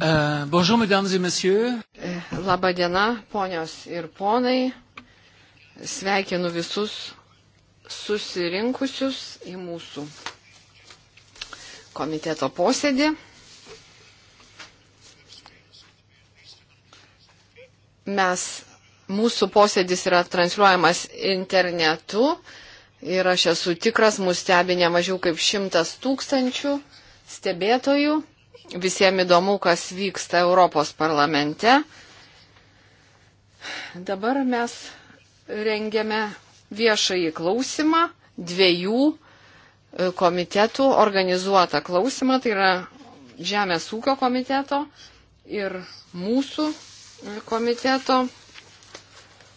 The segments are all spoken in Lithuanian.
Uh, bonjour, mesdames et messieurs. Eh, Labą dieną, ponios ir ponai. Sveikinu visus susirinkusius į mūsų komiteto posėdį. Mes, mūsų posėdis yra transliuojamas internetu ir aš esu tikras, mūsų stebi ne mažiau kaip šimtas tūkstančių stebėtojų visiems įdomu, kas vyksta Europos parlamente. Dabar mes rengiame viešąjį klausimą dviejų e, komitetų organizuotą klausimą, tai yra Žemės ūkio komiteto ir mūsų e, komiteto,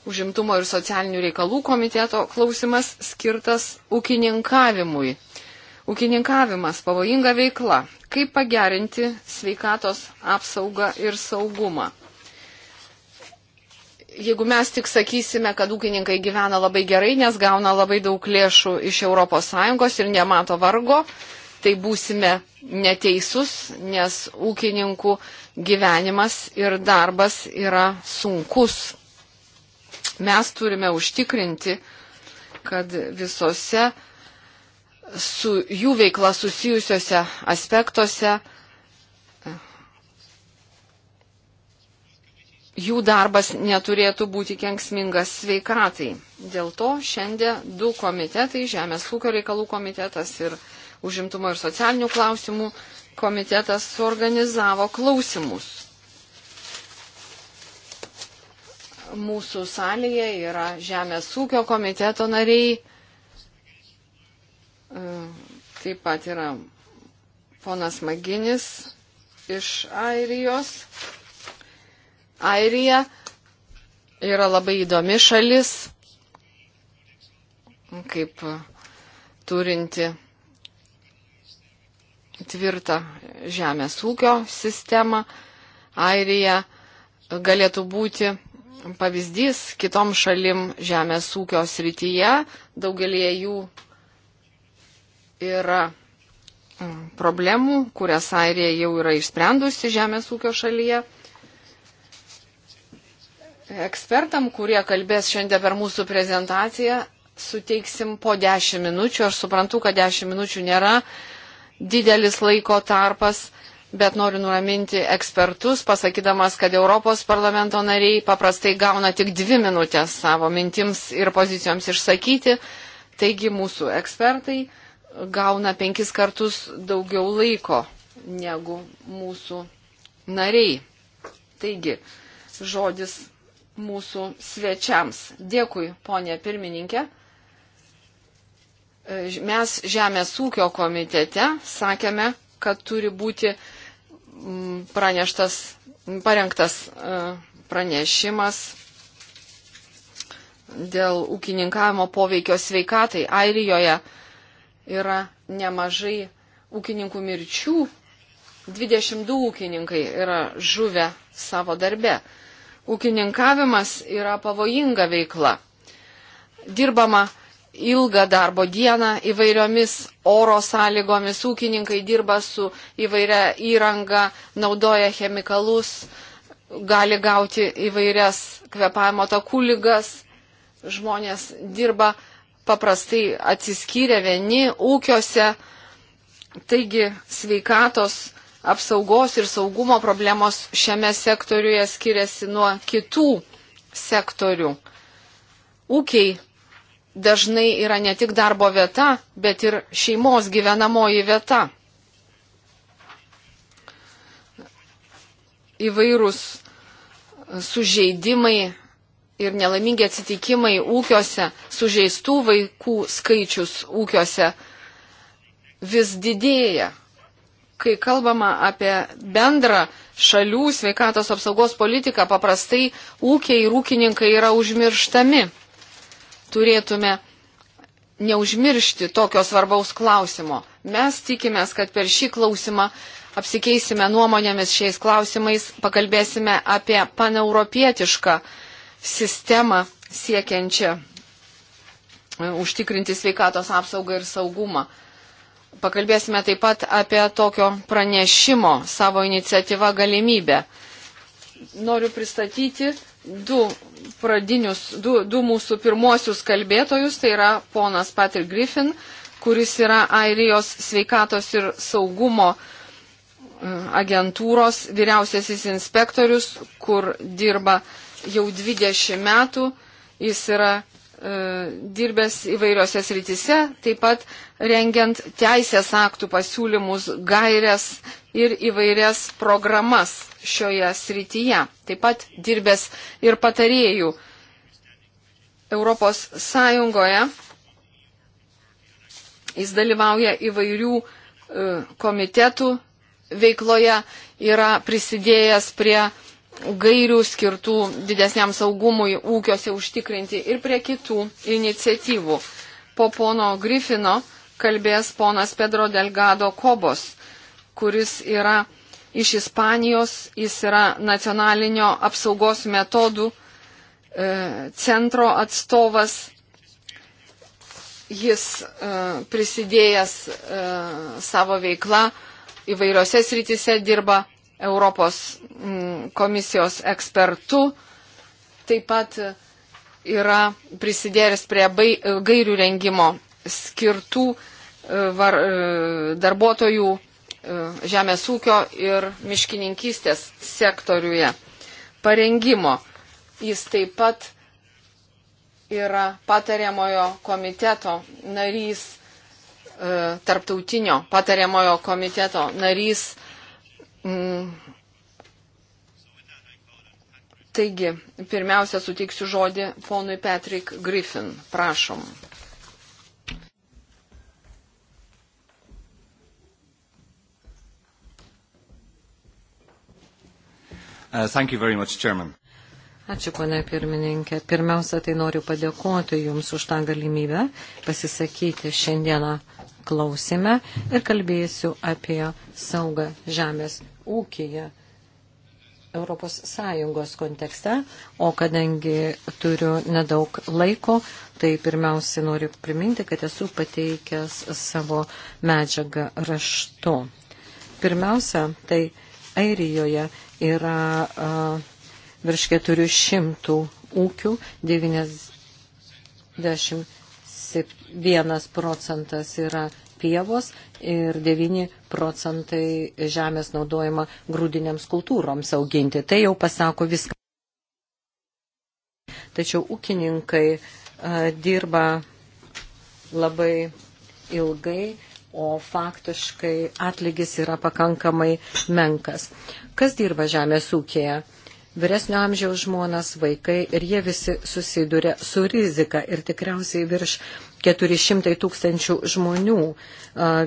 užimtumo ir socialinių reikalų komiteto klausimas skirtas ūkininkavimui. Ūkininkavimas pavojinga veikla kaip pagerinti sveikatos apsaugą ir saugumą. Jeigu mes tik sakysime, kad ūkininkai gyvena labai gerai, nes gauna labai daug lėšų iš ES ir nemato vargo, tai būsime neteisus, nes ūkininkų gyvenimas ir darbas yra sunkus. Mes turime užtikrinti, kad visose su jų veikla susijusiuose aspektuose, jų darbas neturėtų būti kenksmingas sveikatai. Dėl to šiandien du komitetai, Žemės ūkio reikalų komitetas ir Užimtumo ir socialinių klausimų komitetas suorganizavo klausimus. Mūsų salėje yra Žemės ūkio komiteto nariai, E, taip pat yra ponas Maginis iš Airijos. Airija yra labai įdomi šalis, kaip turinti tvirtą žemės ūkio sistemą. Airija galėtų būti pavyzdys kitom šalim žemės ūkio srityje, daugelie jų yra mm, problemų, kurias Airija jau yra išsprendusi žemės ūkio šalyje. Ekspertam, kurie kalbės šiandien per mūsų prezentaciją, suteiksim po 10 minučių. Aš suprantu, kad 10 minučių nėra didelis laiko tarpas, bet noriu nuraminti ekspertus, pasakydamas, kad Europos parlamento nariai paprastai gauna tik 2 minutės savo mintims ir pozicijoms išsakyti. Taigi mūsų ekspertai gauna penkis kartus daugiau laiko negu mūsų nariai. Taigi, žodis mūsų svečiams. Dėkui, ponė pirmininkė. Mes Žemės ūkio komitete sakėme, kad turi būti mm, praneštas, parengtas e, pranešimas dėl ūkininkavimo poveikio sveikatai. Airijoje yra nemažai ūkininkų mirčių. 22 ūkininkai yra žuvę savo darbe. Ūkininkavimas yra pavojinga veikla. Dirbama ilgą darbo dieną įvairiomis oro sąlygomis, ūkininkai dirba su įvairia įranga, naudoja chemikalus, gali gauti įvairias kvepavimo takų lygas, žmonės dirba paprastai atsiskyrę vieni ūkiuose, taigi sveikatos apsaugos ir saugumo problemos šiame sektoriuje skiriasi nuo kitų sektorių. Ūkiai dažnai yra ne tik darbo vieta, bet ir šeimos gyvenamoji vieta. Įvairūs sužeidimai ir nelaimingi atsitikimai ūkiuose, sužeistų vaikų skaičius ūkiuose vis didėja. Kai kalbama apie bendrą šalių sveikatos apsaugos politiką, paprastai ūkiai ir ūkininkai yra užmirštami. Turėtume neužmiršti tokio svarbaus klausimo. Mes tikimės, kad per šį klausimą apsikeisime nuomonėmis šiais klausimais, pakalbėsime apie paneuropietišką uh, sistemą siekiančią e, užtikrinti sveikatos apsaugą ir saugumą. Pakalbėsime taip pat apie tokio pranešimo savo iniciatyvą galimybę. Noriu pristatyti du, pradinius, du, du mūsų pirmosius kalbėtojus, tai yra ponas Patrick Griffin, kuris yra Airijos sveikatos ir saugumo e, agentūros vyriausiasis inspektorius, kur dirba uh, jau 20 metų jis yra e, dirbęs įvairiose srityse, taip pat rengiant teisės aktų pasiūlymus, gairias ir įvairias programas šioje srityje. Taip pat dirbęs ir patarėjų Europos Sąjungoje. Jis dalyvauja įvairių e, komitetų veikloje, yra prisidėjęs prie gairių skirtų didesniam saugumui ūkiuose užtikrinti ir prie kitų iniciatyvų. Po pono Grifino kalbės ponas Pedro Delgado Kobos, kuris yra iš Ispanijos, jis yra nacionalinio apsaugos metodų e, centro atstovas. Jis e, prisidėjęs e, savo veiklą įvairiose srityse dirba Europos mm, komisijos ekspertu. Taip pat yra prisidėjęs prie gairių rengimo skirtų e, var, e, darbuotojų e, žemės ūkio ir miškininkystės sektoriuje parengimo. Jis taip pat yra patariamojo komiteto narys, tarptautinio patariamojo komiteto narys Mm. Taigi, pirmiausia, suteiksiu žodį ponui Patrick Griffin. Prašom. Uh, much, Chairman. Ačiū, ponė pirmininkė. Pirmiausia, tai noriu padėkoti Jums už tą galimybę pasisakyti šiandieną klausime ir kalbėsiu apie saugą žemės ūkiją Europos Sąjungos kontekste, o kadangi turiu nedaug laiko, tai pirmiausiai noriu priminti, kad esu pateikęs savo medžiagą raštu. Pirmiausia, tai Airijoje yra a, virš 400 ūkių, 97 1 procentas yra pievos ir 9 procentai žemės naudojama grūdiniams kultūroms auginti. Tai jau pasako viską. Tačiau ūkininkai uh, dirba labai ilgai, o faktiškai atlygis yra pakankamai menkas. Kas dirba žemės ūkėje? Vyresnio amžiaus žmonas, vaikai ir jie visi susiduria su rizika ir tikriausiai virš 400 tūkstančių žmonių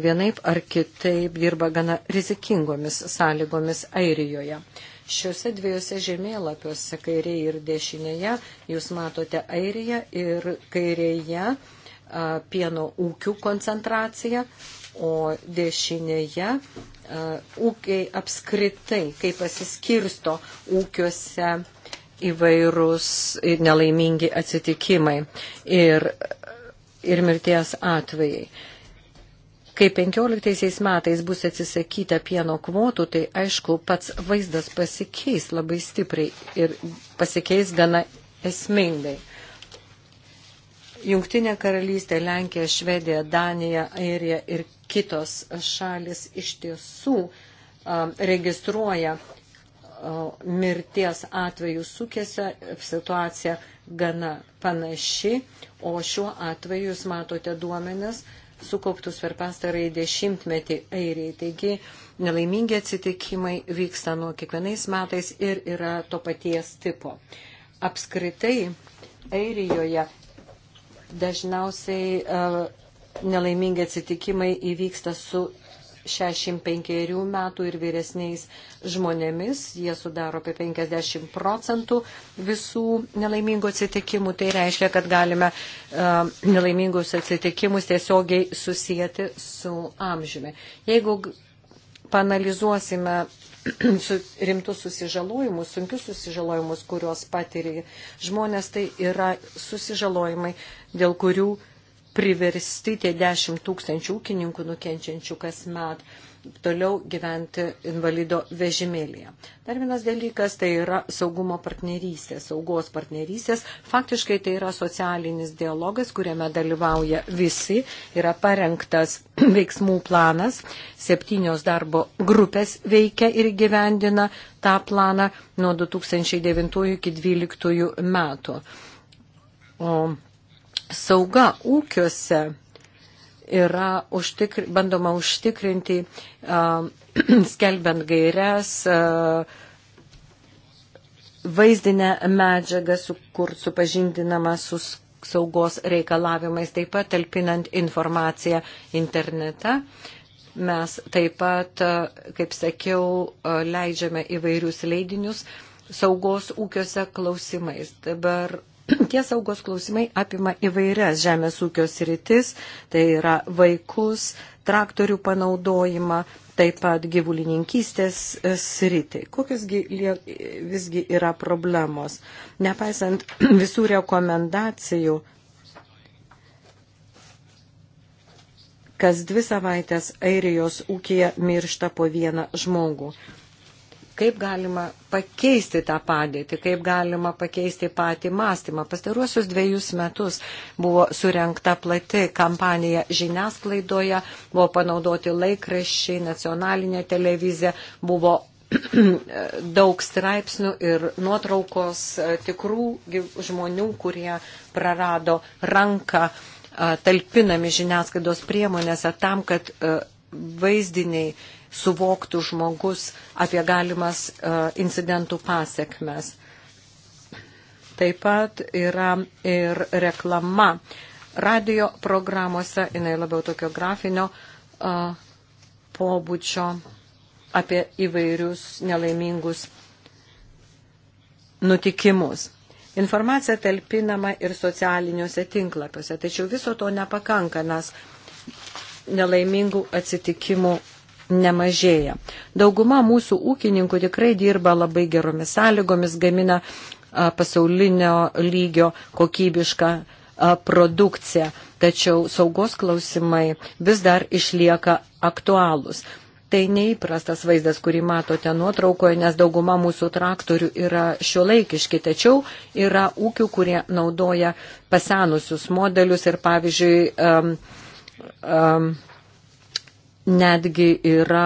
vienaip ar kitaip dirba gana rizikingomis sąlygomis Airijoje. Šiuose dviejose žemėlapiuose, kairėje ir dešinėje, jūs matote Airiją ir kairėje pieno ūkių koncentraciją, o dešinėje ūkiai apskritai, kaip pasiskirsto ūkiuose įvairūs nelaimingi atsitikimai. Ir ir mirties atvejai. Kai 15 metais bus atsisakyta pieno kvotų, tai aišku, pats vaizdas pasikeis labai stipriai ir pasikeis gana esmingai. Jungtinė karalystė, Lenkija, Švedija, Danija, Airija ir kitos šalis iš tiesų um, registruoja mirties atveju sukėse situacija gana panaši, o šiuo atveju jūs matote duomenis sukauptus per pastarąjį dešimtmetį airiai. Taigi nelaimingi atsitikimai vyksta nuo kiekvienais metais ir yra to paties tipo. Apskritai airijoje dažniausiai uh, nelaimingi atsitikimai įvyksta su 65 metų ir vyresniais žmonėmis. Jie sudaro apie 50 procentų visų nelaimingų atsitikimų. Tai reiškia, kad galime uh, nelaimingus atsitikimus tiesiogiai susijęti su amžiumi. Jeigu panalizuosime su rimtus susižalojimus, sunkius susižalojimus, kuriuos patiria žmonės, tai yra susižalojimai, dėl kurių uh, priversti tie 10 tūkstančių ūkininkų nukenčiančių kasmet toliau gyventi invalido vežimėlėje. Dar vienas dalykas tai yra saugumo partnerystės, saugos partnerystės. Faktiškai tai yra socialinis dialogas, kuriame dalyvauja visi. Yra parengtas veiksmų planas, septynios darbo grupės veikia ir gyvendina tą planą nuo 2009 iki 2012 metų. O sauga ūkiuose yra užtikri, bandoma užtikrinti, uh, skelbiant gairias, uh, vaizdinę medžiagą, su, kur supažindinama su saugos reikalavimais, taip pat talpinant informaciją internete. Mes taip pat, kaip sakiau, leidžiame įvairius leidinius saugos ūkiuose klausimais. Dabar Tie saugos klausimai apima įvairias žemės ūkio sritis, tai yra vaikus, traktorių panaudojimą, taip pat gyvulininkystės e, sritį. Kokiosgi visgi yra problemos? Nepaisant visų rekomendacijų, kas dvi savaitės Airijos ūkija miršta po vieną žmogų kaip galima pakeisti tą padėtį, kaip galima pakeisti patį mąstymą. Pastaruosius dviejus metus buvo surenkta plati kampanija žiniasklaidoje, buvo panaudoti laikraščiai, nacionalinė televizija, buvo daug straipsnių ir nuotraukos e, tikrų žmonių, kurie prarado ranką e, talpinami žiniasklaidos priemonėse tam, kad e, vaizdiniai suvoktų žmogus apie galimas e, incidentų pasiekmes. Taip pat yra ir reklama. Radio programuose jinai labiau tokio grafinio e, pobūčio apie įvairius nelaimingus nutikimus. Informacija talpinama ir socialiniuose tinklapiuose, tačiau viso to nepakanka, nes nelaimingų atsitikimų nemažėja. Dauguma mūsų ūkininkų tikrai dirba labai geromis sąlygomis, gamina pasaulinio lygio kokybišką produkciją, tačiau saugos klausimai vis dar išlieka aktualūs. Tai neįprastas vaizdas, kurį matote nuotraukoje, nes dauguma mūsų traktorių yra šiuolaikiški, tačiau yra ūkių, kurie naudoja pasenusius modelius ir pavyzdžiui um, um, netgi yra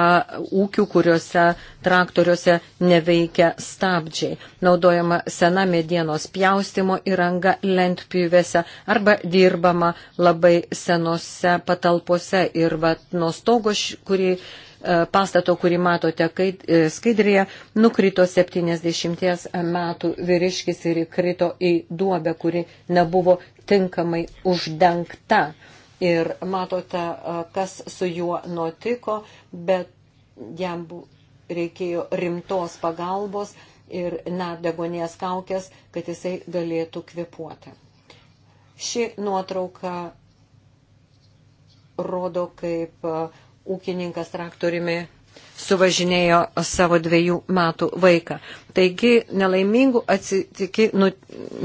ūkių, kuriuose traktoriuose neveikia stabdžiai. Naudojama sena medienos pjaustimo įranga lentpyvėse arba dirbama labai senose patalpose ir vat nuo stogo, kurį e, pastato, kurį matote e, skaidrėje, nukrito 70 metų vyriškis ir įkrito į duobę, kuri nebuvo tinkamai uždengta ir matote, kas su juo nutiko, bet jam reikėjo rimtos pagalbos ir net degonės kaukės, kad jisai galėtų kvepuoti. Ši nuotrauka rodo, kaip ūkininkas traktoriumi suvažinėjo savo dviejų metų vaiką. Taigi nelaimingų, atsitiki, nu,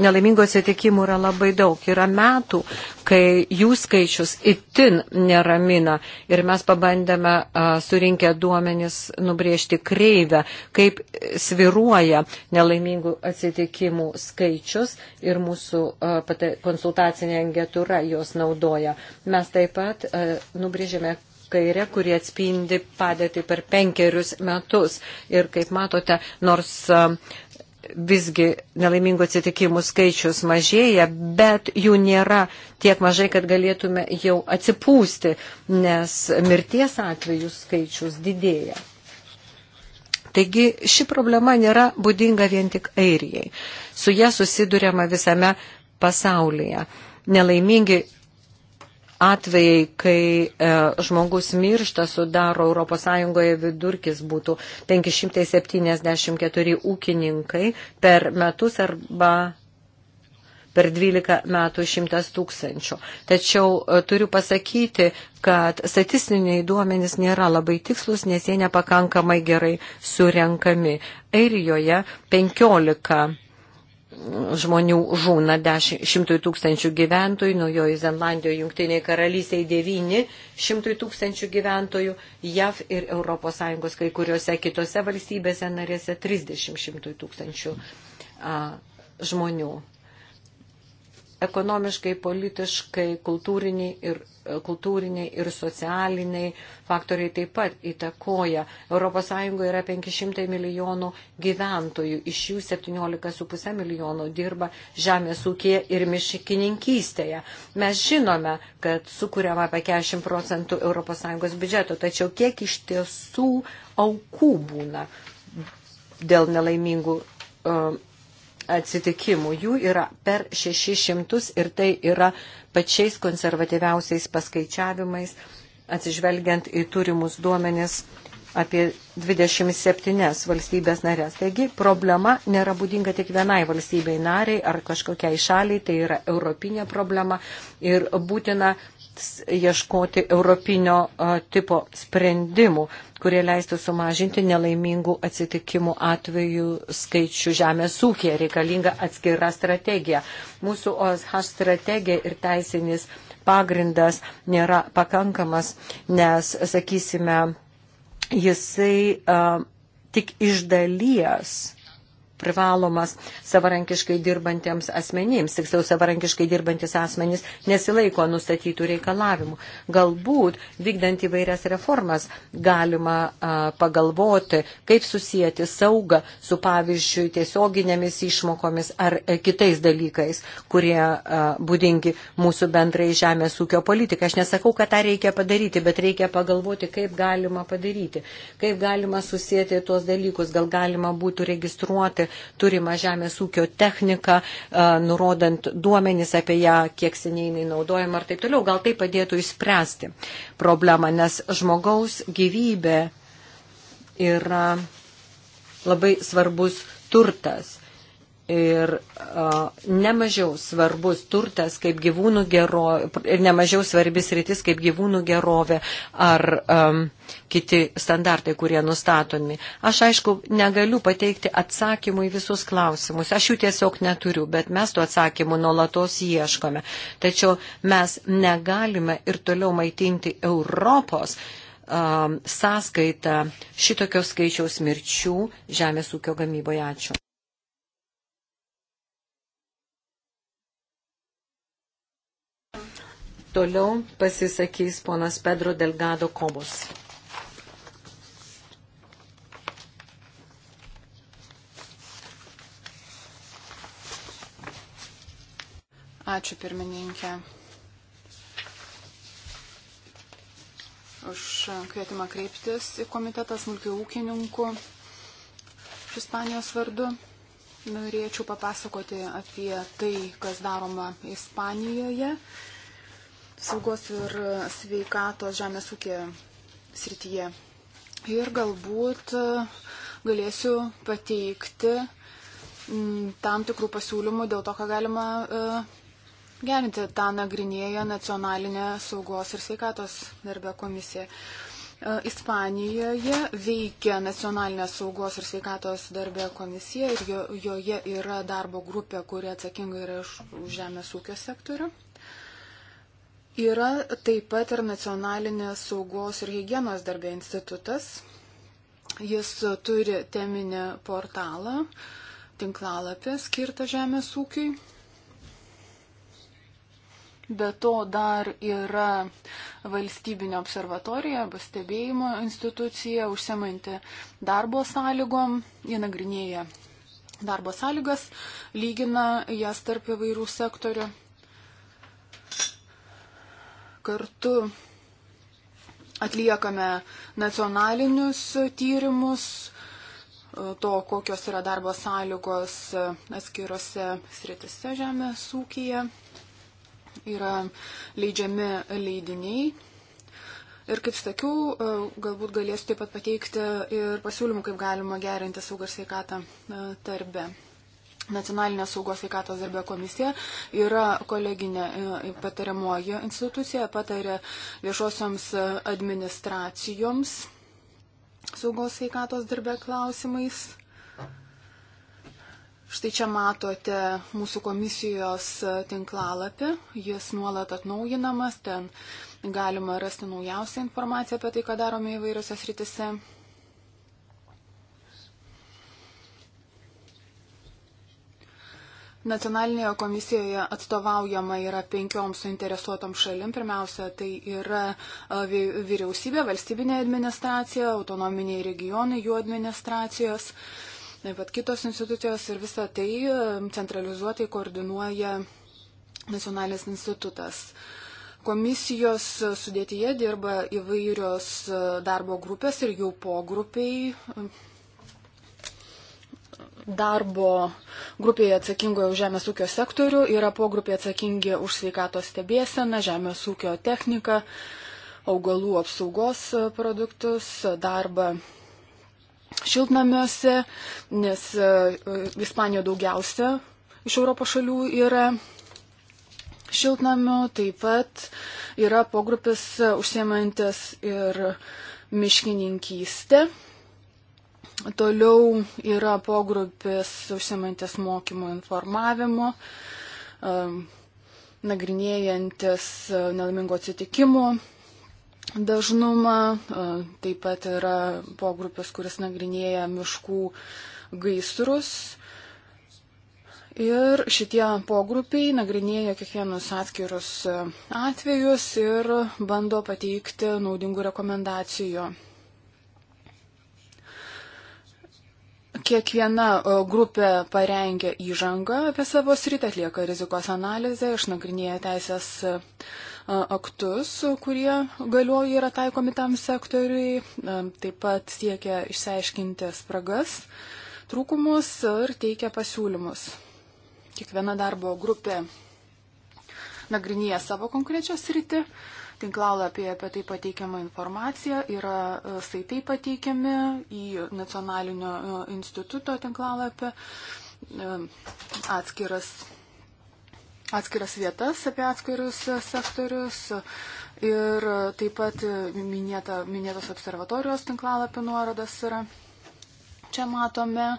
nelaimingų atsitikimų yra labai daug. Yra metų, kai jų skaičius itin neramina ir mes pabandėme a, surinkę duomenis nubriežti kreivę, kaip sviruoja nelaimingų atsitikimų skaičius ir mūsų a, pata, konsultacinė angetūra juos naudoja. Mes taip pat a, nubrėžėme, gairę, kurie atspindi padėtį per penkerius metus. Ir kaip matote, nors visgi nelaimingų atsitikimų skaičius mažėja, bet jų nėra tiek mažai, kad galėtume jau atsipūsti, nes mirties atvejų skaičius didėja. Taigi ši problema nėra būdinga vien tik Airijai. Su ją susidurėma visame pasaulyje. Nelaimingi atvejai, kai e, žmogus miršta, sudaro ES vidurkis būtų 574 ūkininkai per metus arba per 12 metų 100 tūkstančių. Tačiau e, turiu pasakyti, kad statistiniai duomenys nėra labai tikslus, nes jie nepakankamai gerai surenkami. Airijoje 15 žmonių žūna, šimtui tūkstančių gyventojų, Naujojo Zenlandijoje, Junktiniai karalystėje 9 šimtui tūkstančių gyventojų, JAV ir ES kai kuriuose kitose valstybėse narėse 30 šimtui tūkstančių a, žmonių. Ekonomiškai, politiškai, kultūriniai ir kultūriniai ir socialiniai faktoriai taip pat įtakoja. ES yra 500 milijonų gyventojų, iš jų 17,5 milijonų dirba žemės ūkėje ir miškininkystėje. Mes žinome, kad sukūriama apie 40 procentų ES biudžeto, tačiau kiek iš tiesų aukų būna dėl nelaimingų. Uh, atsitikimų. Jų yra per 600 ir tai yra pačiais konservatyviausiais paskaičiavimais, atsižvelgiant į turimus duomenis apie 27 valstybės narės. Taigi problema nėra būdinga tik vienai valstybei nariai ar kažkokiai šaliai, tai yra europinė problema ir būtina ieškoti europinio tipo sprendimų, kurie leistų sumažinti nelaimingų atsitikimų atvejų skaičių žemės ūkėje. Reikalinga atskira strategija. Mūsų OSH strategija ir teisinis pagrindas nėra pakankamas, nes, sakysime, jisai uh, tik iš dalies privalomas savarankiškai dirbantiems asmenims. Tiksliau, savarankiškai dirbantis asmenys nesilaiko nustatytų reikalavimų. Galbūt, vykdant įvairias reformas, galima a, pagalvoti, kaip susijęti saugą su, pavyzdžiui, tiesioginėmis išmokomis ar a, e, kitais dalykais, kurie a, būdingi mūsų bendrai žemės ūkio politikai. Aš nesakau, kad tą reikia padaryti, bet reikia pagalvoti, kaip galima padaryti, kaip galima susijęti tuos dalykus, gal galima būtų registruoti turimą žemės ūkio techniką, nurodant duomenys apie ją, kiek seniai jinai naudojama ir taip toliau. Gal tai padėtų išspręsti problemą, nes žmogaus gyvybė yra labai svarbus turtas ir uh, nemažiau svarbus turtas kaip gyvūnų gerovė ir nemažiau svarbis rytis kaip gyvūnų gerovė ar um, kiti standartai, kurie nustatomi. Aš aišku negaliu pateikti atsakymų į visus klausimus, aš jų tiesiog neturiu, bet mes tų atsakymų nuolatos ieškome. Tačiau mes negalime ir toliau maitinti Europos um, sąskaitą šitokio skaičiaus mirčių žemės ūkio gamyboje. Ačiū. Toliau pasisakys ponas Pedro Delgado Kobos. Ačiū pirmininkė už kvietimą kreiptis į komitetą smulkių ūkininkų Ispanijos vardu. Norėčiau papasakoti apie tai, kas daroma Ispanijoje saugos ir sveikatos žemės ūkė srityje. Ir galbūt e, galėsiu pateikti tam tikrų pasiūlymų dėl to, ką galima e, gerinti. Ta nagrinėja nacionalinė saugos ir sveikatos darbė komisija. E, Ispanijoje veikia nacionalinė saugos ir sveikatos darbė komisija ir jo, joje yra darbo grupė, kuri atsakinga yra už žemės ūkio sektorių. Yra taip pat ir nacionalinės saugos ir hygienos darbė institutas. Jis turi teminį portalą, tinklalapį skirtą žemės ūkiui. Be to dar yra valstybinė observatorija, pastebėjimo institucija, užsimanti darbo sąlygom, jie nagrinėja darbo sąlygas, lygina jas tarp įvairių sektorių kartu atliekame nacionalinius tyrimus, e, to, kokios yra darbo sąlygos e, atskirose sritise žemės ūkija. Yra leidžiami leidiniai. Ir kaip sakiau, e, galbūt galėsiu taip pat pateikti ir pasiūlymų, kaip galima gerinti saugą ir sveikatą darbe. Nacionalinė saugos veikatos darbė komisija yra koleginė e, patariamoji institucija, patarė viešosioms e, administracijoms saugos veikatos darbė klausimais. Štai čia matote mūsų komisijos e, tinklalapį, jis nuolat atnaujinamas, ten galima rasti naujausią informaciją apie tai, ką darome įvairiose sritise. Nacionalinėje komisijoje atstovaujama yra penkiom suinteresuotom šalim. Pirmiausia, tai yra vyriausybė, valstybinė administracija, autonominiai regionai, jų administracijos, taip pat kitos institucijos ir visą tai centralizuotai koordinuoja nacionalinis institutas. Komisijos sudėtyje dirba įvairios darbo grupės ir jų pogrupiai darbo grupėje atsakingoje už žemės ūkio sektorių, yra pogrupė atsakingi už sveikatos stebėseną, žemės ūkio techniką, augalų apsaugos produktus, darbą šiltnamiuose, nes e, Ispanijoje daugiausia iš Europos šalių yra šiltnamių, taip pat yra pogrupis užsiemantis ir miškininkystė Toliau yra pogrupis užsimantis mokymo informavimo, um, nagrinėjantis uh, nelaimingo atsitikimo dažnumą, uh, taip pat yra pogrupis, kuris nagrinėja miškų gaisrus. Ir šitie pogrupiai nagrinėja kiekvienus atskirus uh, atvejus ir bando pateikti naudingų rekomendacijų Kiekviena grupė parengia įžangą apie savo sritį, atlieka rizikos analizę, išnagrinėja teisės aktus, kurie galioja yra taikomi tam sektoriui, taip pat siekia išsiaiškinti spragas, trūkumus ir teikia pasiūlymus. Kiekviena darbo grupė nagrinėja savo konkrečią sritį, tinklalapyje apie tai pateikiama informacija, yra e, saitai pateikiami į nacionalinio e, instituto tinklalapį e, atskiras, atskiras vietas apie atskirius sektorius ir taip pat minėta, minėtos observatorijos tinklalapį nuorodas yra. Čia matome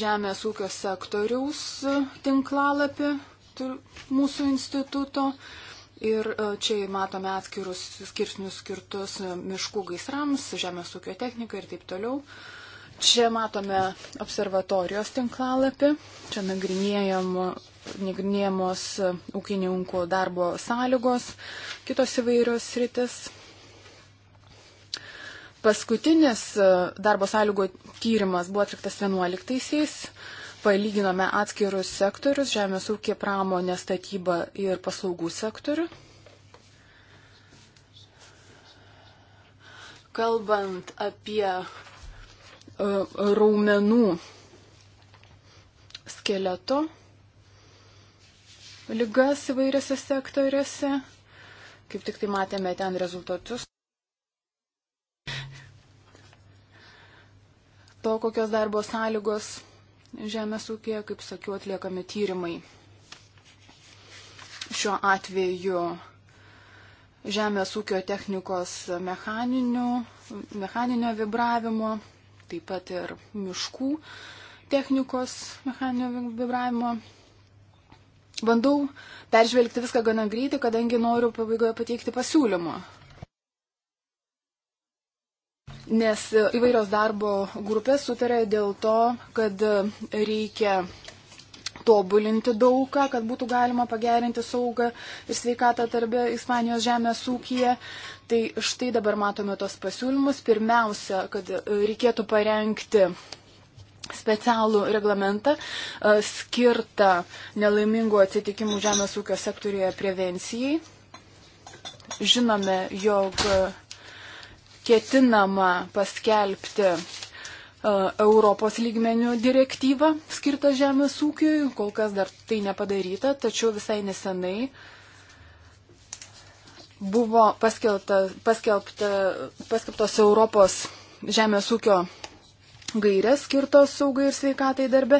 žemės ūkio sektoriaus tinklalapį mūsų instituto. Ir e, čia matome atskirus skirsnius skirtus e, miškų gaisrams, žemės ūkio technikai ir taip toliau. Čia matome observatorijos tinklalapį, čia nagrinėjamos e, ūkininkų darbo sąlygos, kitos įvairios rytis. Paskutinis darbo sąlygo tyrimas buvo atliktas 11-aisiais palyginome atskirus sektorius - žemės ūkį, pramonę, statybą ir paslaugų sektorių. Kalbant apie e, raumenų skeleto lygas įvairiose sektoriuose, kaip tik tai matėme ten rezultatus. To, kokios darbo sąlygos žemės ūkėje, kaip sakiau, atliekami tyrimai. Šiuo atveju žemės ūkio technikos mechaninio, mechaninio vibravimo, taip pat ir miškų technikos mechaninio vibravimo. Bandau peržvelgti viską gana greitai, kadangi noriu pabaigoje pateikti pasiūlymą nes įvairios darbo grupės sutarė dėl to, kad reikia tobulinti daugą, kad būtų galima pagerinti saugą ir sveikatą tarp Ispanijos žemės ūkija. Tai štai dabar matome tos pasiūlymus. Pirmiausia, kad reikėtų parengti specialų reglamentą e, skirtą nelaimingų atsitikimų žemės ūkio sektorijoje prevencijai. Žinome, jog ketinama paskelbti e, Europos lygmenių direktyvą skirtą žemės ūkiui, kol kas dar tai nepadaryta, tačiau visai nesenai buvo paskelbta, paskelbta, paskelbtos Europos žemės ūkio gairės skirtos saugai ir sveikatai darbe.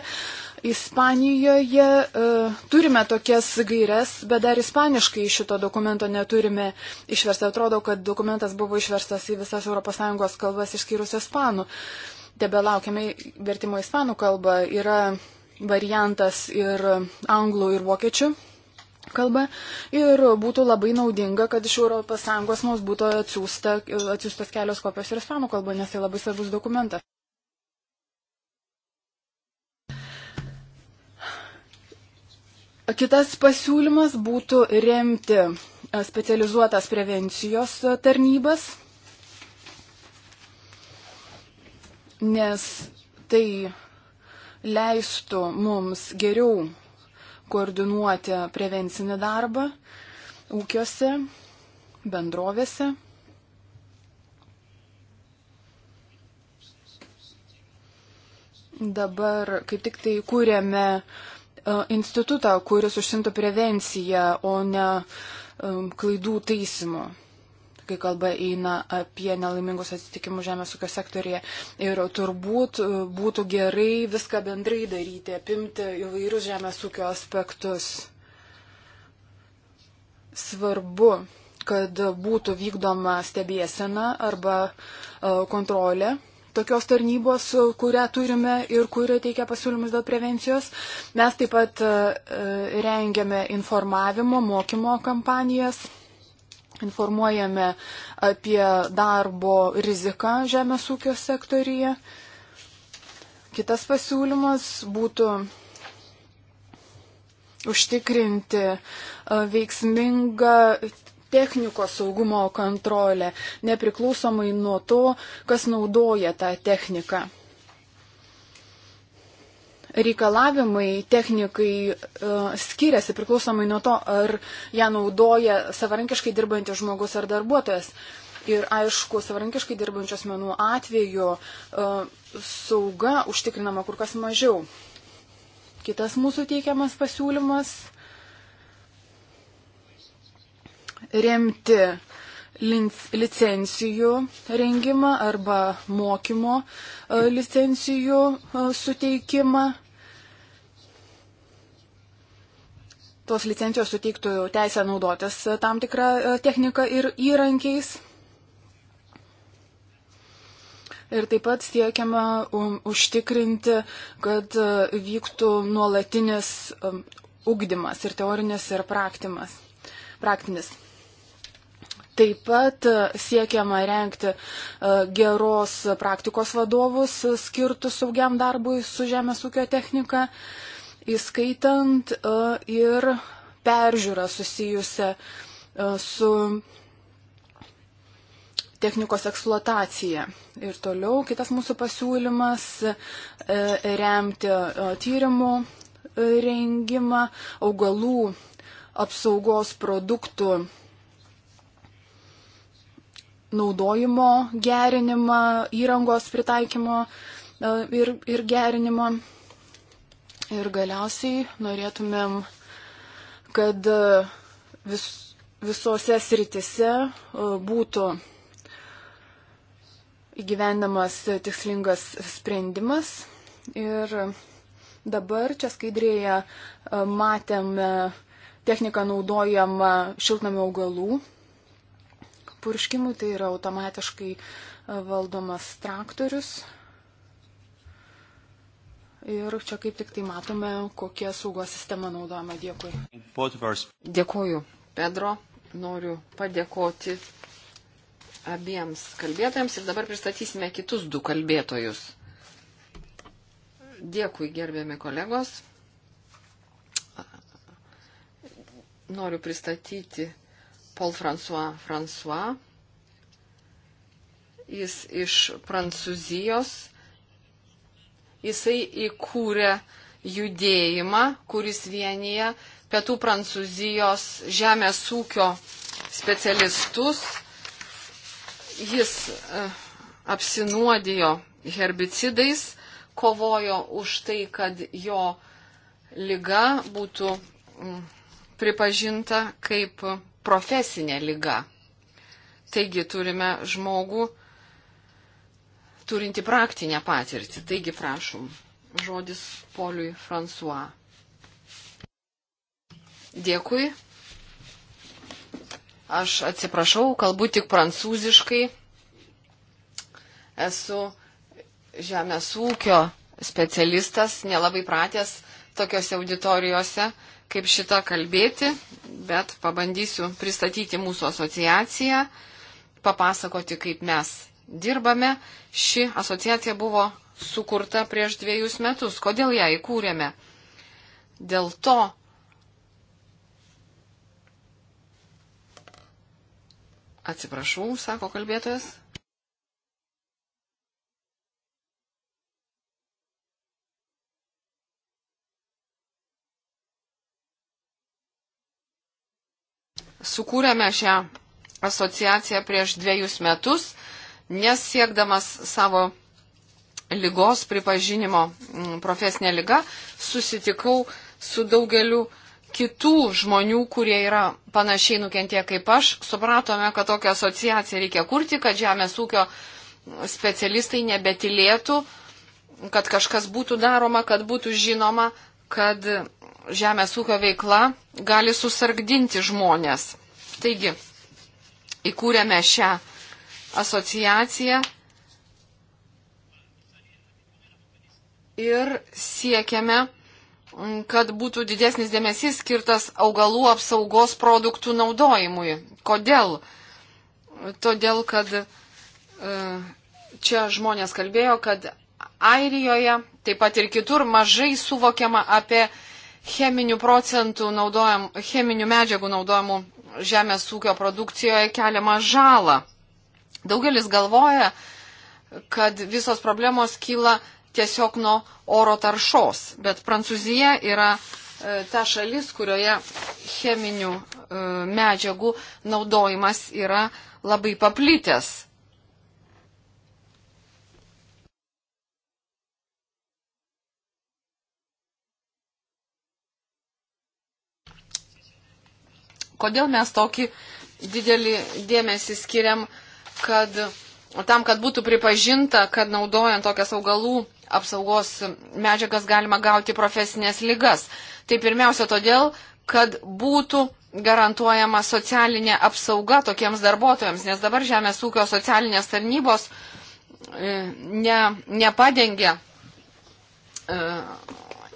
Ispanijoje uh, turime tokias gairias, bet dar ispaniškai šito dokumento neturime išversta. Atrodo, kad dokumentas buvo išverstas į visas ES kalbas išskyrus ispanų. Tebe laukiame vertimo ispanų kalbą. Yra variantas ir anglų, ir vokiečių kalba. Ir būtų labai naudinga, kad iš ES mums būtų atsiųsta, atsiųstas kelios kopijos ir ispanų kalba, nes tai labai svarbus dokumentas. Kitas pasiūlymas būtų remti e, specializuotas prevencijos tarnybas, nes tai leistų mums geriau koordinuoti prevencinį darbą ūkiuose, bendrovėse. Dabar kaip tik tai kūrėme uh, E, institutą, kuris užsimtų prevenciją, o ne e, klaidų taisymu kai kalba eina apie nelaimingus atsitikimus žemės ūkio sektorėje. Ir turbūt e, būtų gerai viską bendrai daryti, apimti įvairius žemės ūkio aspektus. Svarbu, kad būtų vykdoma stebėsena arba kontrolė tokios tarnybos, e, kurią turime ir kurio teikia pasiūlymus dėl prevencijos. Mes taip pat e, e, rengiame informavimo, mokymo kampanijas. Informuojame apie darbo riziką žemės ūkio sektorija. Kitas pasiūlymas būtų užtikrinti veiksmingą technikos saugumo kontrolė, nepriklausomai nuo to, kas naudoja tą techniką. Reikalavimai technikai uh, skiriasi priklausomai nuo to, ar ją naudoja savarankiškai dirbantis žmogus ar darbuotojas. Ir aišku, savarankiškai dirbančių asmenų atveju uh, sauga užtikrinama kur kas mažiau. Kitas mūsų teikiamas pasiūlymas remti licencijų rengimą arba mokymo e, licencijų e, suteikimą. Tos licencijos suteiktų teisę naudotis e, tam tikrą techniką ir įrankiais. Ir taip pat siekiama um, užtikrinti, kad uh, vyktų nuolatinis um, ugdymas ir teorinis, ir praktimas, praktinis. Taip pat e, siekiama renkti e, geros praktikos vadovus e, skirtus saugiam darbui su žemės ūkio technika, įskaitant ir peržiūrą susijusią su technikos eksploatacija. Ir toliau kitas mūsų pasiūlymas remti tyrimų rengimą augalų apsaugos produktų naudojimo gerinimą, įrangos pritaikymo e, ir, ir gerinimą. Ir galiausiai norėtumėm, kad e, vis, visose sritise e, būtų įgyvendamas tikslingas sprendimas. Ir dabar čia skaidrėje matėme techniką naudojamą šiltnamio augalų purškimui, tai yra automatiškai e, valdomas traktorius. Ir čia kaip tik tai matome, kokia saugos sistema naudojama. Dėkui. Dėkuoju, Pedro. Noriu padėkoti abiems kalbėtojams ir dabar pristatysime kitus du kalbėtojus. Dėkui, gerbėmi kolegos. Noriu pristatyti Paul François François. Jis iš Prancūzijos. Jisai įkūrė judėjimą, kuris vienyje pietų Prancūzijos žemės ūkio specialistus. Jis e, apsinuodijo herbicidais, kovojo už tai, kad jo lyga būtų pripažinta kaip profesinė lyga. Taigi turime žmogų turinti praktinę patirtį. Taigi prašom, žodis Poliui François. Dėkui. Aš atsiprašau, kalbu tik prancūziškai. Esu žemės ūkio specialistas, nelabai pratęs tokiuose auditorijose kaip šita kalbėti, bet pabandysiu pristatyti mūsų asociaciją, papasakoti, kaip mes dirbame. Ši asociacija buvo sukurta prieš dviejus metus. Kodėl ją įkūrėme? Dėl to, atsiprašau, sako kalbėtojas. sukūrėme šią asociaciją prieš dviejus metus, nesiekdamas savo lygos pripažinimo mm, profesinė lyga, susitikau su daugeliu kitų žmonių, kurie yra panašiai nukentėję kaip aš. Supratome, kad tokią asociaciją reikia kurti, kad žemės ūkio specialistai nebetilėtų, kad kažkas būtų daroma, kad būtų žinoma, kad žemės ūkio veikla gali susargdinti žmonės. Taigi, įkūrėme šią asociaciją ir siekiame, mm, kad būtų didesnis dėmesys skirtas augalų apsaugos produktų naudojimui. Kodėl? Todėl, kad e, čia žmonės kalbėjo, kad Airijoje, taip pat ir kitur mažai suvokiama apie cheminių, naudojam, cheminių medžiagų naudojamų žemės ūkio produkcijoje keliamą žalą. Daugelis galvoja, kad visos problemos kyla tiesiog nuo oro taršos, bet Prancūzija yra e, ta šalis, kurioje cheminių e, medžiagų naudojimas yra labai paplitęs. Kodėl mes tokį didelį dėmesį skiriam, kad tam, kad būtų pripažinta, kad naudojant tokias augalų apsaugos medžiagas galima gauti profesinės lygas. Tai pirmiausia todėl, kad būtų garantuojama socialinė apsauga tokiems darbuotojams, nes dabar Žemės ūkio socialinės tarnybos e, ne, nepadengia e,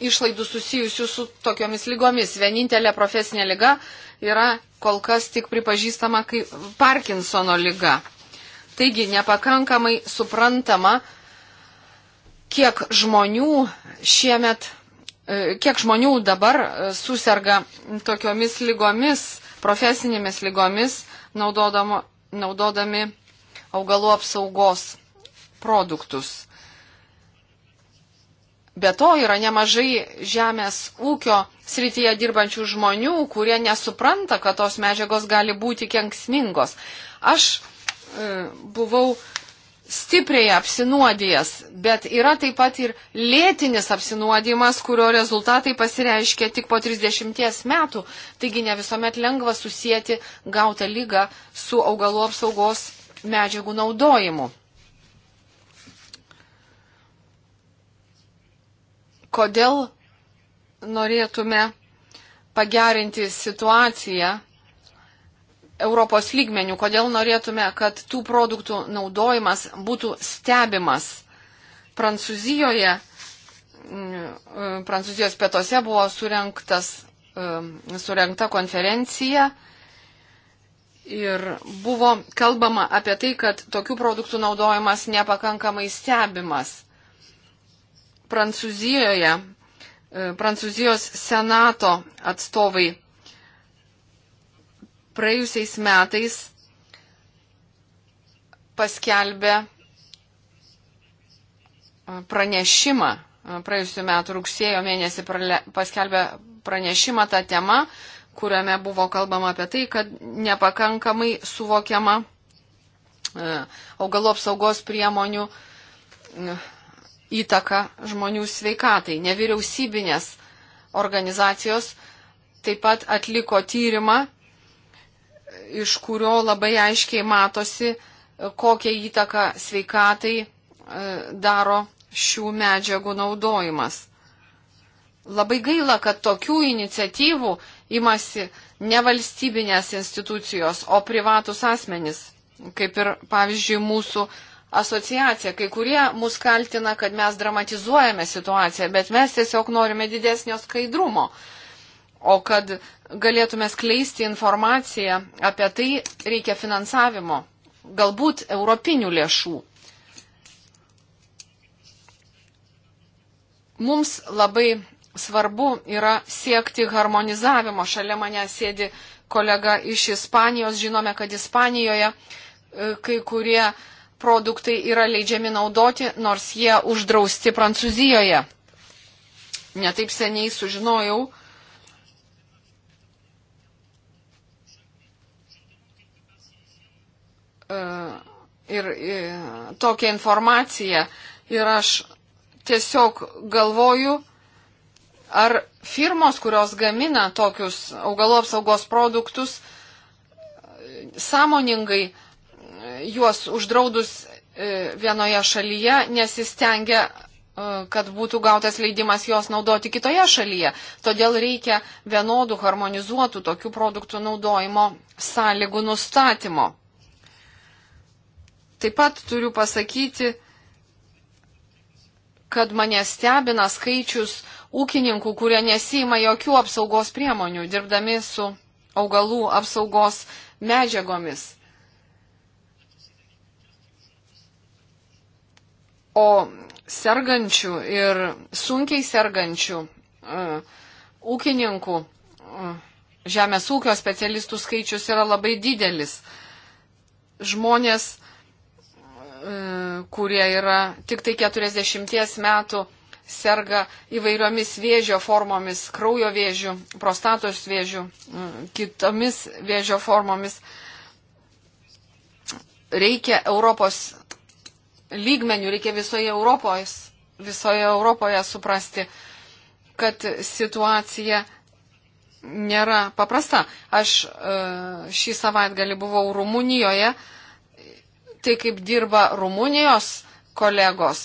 išlaidų susijusių su tokiomis lygomis. Vienintelė profesinė lyga yra kol kas tik pripažįstama kaip Parkinsono lyga. Taigi nepakankamai suprantama, kiek žmonių šiemet, e, kiek žmonių dabar e, susirga tokiomis lygomis, profesinėmis lygomis, naudodami augalų apsaugos produktus. Be to yra nemažai žemės ūkio srityje dirbančių žmonių, kurie nesupranta, kad tos medžiagos gali būti kenksmingos. Aš e, buvau stipriai apsinuodijęs, bet yra taip pat ir lėtinis apsinuodimas, kurio rezultatai pasireiškia tik po 30 metų. Taigi ne visuomet lengva susijęti gautą lygą su augalų apsaugos medžiagų naudojimu. kodėl norėtume pagerinti situaciją Europos lygmenių, kodėl norėtume, kad tų produktų naudojimas būtų stebimas. Prancūzijoje, mm, Prancūzijos pietuose buvo surinktas, mm, surinkta konferencija ir buvo kalbama apie tai, kad tokių produktų naudojimas nepakankamai stebimas. Prancūzijoje, e, Prancūzijos senato atstovai praėjusiais metais paskelbė e, pranešimą, e, praėjusiu metu rugsėjo mėnesį paskelbė pranešimą tą temą, kuriame buvo kalbama apie tai, kad nepakankamai suvokiama augalų apsaugos priemonių įtaką žmonių sveikatai. Nevyriausybinės organizacijos taip pat atliko tyrimą, iš kurio labai aiškiai matosi, kokią įtaką sveikatai e, daro šių medžiagų naudojimas. Labai gaila, kad tokių iniciatyvų imasi ne valstybinės institucijos, o privatus asmenys, kaip ir, pavyzdžiui, mūsų asociacija. Kai kurie mus kaltina, kad mes dramatizuojame situaciją, bet mes tiesiog norime didesnio skaidrumo. O kad galėtume skleisti informaciją apie tai, reikia finansavimo, galbūt europinių lėšų. Mums labai svarbu yra siekti harmonizavimo. Šalia mane sėdi kolega iš Ispanijos. Žinome, kad Ispanijoje e, kai kurie uh, produktai yra leidžiami naudoti, nors jie uždrausti Prancūzijoje. Netaip seniai sužinojau, e, ir, ir e, tokią informaciją ir aš tiesiog galvoju, ar firmos, kurios gamina tokius augalų apsaugos produktus, e, sąmoningai uh, juos uždraudus e, vienoje šalyje nesistengia, e, kad būtų gautas leidimas juos naudoti kitoje šalyje. Todėl reikia vienodų, harmonizuotų tokių produktų naudojimo sąlygų nustatymo. Taip pat turiu pasakyti, kad mane stebina skaičius ūkininkų, kurie nesima jokių apsaugos priemonių, dirbdami su augalų apsaugos medžiagomis. O sergančių ir sunkiai sergančių uh, ūkininkų, uh, žemės ūkio specialistų skaičius yra labai didelis. Žmonės, uh, kurie yra tik tai 40 metų, serga įvairiomis vėžio formomis, kraujo vėžių, prostatos vėžių, kitomis vėžio formomis. Reikia Europos lygmenių, reikia visoje Europoje, visoje Europoje suprasti, kad situacija nėra paprasta. Aš e, šį savaitgalį buvau Rumunijoje, tai kaip dirba Rumunijos kolegos,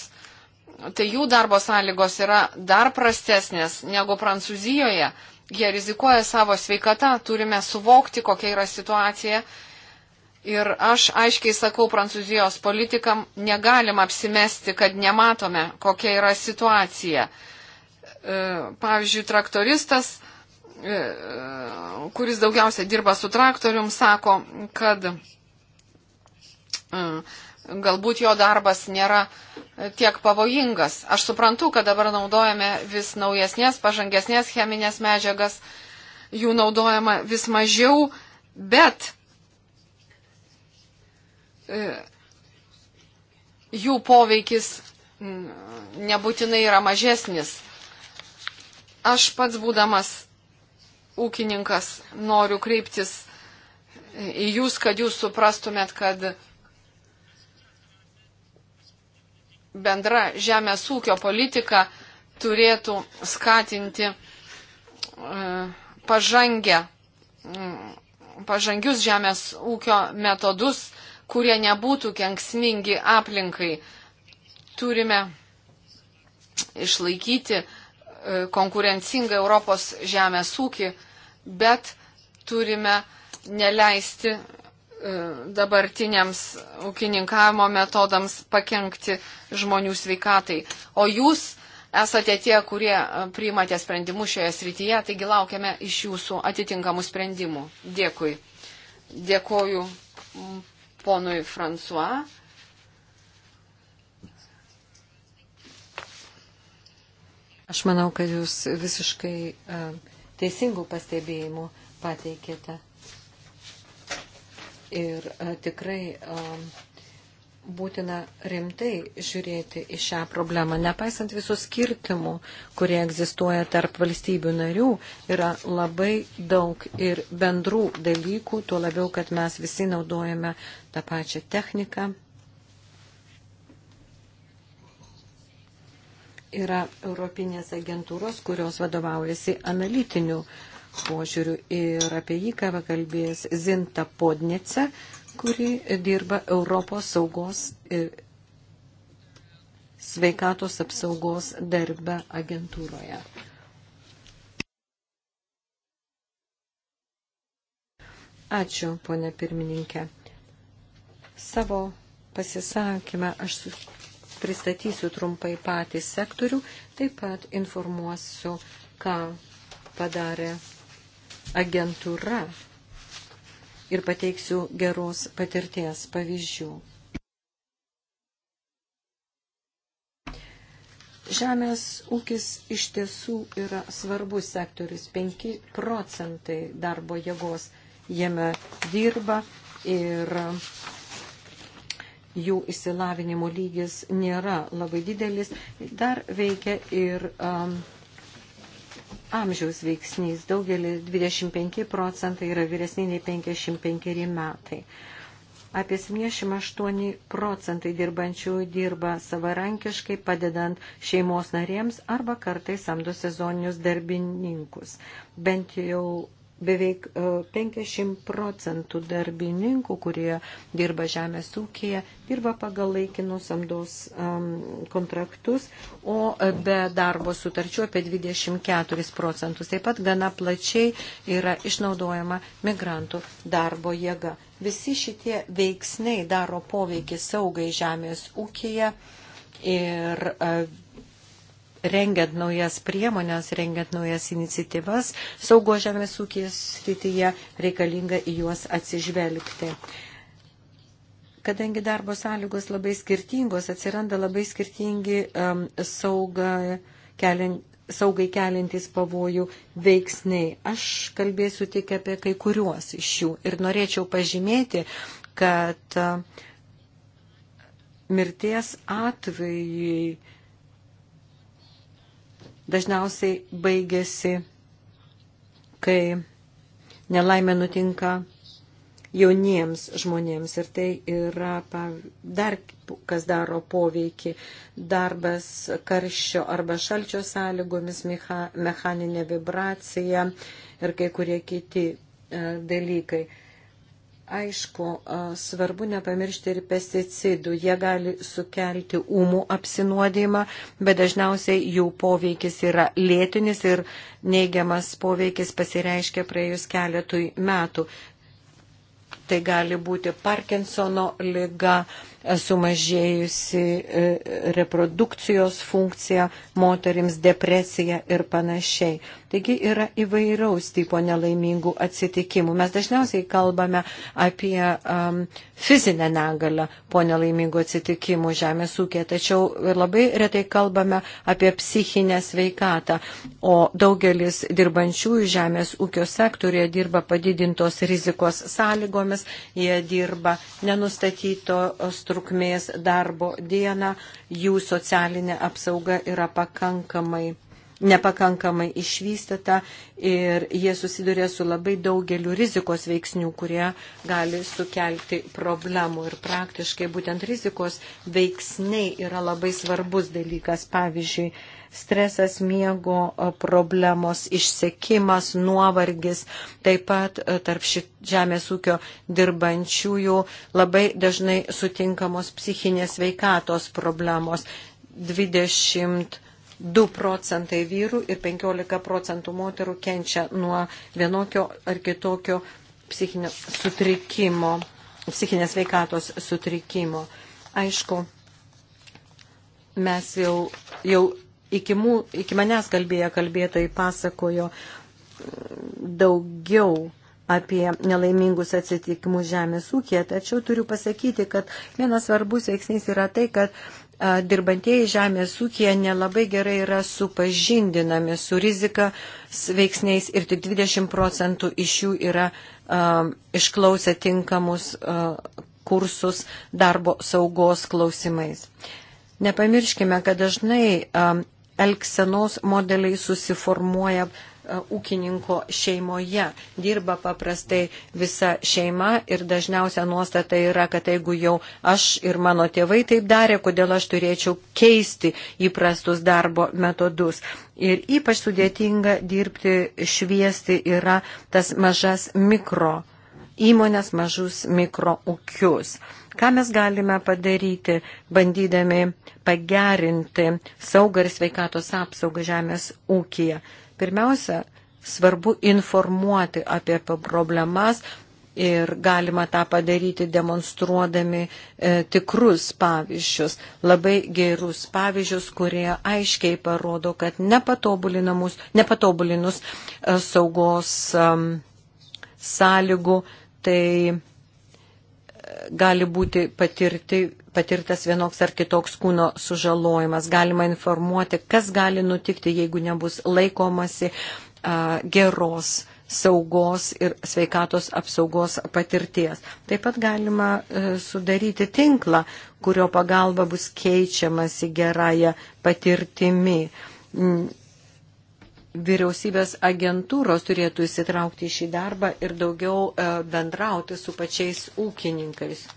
tai jų darbo sąlygos yra dar prastesnės negu Prancūzijoje. Jie rizikuoja savo sveikatą, turime suvokti, kokia yra situacija Ir aš aiškiai sakau prancūzijos politikam, negalim apsimesti, kad nematome, kokia yra situacija. E, pavyzdžiui, traktoristas, e, kuris daugiausia dirba su traktorium, sako, kad e, galbūt jo darbas nėra tiek pavojingas. Aš suprantu, kad dabar naudojame vis naujesnės, pažangesnės cheminės medžiagas, jų naudojama vis mažiau, bet E, jų poveikis nebūtinai yra mažesnis. Aš pats būdamas ūkininkas noriu kreiptis į jūs, kad jūs suprastumėt, kad bendra žemės ūkio politika turėtų skatinti e, pažangę, pažangius žemės ūkio metodus, kurie nebūtų kenksmingi aplinkai. Turime išlaikyti e, konkurencingą Europos žemės ūkį, bet turime neleisti e, dabartiniams ūkininkavimo metodams pakengti žmonių sveikatai. O jūs esate tie, kurie e, priimate sprendimus šioje srityje, taigi laukiame iš jūsų atitinkamų sprendimų. Dėkui. Dėkoju ponui François. Aš manau, kad jūs visiškai uh, teisingų pastebėjimų pateikėte. Ir uh, tikrai. Uh, būtina rimtai žiūrėti į šią problemą. Nepaisant visų skirtimų, kurie egzistuoja tarp valstybių narių, yra labai daug ir bendrų dalykų, tuo labiau, kad mes visi naudojame tą pačią techniką. Yra Europinės agentūros, kurios vadovaujasi analitiniu požiūriu ir apie jį, ką kalbės Zinta Podnice, kuri dirba Europos saugos ir e, sveikatos apsaugos darbe agentūroje. Ačiū, ponė pirmininkė. Savo pasisakymę aš pristatysiu trumpai patį sektorių, taip pat informuosiu, ką padarė agentūra ir pateiksiu geros patirties pavyzdžių. Žemės ūkis iš tiesų yra svarbus sektorius. 5 procentai darbo jėgos jame dirba ir jų išsilavinimo lygis nėra labai didelis. Dar veikia ir um, amžiaus veiksnys. Daugelis 25 procentai yra vyresni nei 55 metai. Apie 78 procentai dirbančių dirba savarankiškai, padedant šeimos narėms arba kartais samdo sezoninius darbininkus. Bent jau beveik 50 e, procentų darbininkų, kurie dirba žemės ūkėje, dirba pagal laikinus samdos um, kontraktus, o e, be darbo sutarčių apie 24 procentus. Taip pat gana plačiai yra išnaudojama migrantų darbo jėga. Visi šitie veiksniai daro poveikį saugai žemės ūkėje ir uh, rengiant naujas priemonės, rengiant naujas iniciatyvas, saugo žemės ūkės srityje reikalinga į juos atsižvelgti. Kadangi darbo sąlygos labai skirtingos, atsiranda labai skirtingi um, sauga, keliant, saugai kelintys pavojų veiksniai. Aš kalbėsiu tik apie kai kuriuos iš jų ir norėčiau pažymėti, kad uh, mirties atvejai dažniausiai baigėsi, kai nelaimė nutinka jauniems žmonėms ir tai yra dar kas daro poveikį darbas karščio arba šalčio sąlygomis, mechaninė vibracija ir kai kurie kiti e, dalykai. Aišku, svarbu nepamiršti ir pesticidų. Jie gali sukelti ūmų apsinuodėjimą, bet dažniausiai jų poveikis yra lėtinis ir neigiamas poveikis pasireiškia praėjus keletui metų. Tai gali būti Parkinsono lyga, sumažėjusi e, reprodukcijos funkcija moterims, depresija ir panašiai. Taigi yra įvairaus tipo nelaimingų atsitikimų. Mes dažniausiai kalbame apie um, fizinę negalę po nelaimingų atsitikimų žemės ūkė, tačiau labai retai kalbame apie psichinę sveikatą, o daugelis dirbančiųjų žemės ūkio sektorėje dirba padidintos rizikos sąlygomis, jie dirba nenustatyto struktūros trukmės darbo dieną, jų socialinė apsauga yra pakankamai nepakankamai išvystyta ir jie susiduria su labai daugeliu rizikos veiksnių, kurie gali sukelti problemų. Ir praktiškai būtent rizikos veiksniai yra labai svarbus dalykas. Pavyzdžiui, stresas, miego problemos, išsekimas, nuovargis, taip pat e, tarp šit, žemės ūkio dirbančiųjų labai dažnai sutinkamos psichinės veikatos problemos. 20 2 procentai vyrų ir 15 procentų moterų kenčia nuo vienokio ar kitokio psichinio sutrikimo, psichinės veikatos sutrikimo. Aišku, mes jau, jau iki, mū, iki manęs kalbėję kalbėtojai pasakojo daugiau apie nelaimingus atsitikimus žemės ūkėje, tačiau turiu pasakyti, kad vienas svarbus veiksnys yra tai, kad dirbantieji žemės ūkija nelabai gerai yra supažindinami su rizika veiksniais ir tik 20 procentų iš jų yra um, išklausę tinkamus uh, kursus darbo saugos klausimais. Nepamirškime, kad dažnai um, elksenos modeliai susiformuoja uh, E, ūkininko šeimoje. Dirba paprastai visa šeima ir dažniausia nuostata yra, kad jeigu jau aš ir mano tėvai taip darė, kodėl aš turėčiau keisti įprastus darbo metodus. Ir ypač sudėtinga dirbti, šviesti yra tas mažas mikro įmonės, mažus mikro ūkius. Ką mes galime padaryti, bandydami pagerinti saugą ir sveikatos apsaugą žemės ūkiją? Pirmiausia, svarbu informuoti apie problemas ir galima tą padaryti demonstruodami e, tikrus pavyzdžius, labai gerus pavyzdžius, kurie aiškiai parodo, kad nepatobulinus e, saugos e, sąlygų, tai e, gali būti patirti patirtas vienoks ar kitoks kūno sužalojimas. Galima informuoti, kas gali nutikti, jeigu nebus laikomasi a, geros saugos ir sveikatos apsaugos patirties. Taip pat galima a, e, sudaryti tinklą, kurio pagalba bus keičiamasi gerąją patirtimi. Mm. Vyriausybės agentūros turėtų įsitraukti į šį darbą ir daugiau e, bendrauti su pačiais ūkininkais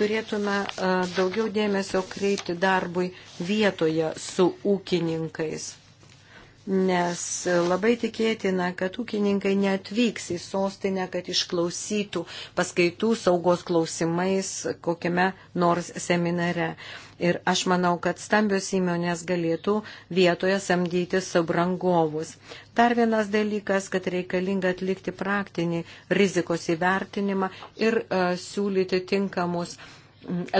turėtume e, daugiau dėmesio kreipti darbui vietoje su ūkininkais. Nes labai tikėtina, kad ūkininkai neatvyks į sostinę, kad išklausytų paskaitų saugos klausimais kokiame nors seminare. Ir aš manau, kad stambios įmonės galėtų vietoje samdyti subrangovus. Dar vienas dalykas, kad reikalinga atlikti praktinį rizikos įvertinimą ir uh, siūlyti tinkamus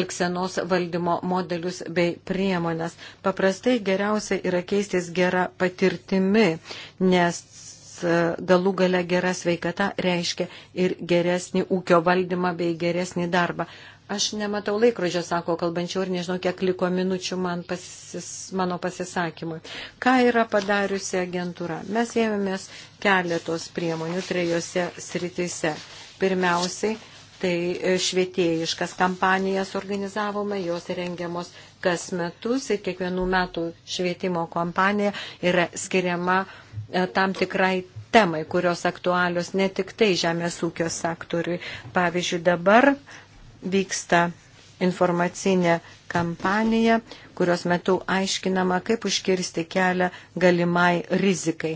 elksenos valdymo modelius bei priemonės. Paprastai geriausia yra keistis gera patirtimi, nes e, galų gale gera sveikata reiškia ir geresnį ūkio valdymą bei geresnį darbą. Aš nematau laikrodžio, sako kalbančio, ir nežinau, kiek liko minučių man pasis, mano pasisakymui. Ką yra padariusi agentūra? Mes ėmėmės keletos priemonių trejose sritise. Pirmiausiai, tai švietėjiškas kampanijas organizavome, jos rengiamos kas metus ir kiekvienų metų švietimo kompanija yra skiriama e, tam tikrai temai, kurios aktualios ne tik tai žemės ūkio sektoriui. Pavyzdžiui, dabar vyksta informacinė kampanija, kurios metu aiškinama, kaip užkirsti kelią galimai rizikai.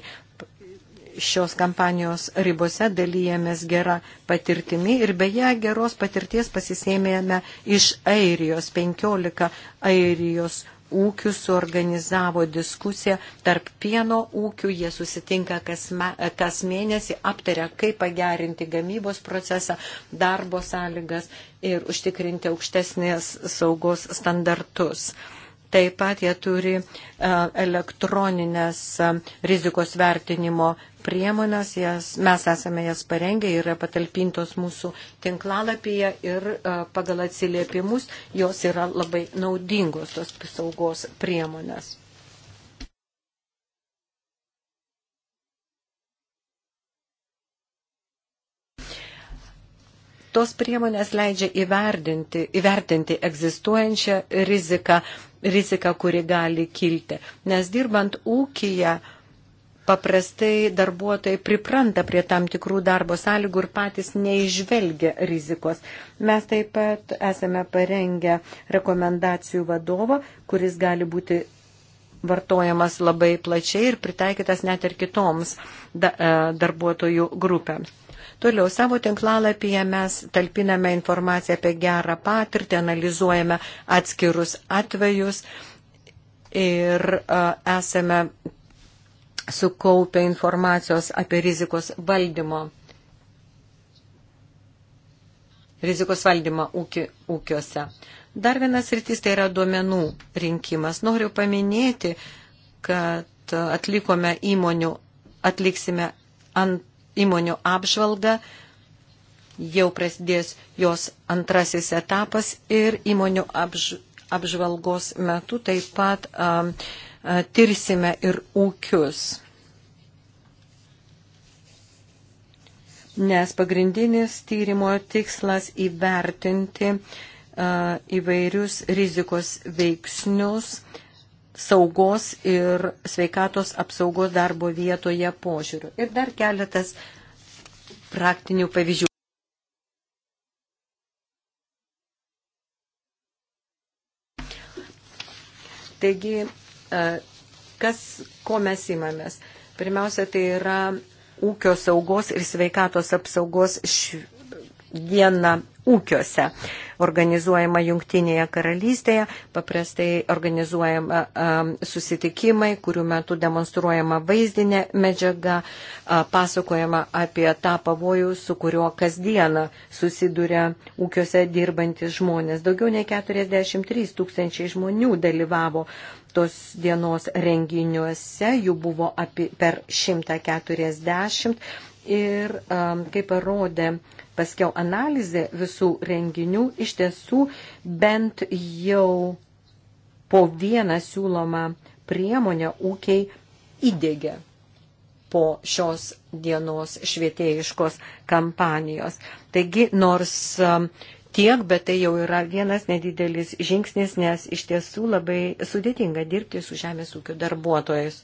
Šios kampanijos ribose dalyjėmės gerą patirtimį ir beje geros patirties pasisėmėme iš Airijos. 15 Airijos ūkių suorganizavo diskusiją tarp pieno ūkių. Jie susitinka kas, kas mėnesį, aptaria, kaip pagerinti gamybos procesą, darbo sąlygas ir užtikrinti aukštesnės saugos standartus. Uh, Taip pat jie turi e, elektroninės e, rizikos vertinimo priemonės, jas, mes esame jas parengę, yra patalpintos mūsų tinklalapyje ir e, pagal atsiliepimus jos yra labai naudingos tos saugos priemonės. tos priemonės leidžia įvertinti, įvertinti egzistuojančią riziką, rizika, kuri gali kilti. Nes dirbant ūkija, paprastai darbuotojai pripranta prie tam tikrų darbo sąlygų ir patys neižvelgia rizikos. Mes taip pat esame parengę rekomendacijų vadovą, kuris gali būti vartojamas labai plačiai ir pritaikytas net ir kitoms e, darbuotojų grupėms. Toliau savo tinklalapyje mes talpiname informaciją apie gerą patirtį, analizuojame atskirus atvejus ir esame sukaupę informacijos apie rizikos valdymo rizikos valdymą ūki, ūkiuose. Dar vienas rytis tai yra duomenų rinkimas. Noriu paminėti, kad atlikome įmonių, atliksime ant įmonių apžvalgą, jau prasidės jos antrasis etapas ir įmonių apž, apžvalgos metu taip pat a, a, tirsime ir ūkius. Nes pagrindinis tyrimo tikslas įvertinti a, įvairius rizikos veiksnius, a, saugos ir sveikatos apsaugos darbo vietoje požiūrių. Ir dar keletas praktinių pavyzdžių. Taigi, e, kas, ko mes įmamės? Pirmiausia, tai yra ūkio saugos ir sveikatos apsaugos š, dieną ūkiuose organizuojama Jungtinėje karalystėje, paprastai organizuojama um, susitikimai, kurių metu demonstruojama vaizdinė medžiaga, uh, pasakojama apie tą pavojų, su kuriuo kasdieną susiduria ūkiuose dirbantis žmonės. Daugiau nei 43 tūkstančiai žmonių dalyvavo tos dienos renginiuose, jų buvo apie, per 140 ir, um, kaip parodė, uh, paskiau analizė visų renginių iš tiesų bent jau po vieną siūlomą priemonę ūkiai įdėgia po šios dienos švietėjiškos kampanijos. Taigi, nors um, tiek, bet tai jau yra vienas nedidelis žingsnis, nes iš tiesų labai sudėtinga dirbti su žemės ūkio darbuotojais.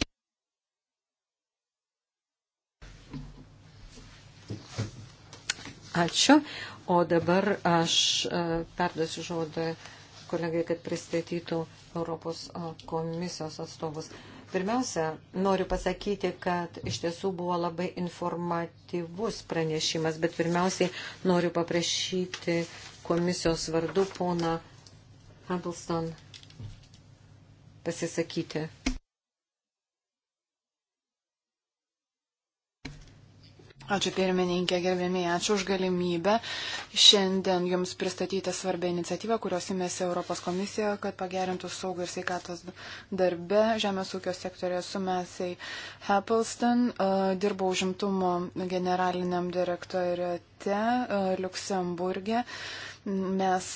Ačiū. O dabar aš e, perduosiu žodą kolegai, kad pristatytų Europos e, komisijos atstovus. Pirmiausia, noriu pasakyti, kad iš tiesų buvo labai informatyvus pranešimas, bet pirmiausiai noriu paprašyti komisijos vardu poną Handelston pasisakyti. Ačiū pirmininkė, gerbėmiai, ačiū už galimybę šiandien Jums pristatyti svarbę iniciatyvą, kurios imėsi Europos komisija, kad pagerintų saugą ir sveikatos darbe žemės ūkio sektorėje su mesiai Happleston. Dirbau užimtumo generaliniam direktorate Luksemburgė. Mes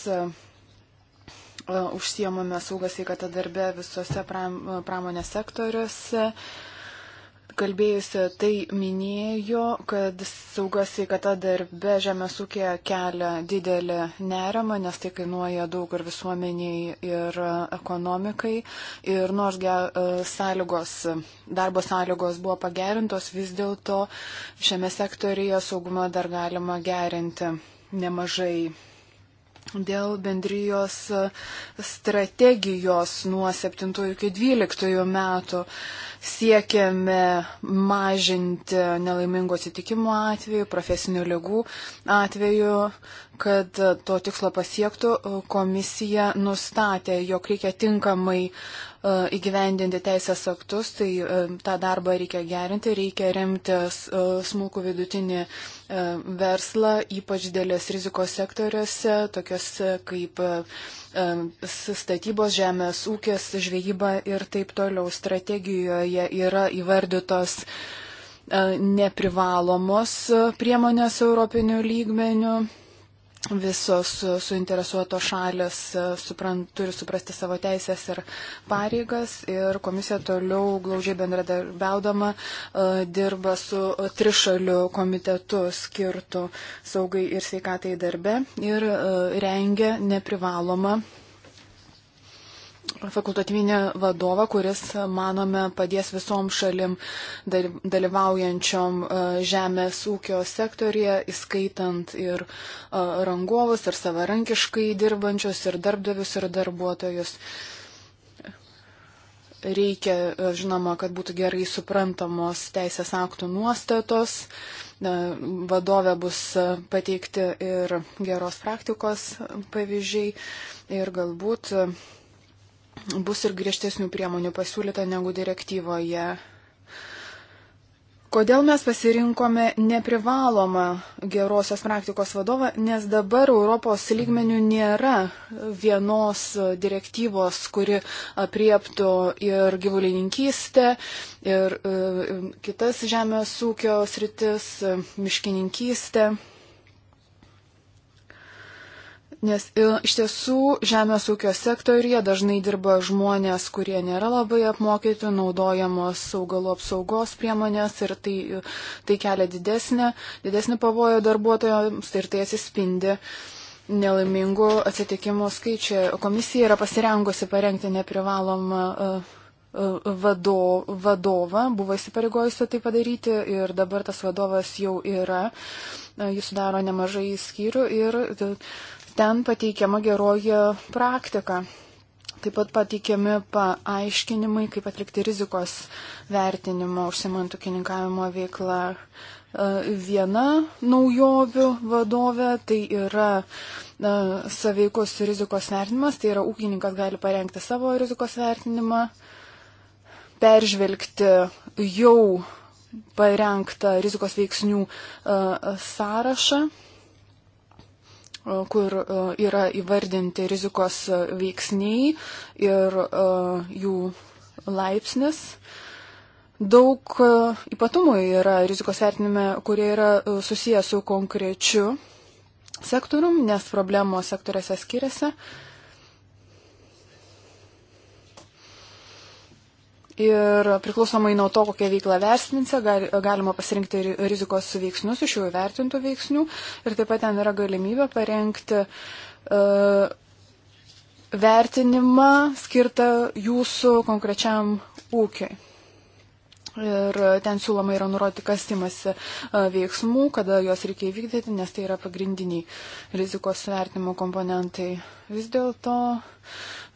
užsiemame saugą sveikatą darbe visose pramonės sektoriuose kalbėjusi tai minėjo, kad sauga sveikata darbe žemės ūkėje kelia didelį nerimą, nes tai kainuoja daug ir visuomeniai, ir ekonomikai. Ir nors ge, e, sąlygos, darbo sąlygos buvo pagerintos, vis dėlto šiame sektorija saugumą dar galima gerinti nemažai dėl bendrijos strategijos nuo 7 iki 12 metų siekiame mažinti nelaimingų atsitikimų atveju, profesinių lygų atveju, kad to tikslo pasiektų. Komisija nustatė, jog reikia tinkamai e, įgyvendinti teisės aktus, tai e, tą darbą reikia gerinti, reikia remti e, smulkų vidutinį verslą, ypač dėlės rizikos sektoriuose, tokiuose kaip statybos žemės ūkės, žvejyba ir taip toliau. Strategijoje yra įvardytos e, neprivalomos priemonės europinių lygmenių visos e, suinteresuotos šalis e, suprant, turi suprasti savo teisės ir pareigas ir komisija toliau glaužiai bendradarbiaudama e, dirba su trišaliu komitetu skirtu saugai ir sveikatai darbe ir rengia neprivalomą fakultatyvinį vadovą, kuris, manome, padės visom šalim dalyvaujančiom e, žemės ūkio sektorija, įskaitant ir e, rangovus, ir savarankiškai dirbančius, ir darbdavius, ir darbuotojus. Reikia, e, žinoma, kad būtų gerai suprantamos teisės aktų nuostatos, vadovė bus pateikti ir geros praktikos pavyzdžiai ir galbūt bus ir griežtesnių priemonių pasiūlyta negu direktyvoje. Kodėl mes pasirinkome neprivalomą gerosios praktikos vadovą, nes dabar Europos lygmenių nėra vienos direktyvos, kuri apriektų ir gyvulininkystę, ir e, kitas žemės ūkio sritis, miškininkystę. Nes iš tiesų žemės ūkio sektorija dažnai dirba žmonės, kurie nėra labai apmokyti, naudojamos augalų apsaugos priemonės ir tai, tai kelia didesnį, didesnį pavojų darbuotojams ir tai atsispindi nelaimingų atsitikimų skaičiai. Komisija yra pasirengusi parengti neprivalomą e, e, vado, vadovą, buvo įsipareigojusi tai padaryti ir dabar tas vadovas jau yra e, jis sudaro nemažai skyrių ir Ten pateikiama geroji praktika. Taip pat pateikiami paaiškinimai, kaip atlikti rizikos vertinimo užsimant ūkininkavimo veiklą. E, viena naujovių vadovė tai yra e, saveikus rizikos vertinimas, tai yra ūkininkas gali parengti savo rizikos vertinimą, peržvelgti jau parengtą rizikos veiksnių e, sąrašą kur e, yra įvardinti rizikos e, veiksniai ir e, jų laipsnis. Daug ypatumų yra rizikos vertinime, kurie yra susijęs su konkrečiu sektorium, nes problemos sektoriuose skiriasi. Uh, Ir priklausomai nuo to, kokią veiklą vertinsi, galima pasirinkti rizikos veiksnius iš jų įvertintų veiksnių. Ir taip pat ten yra galimybė parengti uh, vertinimą skirtą jūsų konkrečiam ūkiai. Ir ten siūloma yra nurodyti, kas imasi e, veiksmų, kada juos reikia įvykdyti, nes tai yra pagrindiniai rizikos vertimo komponentai. Vis dėlto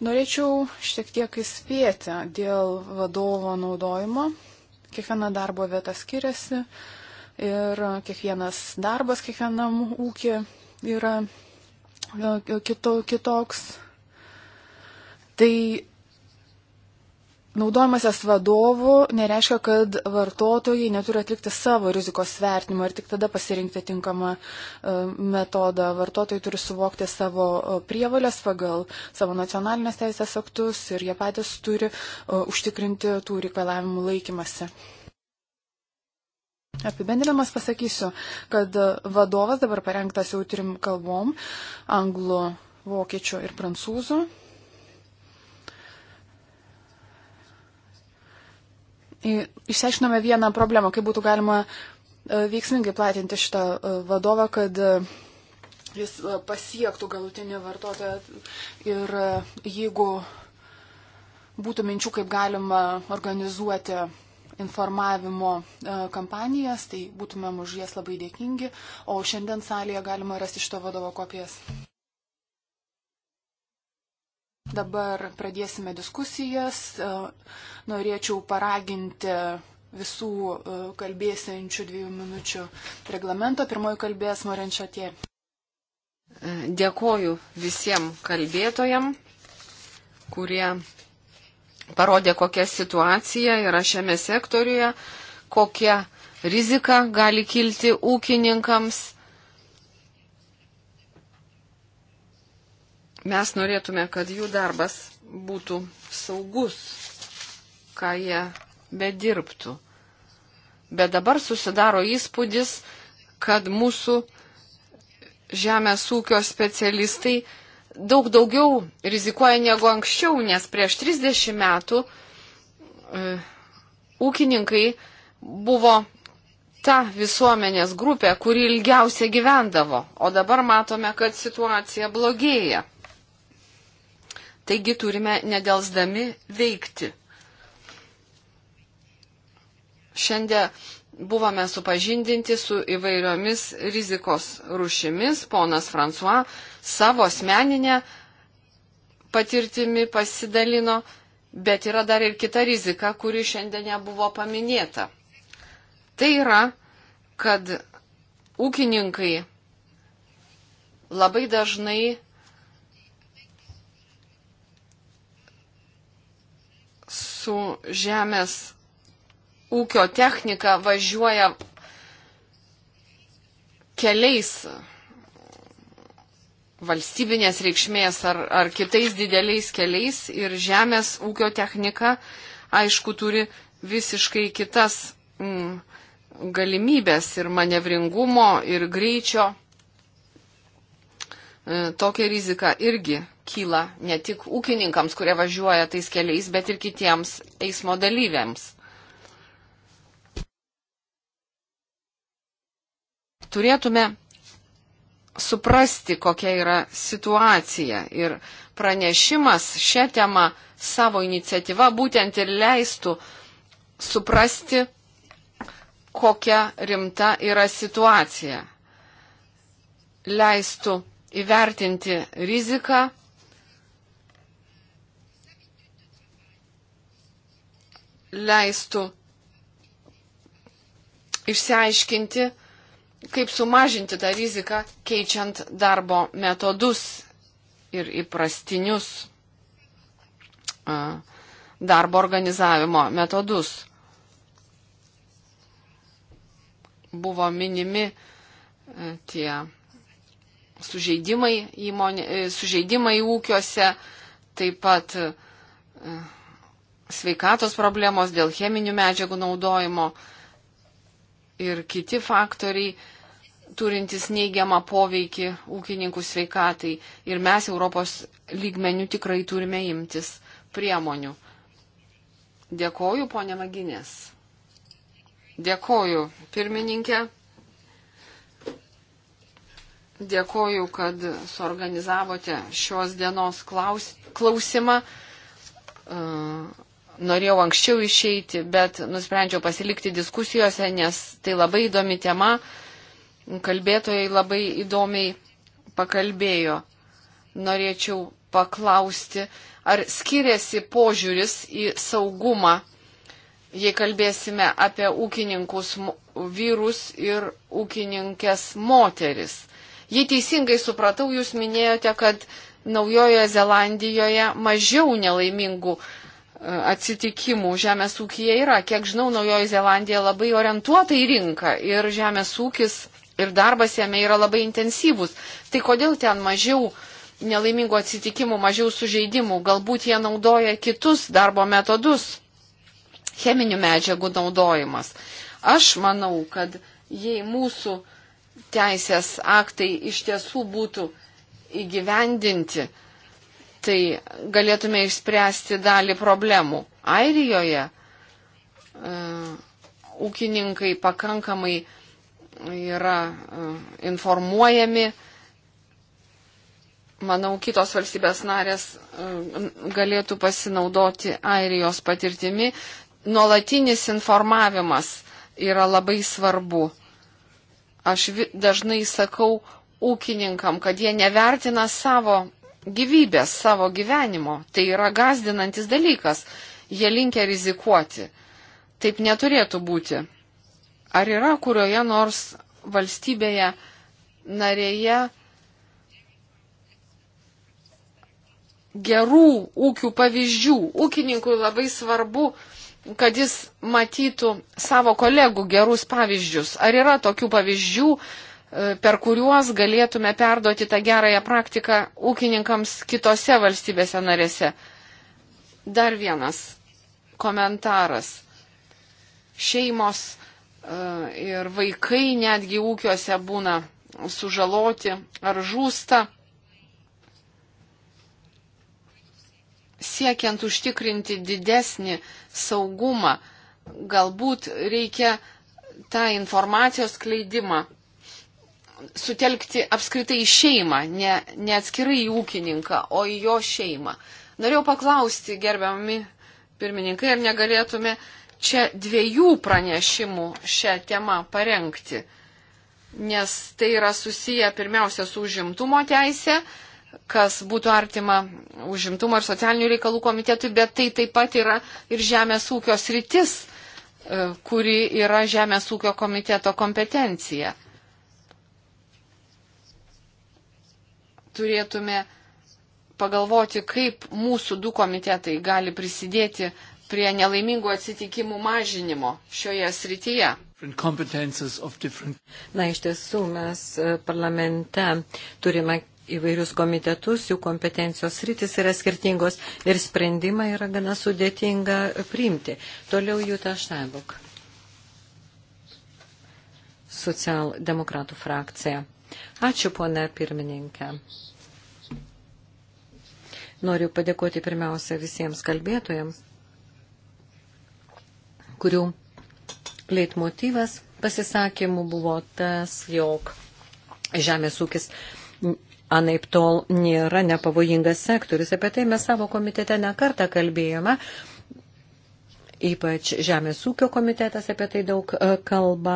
norėčiau šiek tiek įspėti dėl vadovo naudojimo. Kiekviena darbo vieta skiriasi ir kiekvienas darbas kiekvienam ūkį yra e, kito, kitoks. Tai Naudojimasis vadovų nereiškia, kad vartotojai neturi atlikti savo rizikos vertinimo ir tik tada pasirinkti tinkamą e, metodą. Vartotojai turi suvokti savo e, prievalės pagal savo nacionalinės teisės aktus ir jie patys turi e, užtikrinti tų reikalavimų laikymasi. Apibendrinamas pasakysiu, kad vadovas dabar parengtas jau trim kalbom - anglų, vokiečių ir prancūzų. išsiaiškinome vieną problemą, kaip būtų galima e, veiksmingai platinti šitą e, vadovą, kad e, jis pasiektų galutinį vartotoją ir jeigu būtų minčių, kaip galima organizuoti informavimo kampanijas, tai būtumėm už jas labai dėkingi, o šiandien salėje galima rasti šito vadovo kopijas. Dabar pradėsime diskusijas. E, norėčiau paraginti visų e, kalbėsiančių dviejų minučių reglamentą. Pirmoji kalbės Morenčiatė. E, dėkoju visiems kalbėtojam, kurie parodė, kokia situacija yra šiame sektoriuje, kokia rizika gali kilti ūkininkams Mes norėtume, kad jų darbas būtų saugus, ką jie bedirbtų. Bet dabar susidaro įspūdis, kad mūsų žemės ūkio specialistai daug daugiau rizikuoja negu anksčiau, nes prieš 30 metų e, ūkininkai buvo ta visuomenės grupė, kuri ilgiausia gyvendavo, o dabar matome, kad situacija blogėja. Taigi turime nedelsdami veikti. Šiandien buvome supažindinti su įvairiomis rizikos rušimis. Ponas François savo asmeninę patirtimi pasidalino, bet yra dar ir kita rizika, kuri šiandien nebuvo paminėta. Tai yra, kad ūkininkai labai dažnai su žemės ūkio technika važiuoja keliais valstybinės reikšmės ar, ar kitais dideliais keliais ir žemės ūkio technika, aišku, turi visiškai kitas mm, galimybės ir manevringumo, ir greičio. E, tokia rizika irgi kyla ne tik ūkininkams, kurie važiuoja tais keliais, bet ir kitiems eismo dalyviams. Turėtume suprasti, kokia yra situacija ir pranešimas šią temą savo iniciatyva būtent ir leistų suprasti, kokia rimta yra situacija. Leistų įvertinti riziką, leistų išsiaiškinti, kaip sumažinti tą riziką, keičiant darbo metodus ir įprastinius darbo organizavimo metodus. Buvo minimi tie sužeidimai, įmonė, e, sužeidimai ūkiuose, taip pat e, sveikatos problemos dėl cheminių medžiagų naudojimo ir kiti faktoriai turintys neigiamą poveikį ūkininkų sveikatai. Ir mes Europos lygmenių tikrai turime imtis priemonių. Dėkoju, ponė Maginės. Dėkoju, pirmininkė. Dėkoju, kad suorganizavote šios dienos klaus, klausimą. E, norėjau anksčiau išeiti, bet nusprendžiau pasilikti diskusijose, nes tai labai įdomi tema. Kalbėtojai labai įdomiai pakalbėjo. Norėčiau paklausti, ar skiriasi požiūris į saugumą, jei kalbėsime apie ūkininkus vyrus ir ūkininkės moteris Jei teisingai supratau, jūs minėjote, kad Naujojoje Zelandijoje mažiau nelaimingų e, atsitikimų žemės ūkija yra. Kiek žinau, Naujoji Zelandija labai orientuota į rinką ir žemės ūkis ir darbas jame yra labai intensyvus. Tai kodėl ten mažiau nelaimingų atsitikimų, mažiau sužeidimų? Galbūt jie naudoja kitus darbo metodus, cheminių medžiagų naudojimas. Aš manau, kad jei mūsų uh, teisės aktai iš tiesų būtų įgyvendinti, tai galėtume išspręsti dalį problemų. Airijoje uh, ūkininkai pakankamai yra uh, informuojami. Manau, kitos valstybės narės uh, galėtų pasinaudoti Airijos patirtimi. Nuolatinis informavimas yra labai svarbu. Uh, Aš dažnai sakau ūkininkam, kad jie nevertina savo gyvybės, savo gyvenimo. Tai yra gazdinantis dalykas. Jie linkia rizikuoti. Taip neturėtų būti. Ar yra kurioje nors valstybėje narėje gerų ūkių pavyzdžių? Ūkininkui labai svarbu kad jis matytų savo kolegų gerus pavyzdžius. Ar yra tokių pavyzdžių, e, per kuriuos galėtume perduoti tą gerąją praktiką ūkininkams kitose valstybėse narėse? Dar vienas komentaras. Šeimos e, ir vaikai netgi ūkiuose būna sužaloti ar žūsta. siekiant užtikrinti didesnį saugumą, galbūt reikia tą informacijos kleidimą sutelkti apskritai į šeimą, ne, ne atskirai į ūkininką, o į jo šeimą. Norėjau paklausti, gerbiami pirmininkai, ar negalėtume čia dviejų pranešimų šią temą parengti, nes tai yra susiję pirmiausia su užimtumo teisė, kas būtų artima užimtumo ir socialinių reikalų komitetui, bet tai taip pat yra ir žemės ūkio sritis, e, kuri yra žemės ūkio komiteto kompetencija. Turėtume pagalvoti, kaip mūsų du komitetai gali prisidėti prie nelaimingų atsitikimų mažinimo šioje srityje. Na, iš tiesų mes e, parlamente turime įvairius komitetus, jų kompetencijos rytis yra skirtingos ir sprendimą yra gana sudėtinga priimti. Toliau Jūta Šnaibuk, socialdemokratų frakcija. Ačiū, pone pirmininkė. Noriu padėkoti pirmiausia visiems kalbėtojams, kurių leitmotyvas pasisakymų buvo tas, jog žemės ūkis anaip tol nėra nepavojingas sektorius. Apie tai mes savo komitete nekartą kalbėjome. Ypač Žemės ūkio komitetas apie tai daug e, kalba.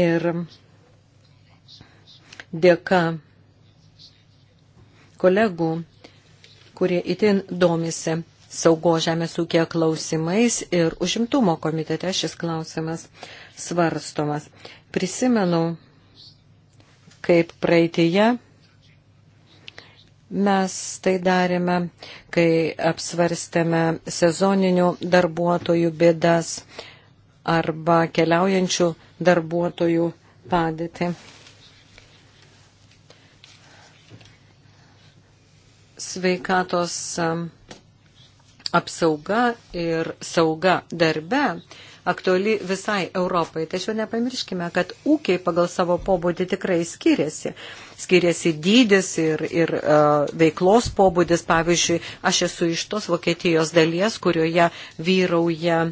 Ir dėka kolegų, kurie itin domisi saugo žemės ūkė klausimais ir užimtumo komitete šis klausimas svarstomas. Prisimenu, kaip praeitėje. Mes tai darėme, kai apsvarstėme sezoninių darbuotojų bėdas arba keliaujančių darbuotojų padėtį. Sveikatos um, apsauga ir sauga darbe aktuali visai Europai. Tačiau nepamirškime, kad ūkiai pagal savo pobūdį tikrai skiriasi. Skiriasi dydis ir, ir uh, veiklos pobūdis. Pavyzdžiui, aš esu iš tos Vokietijos dalies, kurioje vyrauja,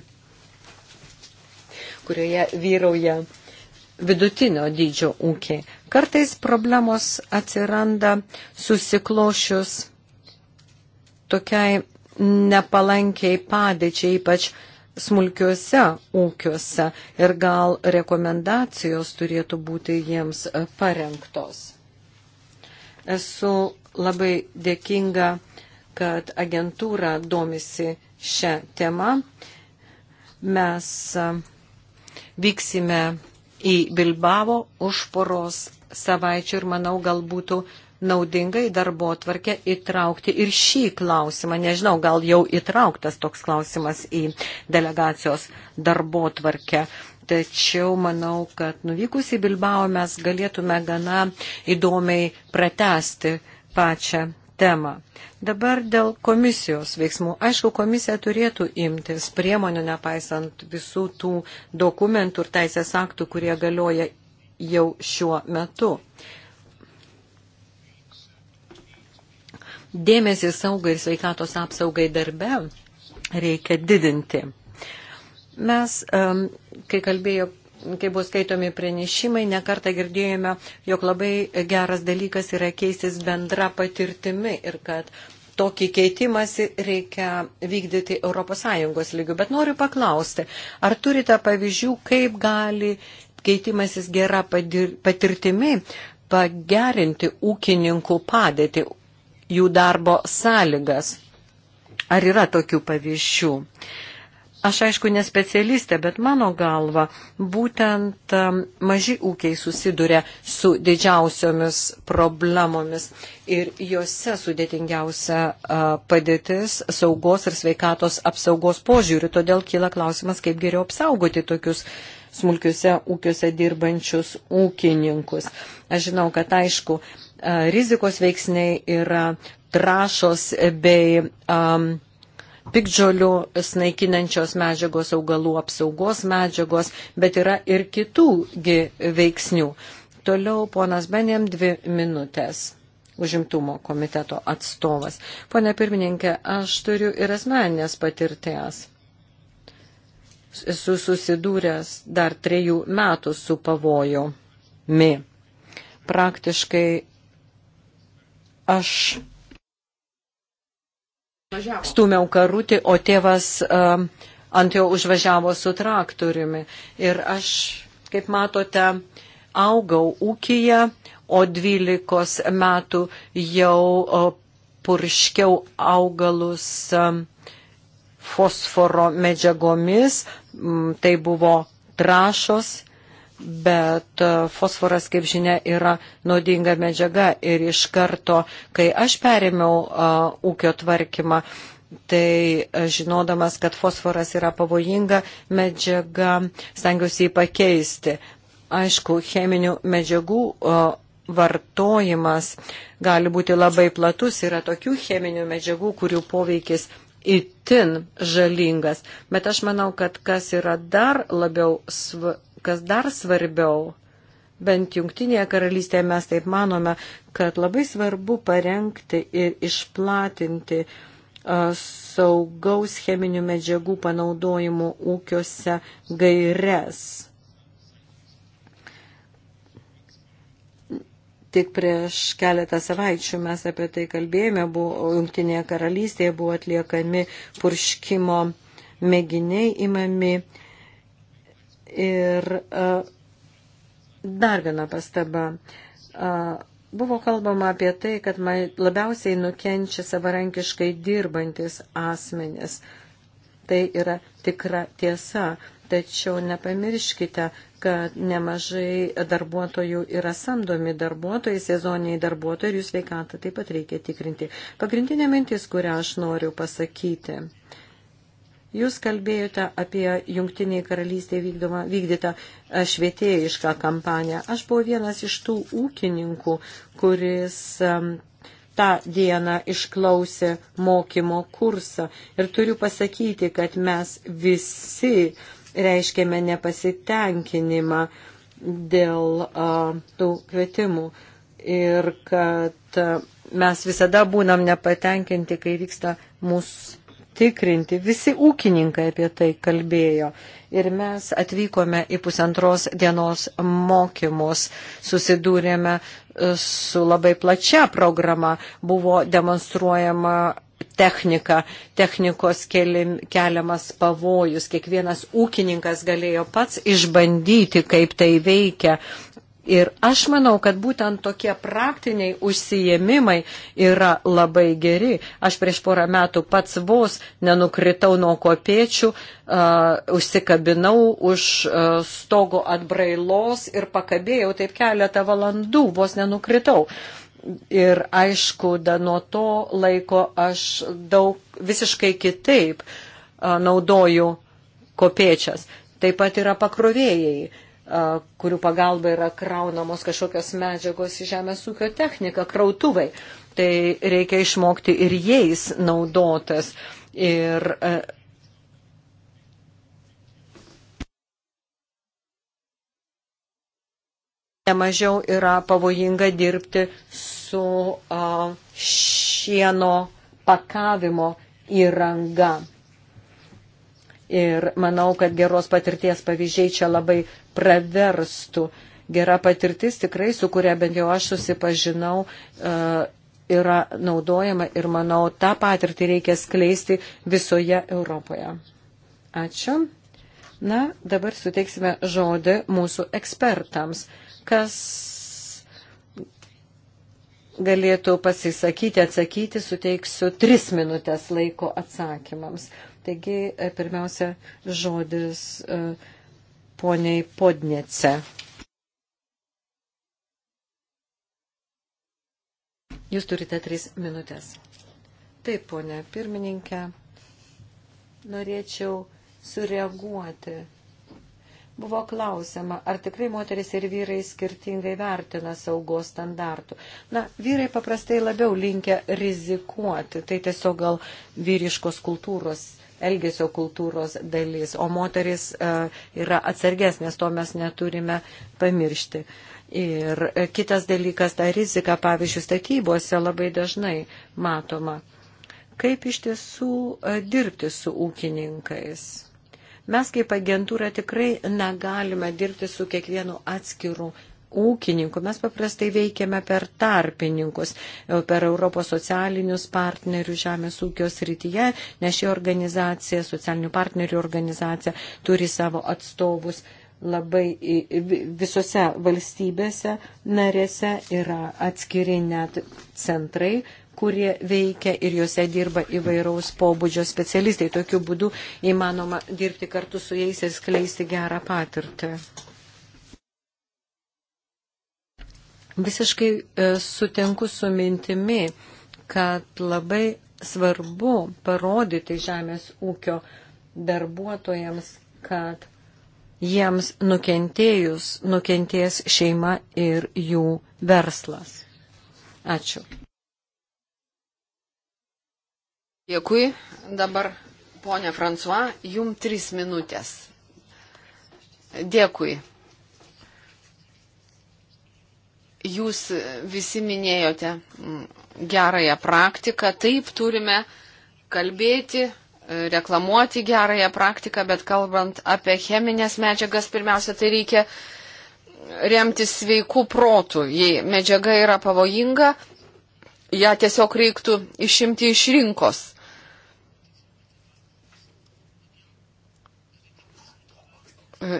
kurioje vyrauja vidutinio dydžio ūkiai. Kartais problemos atsiranda susiklošius tokiai nepalankiai padėčiai, ypač smulkiuose ūkiuose ir gal rekomendacijos turėtų būti jiems parengtos. Esu labai dėkinga, kad agentūra domisi šią temą. Mes vyksime į Bilbavo už poros savaičių ir manau gal būtų naudingai darbo atvarkę įtraukti ir šį klausimą. Nežinau, gal jau įtrauktas toks klausimas į delegacijos darbo atvarkę. Tačiau manau, kad nuvykus į Bilbao mes galėtume gana įdomiai pratesti pačią temą. Dabar dėl komisijos veiksmų. Aišku, komisija turėtų imtis priemonių, nepaisant visų tų dokumentų ir teisės aktų, kurie galioja jau šiuo metu. dėmesį saugai ir sveikatos apsaugai darbe reikia didinti. Mes, kai kalbėjo, kai buvo skaitomi pranešimai, nekartą girdėjome, jog labai geras dalykas yra keistis bendra patirtimi ir kad tokį keitimąsi reikia vykdyti ES lygių. Bet noriu paklausti, ar turite pavyzdžių, kaip gali keitimasis gera patirtimi pagerinti ūkininkų padėtį, jų darbo sąlygas. Ar yra tokių pavyzdžių? Aš aišku nespecialistė, bet mano galva, būtent um, maži ūkiai susiduria su didžiausiomis problemomis ir juose sudėtingiausia padėtis saugos ir sveikatos apsaugos požiūrių. Todėl kyla klausimas, kaip geriau apsaugoti tokius smulkiuose ūkiuose dirbančius ūkininkus. Aš žinau, kad aišku, rizikos veiksniai yra trašos bei um, pikdžiolių snaikinančios medžiagos, augalų apsaugos medžiagos, bet yra ir kitųgi veiksnių. Toliau ponas Benėm dvi minutės. Užimtumo komiteto atstovas. Pone pirmininkė, aš turiu ir asmeninės patirties. Esu susidūręs dar trejų metų su pavoju. Mi. Praktiškai Aš stumiau karutį, o tėvas uh, ant jo užvažiavo su traktoriumi. Ir aš, kaip matote, augau ūkija, o 12 metų jau purškiau augalus um, fosforo medžiagomis, mm, tai buvo trašos bet e, fosforas, kaip žinia, yra naudinga medžiaga ir iš karto, kai aš perėmiau e, ūkio tvarkymą, tai e, žinodamas, kad fosforas yra pavojinga medžiaga, stengiuosi jį pakeisti. Aišku, cheminių medžiagų vartojimas gali būti labai platus, yra tokių cheminių medžiagų, kurių poveikis itin žalingas. Bet aš manau, kad kas yra dar labiau svarbu kas dar svarbiau, bent jungtinėje karalystėje mes taip manome, kad labai svarbu parengti ir išplatinti saugaus cheminių medžiagų panaudojimo ūkiuose gairias. Tik prieš keletą savaičių mes apie tai kalbėjome, buvo, Junktinėje karalystėje buvo atliekami purškimo mėginiai imami Ir e, dar viena pastaba. E, buvo kalbama apie tai, kad labiausiai nukenčia savarankiškai dirbantis asmenis. Tai yra tikra tiesa. Tačiau nepamirškite, kad nemažai darbuotojų yra samdomi darbuotojai, sezoniniai darbuotojai ir jų sveikatą taip pat reikia tikrinti. Pagrindinė mintis, kurią aš noriu pasakyti. Uh, Jūs kalbėjote apie jungtiniai karalystėje vykdomą, vykdytą e, švietėjišką kampaniją. Aš buvau vienas iš tų ūkininkų, kuris um, tą dieną išklausė mokymo kursą. Ir turiu pasakyti, kad mes visi reiškėme nepasitenkinimą dėl uh, tų kvietimų. Ir kad uh, mes visada būnam nepatenkinti, kai vyksta mūsų užtikrinti. Visi ūkininkai apie tai kalbėjo. Ir mes atvykome į pusantros dienos mokymus, susidūrėme e, su labai plačia programa, buvo demonstruojama technika, technikos keliamas pavojus. Kiekvienas ūkininkas galėjo pats išbandyti, kaip tai veikia Ir aš manau, kad būtent tokie praktiniai užsijėmimai yra labai geri. Aš prieš porą metų pats vos nenukritau nuo kopiečių, uh, užsikabinau už uh, stogo atbrailos ir pakabėjau taip keletą valandų, vos nenukritau. Ir aišku, da, nuo to laiko aš daug visiškai kitaip uh, naudoju kopiečias. Taip pat yra pakrovėjai kurių pagalba yra kraunamos kažkokios medžiagos į žemės ūkio techniką, krautuvai. Tai reikia išmokti ir jais naudotas. Ir nemažiau yra pavojinga dirbti su šieno pakavimo įranga. Ir manau, kad geros patirties pavyzdžiai čia labai praverstų. Gera patirtis tikrai, su kuria bent jau aš susipažinau, e, yra naudojama ir manau, tą patirtį reikia skleisti visoje Europoje. Ačiū. Na, dabar suteiksime žodį mūsų ekspertams, kas galėtų pasisakyti, atsakyti, suteiksiu tris minutės laiko atsakymams. Taigi, e, pirmiausia, žodis. Uh, poniai Podniece. Jūs turite tris minutės. Taip, ponė pirmininkė, norėčiau sureaguoti. Buvo klausima, ar tikrai moteris ir vyrai skirtingai vertina saugos standartų. Na, vyrai paprastai labiau linkia rizikuoti, tai tiesiog gal vyriškos kultūros elgesio kultūros dalis, o moteris e, yra atsargesnės, to mes neturime pamiršti. Ir e, kitas dalykas, ta rizika, pavyzdžiui, statybose labai dažnai matoma. Kaip iš tiesų e, dirbti su ūkininkais? Mes kaip agentūra tikrai negalime dirbti su kiekvienu atskiru ūkininkų. Mes paprastai veikiame per tarpininkus, e, per Europos socialinius partnerius žemės ūkio srityje, nes ši organizacija, socialinių partnerių organizacija, turi savo atstovus labai visose valstybėse narėse yra atskiri net centrai, kurie veikia ir juose dirba įvairaus pobūdžio specialistai. Tokiu būdu įmanoma dirbti kartu su jais ir skleisti gerą patirtį. Visiškai e, sutinku su mintimi, kad labai svarbu parodyti žemės ūkio darbuotojams, kad jiems nukentėjus nukenties šeima ir jų verslas. Ačiū. Dėkui. Dabar, ponia Fransua, jum trys minutės. Dėkui. Jūs visi minėjote mm, gerąją praktiką, taip turime kalbėti, reklamuoti gerąją praktiką, bet kalbant apie cheminės medžiagas, pirmiausia, tai reikia remtis sveikų protų. Jei medžiaga yra pavojinga, ją tiesiog reiktų išimti iš rinkos.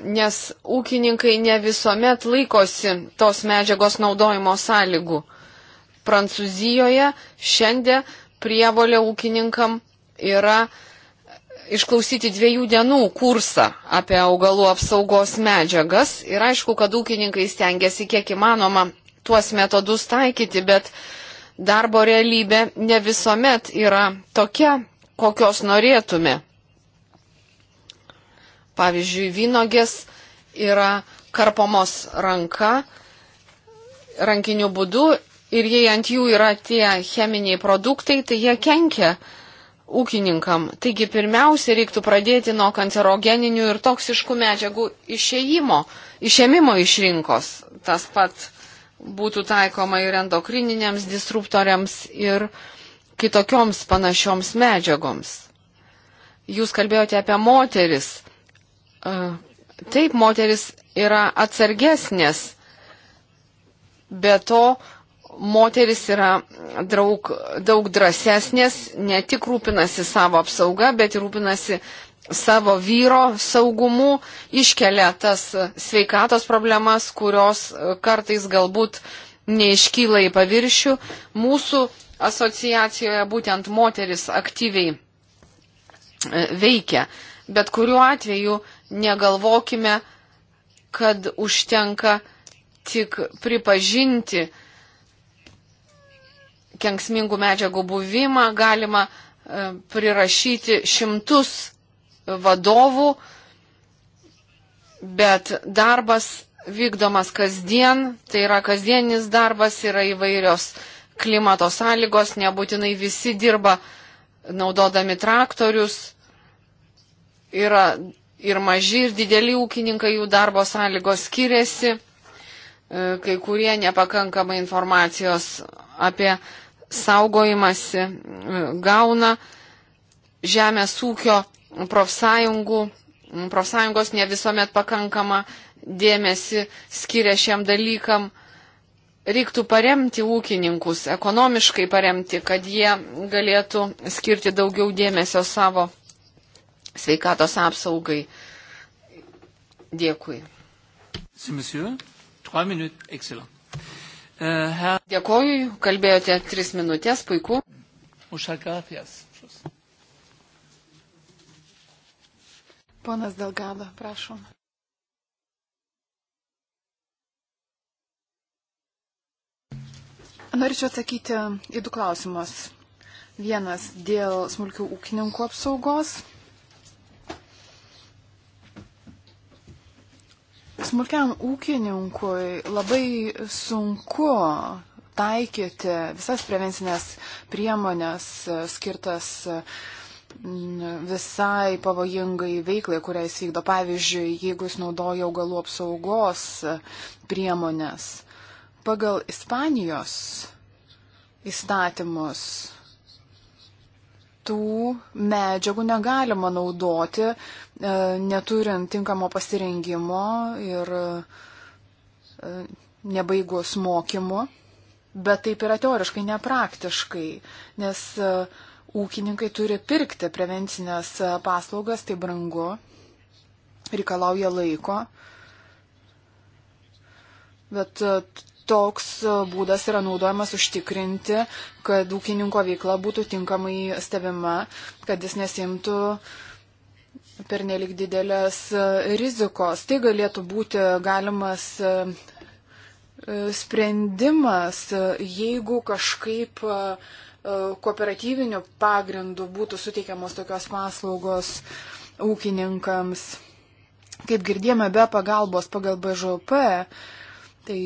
nes ūkininkai ne visuomet laikosi tos medžiagos naudojimo sąlygų. Prancūzijoje šiandien prievolė ūkininkam yra išklausyti dviejų dienų kursą apie augalų apsaugos medžiagas ir aišku, kad ūkininkai stengiasi kiek įmanoma tuos metodus taikyti, bet darbo realybė ne visuomet yra tokia, kokios norėtume. Pavyzdžiui, vynogės yra karpomos ranka, rankiniu būdu ir jei ant jų yra tie cheminiai produktai, tai jie kenkia ūkininkam. Taigi pirmiausia, reiktų pradėti nuo kancerogeninių ir toksiškų medžiagų išėjimo, išėmimo iš rinkos. Tas pat būtų taikoma ir endokrininiams disruptoriams ir kitokioms panašioms medžiagoms. Jūs kalbėjote apie moteris. Taip, moteris yra atsargesnės, be to moteris yra draug, daug drąsesnės, ne tik rūpinasi savo apsauga, bet ir rūpinasi savo vyro saugumu, iškelia tas sveikatos problemas, kurios kartais galbūt neiškyla į paviršių. Mūsų asociacijoje būtent moteris aktyviai veikia. Bet kuriuo atveju negalvokime, kad užtenka tik pripažinti kenksmingų medžiagų buvimą, galima e, prirašyti šimtus vadovų, bet darbas vykdomas kasdien, tai yra kasdienis darbas, yra įvairios klimato sąlygos, nebūtinai visi dirba naudodami traktorius, yra ir maži, ir dideli ūkininkai, jų darbo sąlygos skiriasi, e, kai kurie nepakankamai informacijos apie saugojimąsi e, gauna. Žemės ūkio profsąjungų, profsąjungos ne visuomet pakankama dėmesį skiria šiam dalykam. Reiktų paremti ūkininkus, ekonomiškai paremti, kad jie galėtų skirti daugiau dėmesio savo sveikatos apsaugai. Dėkui. Euh, Dėkoju, kalbėjote tris minutės, puiku. Ponas Delgado, prašom. Norėčiau atsakyti į du klausimus. Vienas dėl smulkių ūkininkų apsaugos smulkiam ūkininkui labai sunku taikyti visas prevencinės priemonės e, skirtas e, visai pavojingai veiklai, kurią jis vykdo. Pavyzdžiui, jeigu jis naudoja augalų apsaugos e, priemonės, pagal Ispanijos įstatymus tų medžiagų negalima naudoti E, neturint tinkamo pasirengimo ir e, nebaigus mokymu, bet taip yra teoriškai, nepraktiškai, nes e, ūkininkai turi pirkti prevencinės paslaugas, tai brangu, reikalauja laiko. Bet toks būdas yra naudojamas užtikrinti, kad ūkininko veikla būtų tinkamai stebima, kad jis nesimtų uh, pernelik didelės e, rizikos. Tai galėtų būti galimas e, e, sprendimas, jeigu kažkaip kooperatyviniu pagrindu būtų suteikiamos tokios paslaugos ūkininkams. Kaip girdėjome, be pagalbos pagal BŽP, tai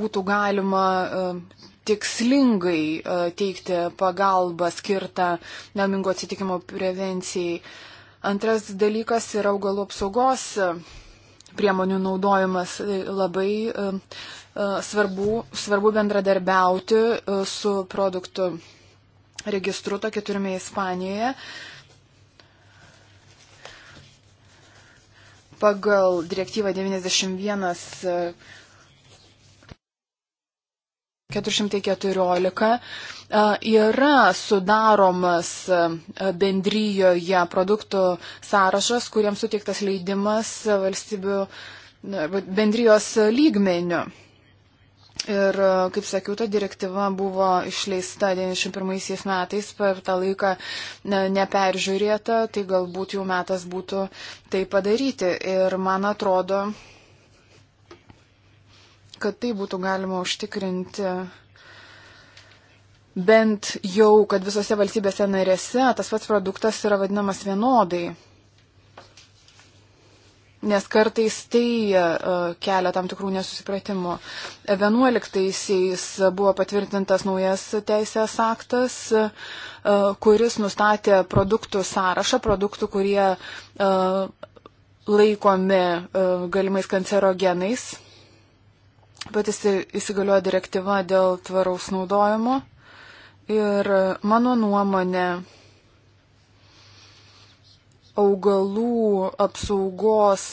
būtų galima tikslingai e, teikti pagalbą skirtą nelmingo atsitikimo prevencijai. Antras dalykas yra augalų apsaugos e, priemonių naudojimas. E, labai svarbu, svarbu bendradarbiauti su produktų registru, tokį turime Ispanijoje. Pagal direktyvą 91 414 yra sudaromas bendryjoje produktų sąrašas, kuriems suteiktas leidimas valstybių bendrijos lygmenių. Ir, kaip sakiau, ta direktyva buvo išleista 91 metais, per tą laiką neperžiūrėta, tai galbūt jau metas būtų tai padaryti. Ir man atrodo, kad tai būtų galima užtikrinti bent jau, kad visose valstybėse narėse tas pats produktas yra vadinamas vienodai. Nes kartais tai e, kelia tam tikrų nesusipratimų. 11-aisiais buvo patvirtintas naujas teisės aktas, e, kuris nustatė produktų sąrašą, produktų, kurie e, laikomi galimais kancerogenais pat įsigalioja direktyva dėl tvaraus naudojimo. Ir mano nuomonė, augalų apsaugos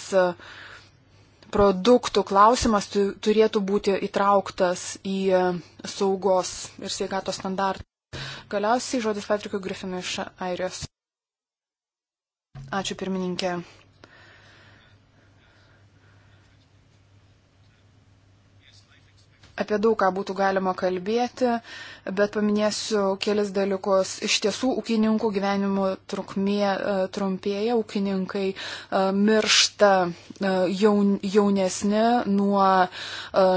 produktų klausimas turėtų būti įtrauktas į saugos ir sveikatos standartą. Galiausiai žodis Patrikui Grifinui iš Airijos. Ačiū pirmininkė. Apie daug ką būtų galima kalbėti, bet paminėsiu kelis dalykus. Iš tiesų, ūkininkų gyvenimo trukmė e, trumpėja, ūkininkai e, miršta e, jaun, jaunesni nuo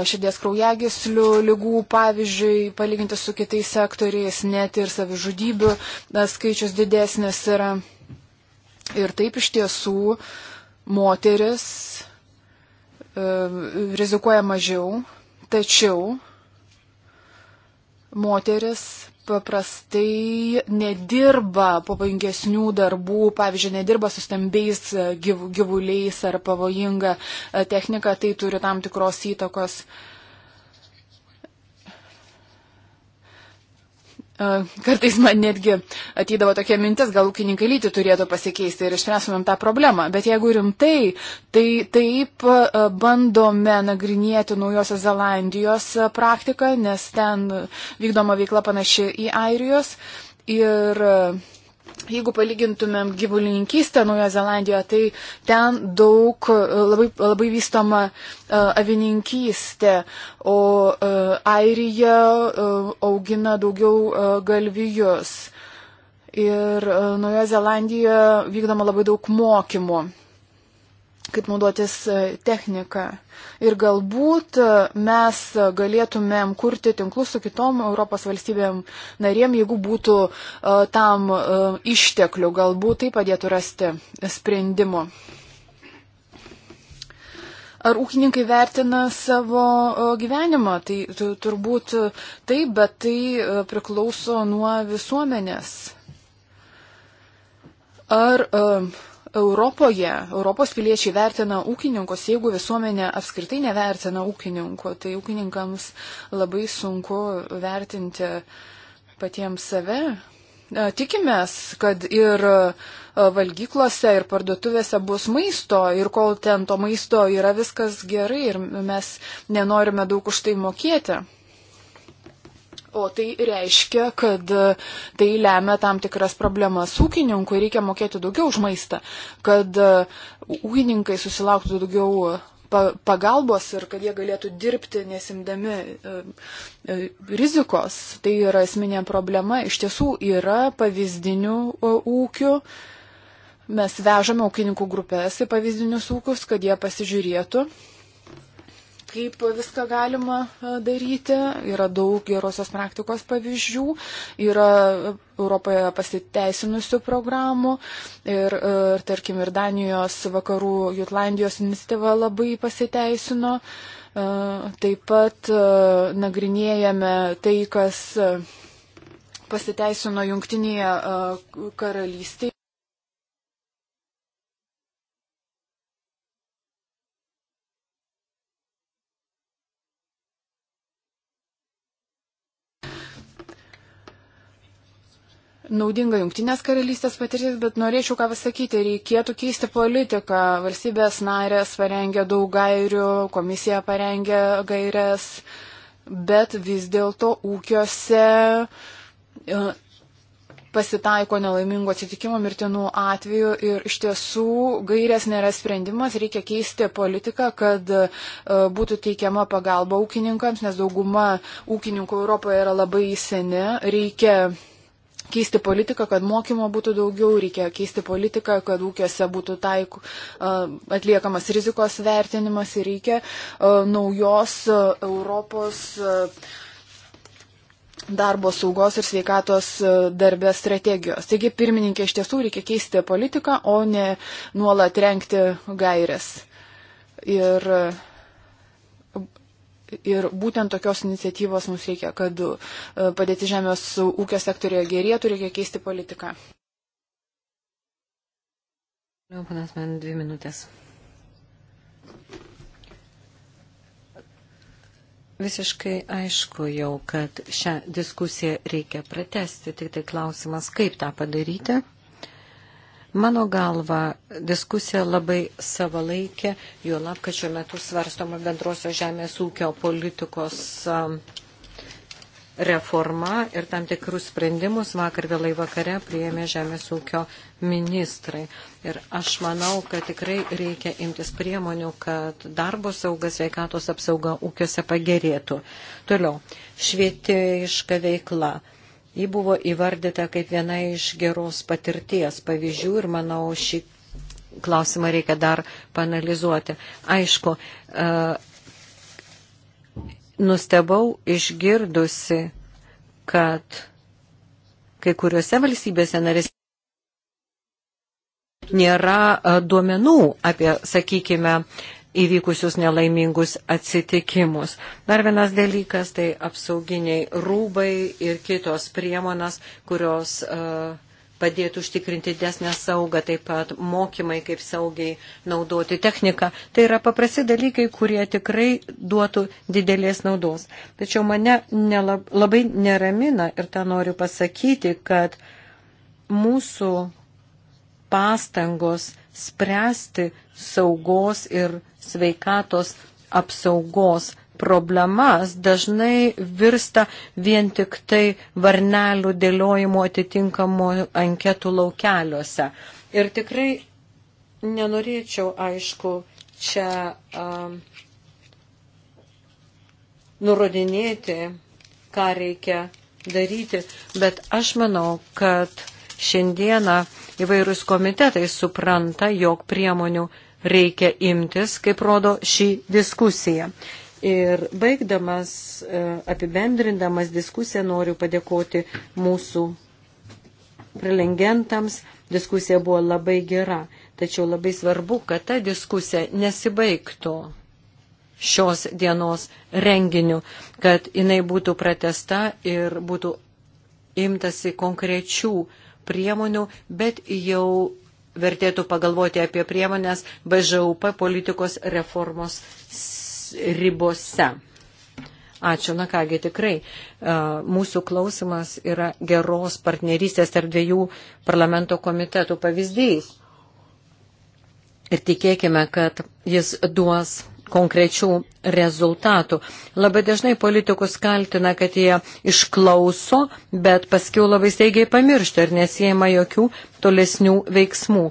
širdies kraujagislių lygų, pavyzdžiui, palyginti su kitais sektoriais, net ir savižudybių skaičius didesnis yra. Ir taip iš tiesų moteris rizikuoja mažiau Tačiau moteris paprastai nedirba pavojingesnių darbų, pavyzdžiui, nedirba su stambiais e, gyvuliais ar pavojinga e, technika, tai turi tam tikros įtakos uh, Kartais man netgi ateidavo tokia mintis, gal ūkininkai lyti turėtų pasikeisti ir išspręsumėm tą problemą. Bet jeigu rimtai, tai taip bandome nagrinėti Naujosios Zelandijos praktiką, nes ten vykdoma veikla panaši į Airijos. Ir uh, Jeigu palygintumėm gyvulininkystę Naujojo Zelandijoje, tai ten daug e, labai, labai vystoma e, avininkystė, o e, Airija augina daugiau galvijus. Ir Naujojo Zelandijoje vykdoma labai daug mokymų kaip naudotis e, technika. Ir galbūt e, mes galėtumėm kurti tinklus su kitom Europos valstybėm narėm, jeigu būtų e, tam išteklių, galbūt tai padėtų rasti sprendimų. Ar ūkininkai vertina savo gyvenimą? Tai turbūt taip, bet tai priklauso nuo visuomenės. Ar uh, Europoje Europos piliečiai vertina ūkininkus, jeigu visuomenė apskritai nevertina ūkininko, tai ūkininkams labai sunku vertinti patiems save. E, tikimės, kad ir e, valgyklose, ir parduotuvėse bus maisto, ir kol ten to maisto yra viskas gerai, ir mes nenorime daug už tai mokėti. O tai reiškia, kad e, tai lemia tam tikras problemas ūkininkui, reikia mokėti daugiau už maistą, kad e, ūkininkai susilauktų daugiau e, pagalbos ir kad jie galėtų dirbti nesimdami rizikos. Tai yra esminė problema. Iš tiesų yra pavyzdinių ūkių. Mes vežame ūkininkų grupės į pavyzdinius ūkius, kad jie pasižiūrėtų kaip viską galima e, daryti. Yra daug gerosios praktikos pavyzdžių, yra e, Europoje pasiteisinusių programų ir, e, ir tarkim, ir Danijos vakarų Jutlandijos iniciatyva labai pasiteisino. Taip pat nagrinėjame tai, kas pasiteisino jungtinėje karalystėje. naudinga jungtinės karalystės patirtis, bet norėčiau ką pasakyti, reikėtų keisti politiką. Valstybės narės parengė daug gairių, komisija parengė gairias, bet vis dėlto ūkiuose e, pasitaiko nelaimingų atsitikimų mirtinų atveju ir iš tiesų gairės nėra sprendimas, reikia keisti politiką, kad e, būtų teikiama pagalba ūkininkams, nes dauguma ūkininkų Europoje yra labai seni, reikia keisti politiką, kad mokymo būtų daugiau, reikia keisti politiką, kad ūkiuose būtų taik, atliekamas rizikos vertinimas ir reikia naujos Europos darbo saugos ir sveikatos darbę strategijos. Taigi, pirmininkė, iš tiesų reikia keisti politiką, o ne nuolat renkti gairias. Ir uh, Ir būtent tokios iniciatyvos mums reikia, kad e, padėti žemės ūkio sektorėje gerėtų, reikia keisti politiką. Nu, panas man dvi minutės. Visiškai aišku jau, kad šią diskusiją reikia pratesti, tik tai klausimas, kaip tą padaryti. Mano galva, diskusija labai savalaikė, jo lapkačio metu svarstoma bendrosios žemės ūkio politikos um, reforma ir tam tikrus sprendimus vakar vėlai vakare priėmė žemės ūkio ministrai. Ir aš manau, kad tikrai reikia imtis priemonių, kad darbo saugas, sveikatos apsauga ūkiuose pagerėtų. Toliau, švietėjiška veikla. Ji buvo įvardyta kaip viena iš geros patirties pavyzdžių ir manau šį klausimą reikia dar panalizuoti. Aišku, e, nustebau išgirdusi, kad kai kuriuose valstybėse narės nėra e, duomenų apie, sakykime, įvykusius nelaimingus atsitikimus. Dar vienas dalykas tai apsauginiai rūbai ir kitos priemonas, kurios uh, padėtų užtikrinti desnę saugą, taip pat mokymai, kaip saugiai naudoti techniką. Tai yra paprasti dalykai, kurie tikrai duotų didelės naudos. Tačiau mane nelab, labai neramina ir tą noriu pasakyti, kad mūsų pastangos spręsti saugos ir sveikatos apsaugos problemas dažnai virsta vien tik tai varnelių dėliojimo atitinkamų anketų laukeliuose. Ir tikrai nenorėčiau, aišku, čia um, nurodinėti, ką reikia daryti, bet aš manau, kad šiandieną uh, įvairūs komitetai supranta, jog priemonių reikia imtis, kaip rodo šį diskusiją. Ir baigdamas, e, apibendrindamas diskusiją, noriu padėkoti mūsų prelegentams. Diskusija buvo labai gera, tačiau labai svarbu, kad ta diskusija nesibaigtų šios dienos renginiu, kad jinai būtų pratesta ir būtų imtasi konkrečių priemonių, bet jau vertėtų pagalvoti apie priemonės BŽUP politikos reformos ribose. Ačiū, na kągi tikrai. Mūsų klausimas yra geros partnerystės tarp dviejų parlamento komitetų pavyzdys. Ir tikėkime, kad jis duos konkrečių rezultatų. Labai dažnai politikus kaltina, kad jie išklauso, bet paskiau labai steigiai pamiršta ir nesijama jokių tolesnių veiksmų.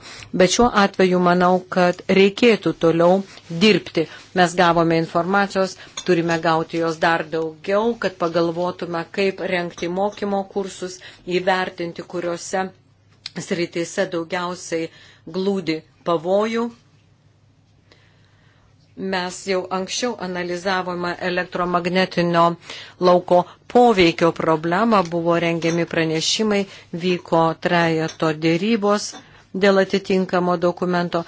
Bet šiuo atveju manau, kad reikėtų toliau dirbti. Mes gavome informacijos, turime gauti jos dar daugiau, kad pagalvotume, kaip renkti mokymo kursus, įvertinti, kuriuose sritise daugiausiai glūdi pavojų mes jau anksčiau analizavome elektromagnetinio lauko poveikio problemą, buvo rengiami pranešimai, vyko trejato dėrybos dėl atitinkamo dokumento.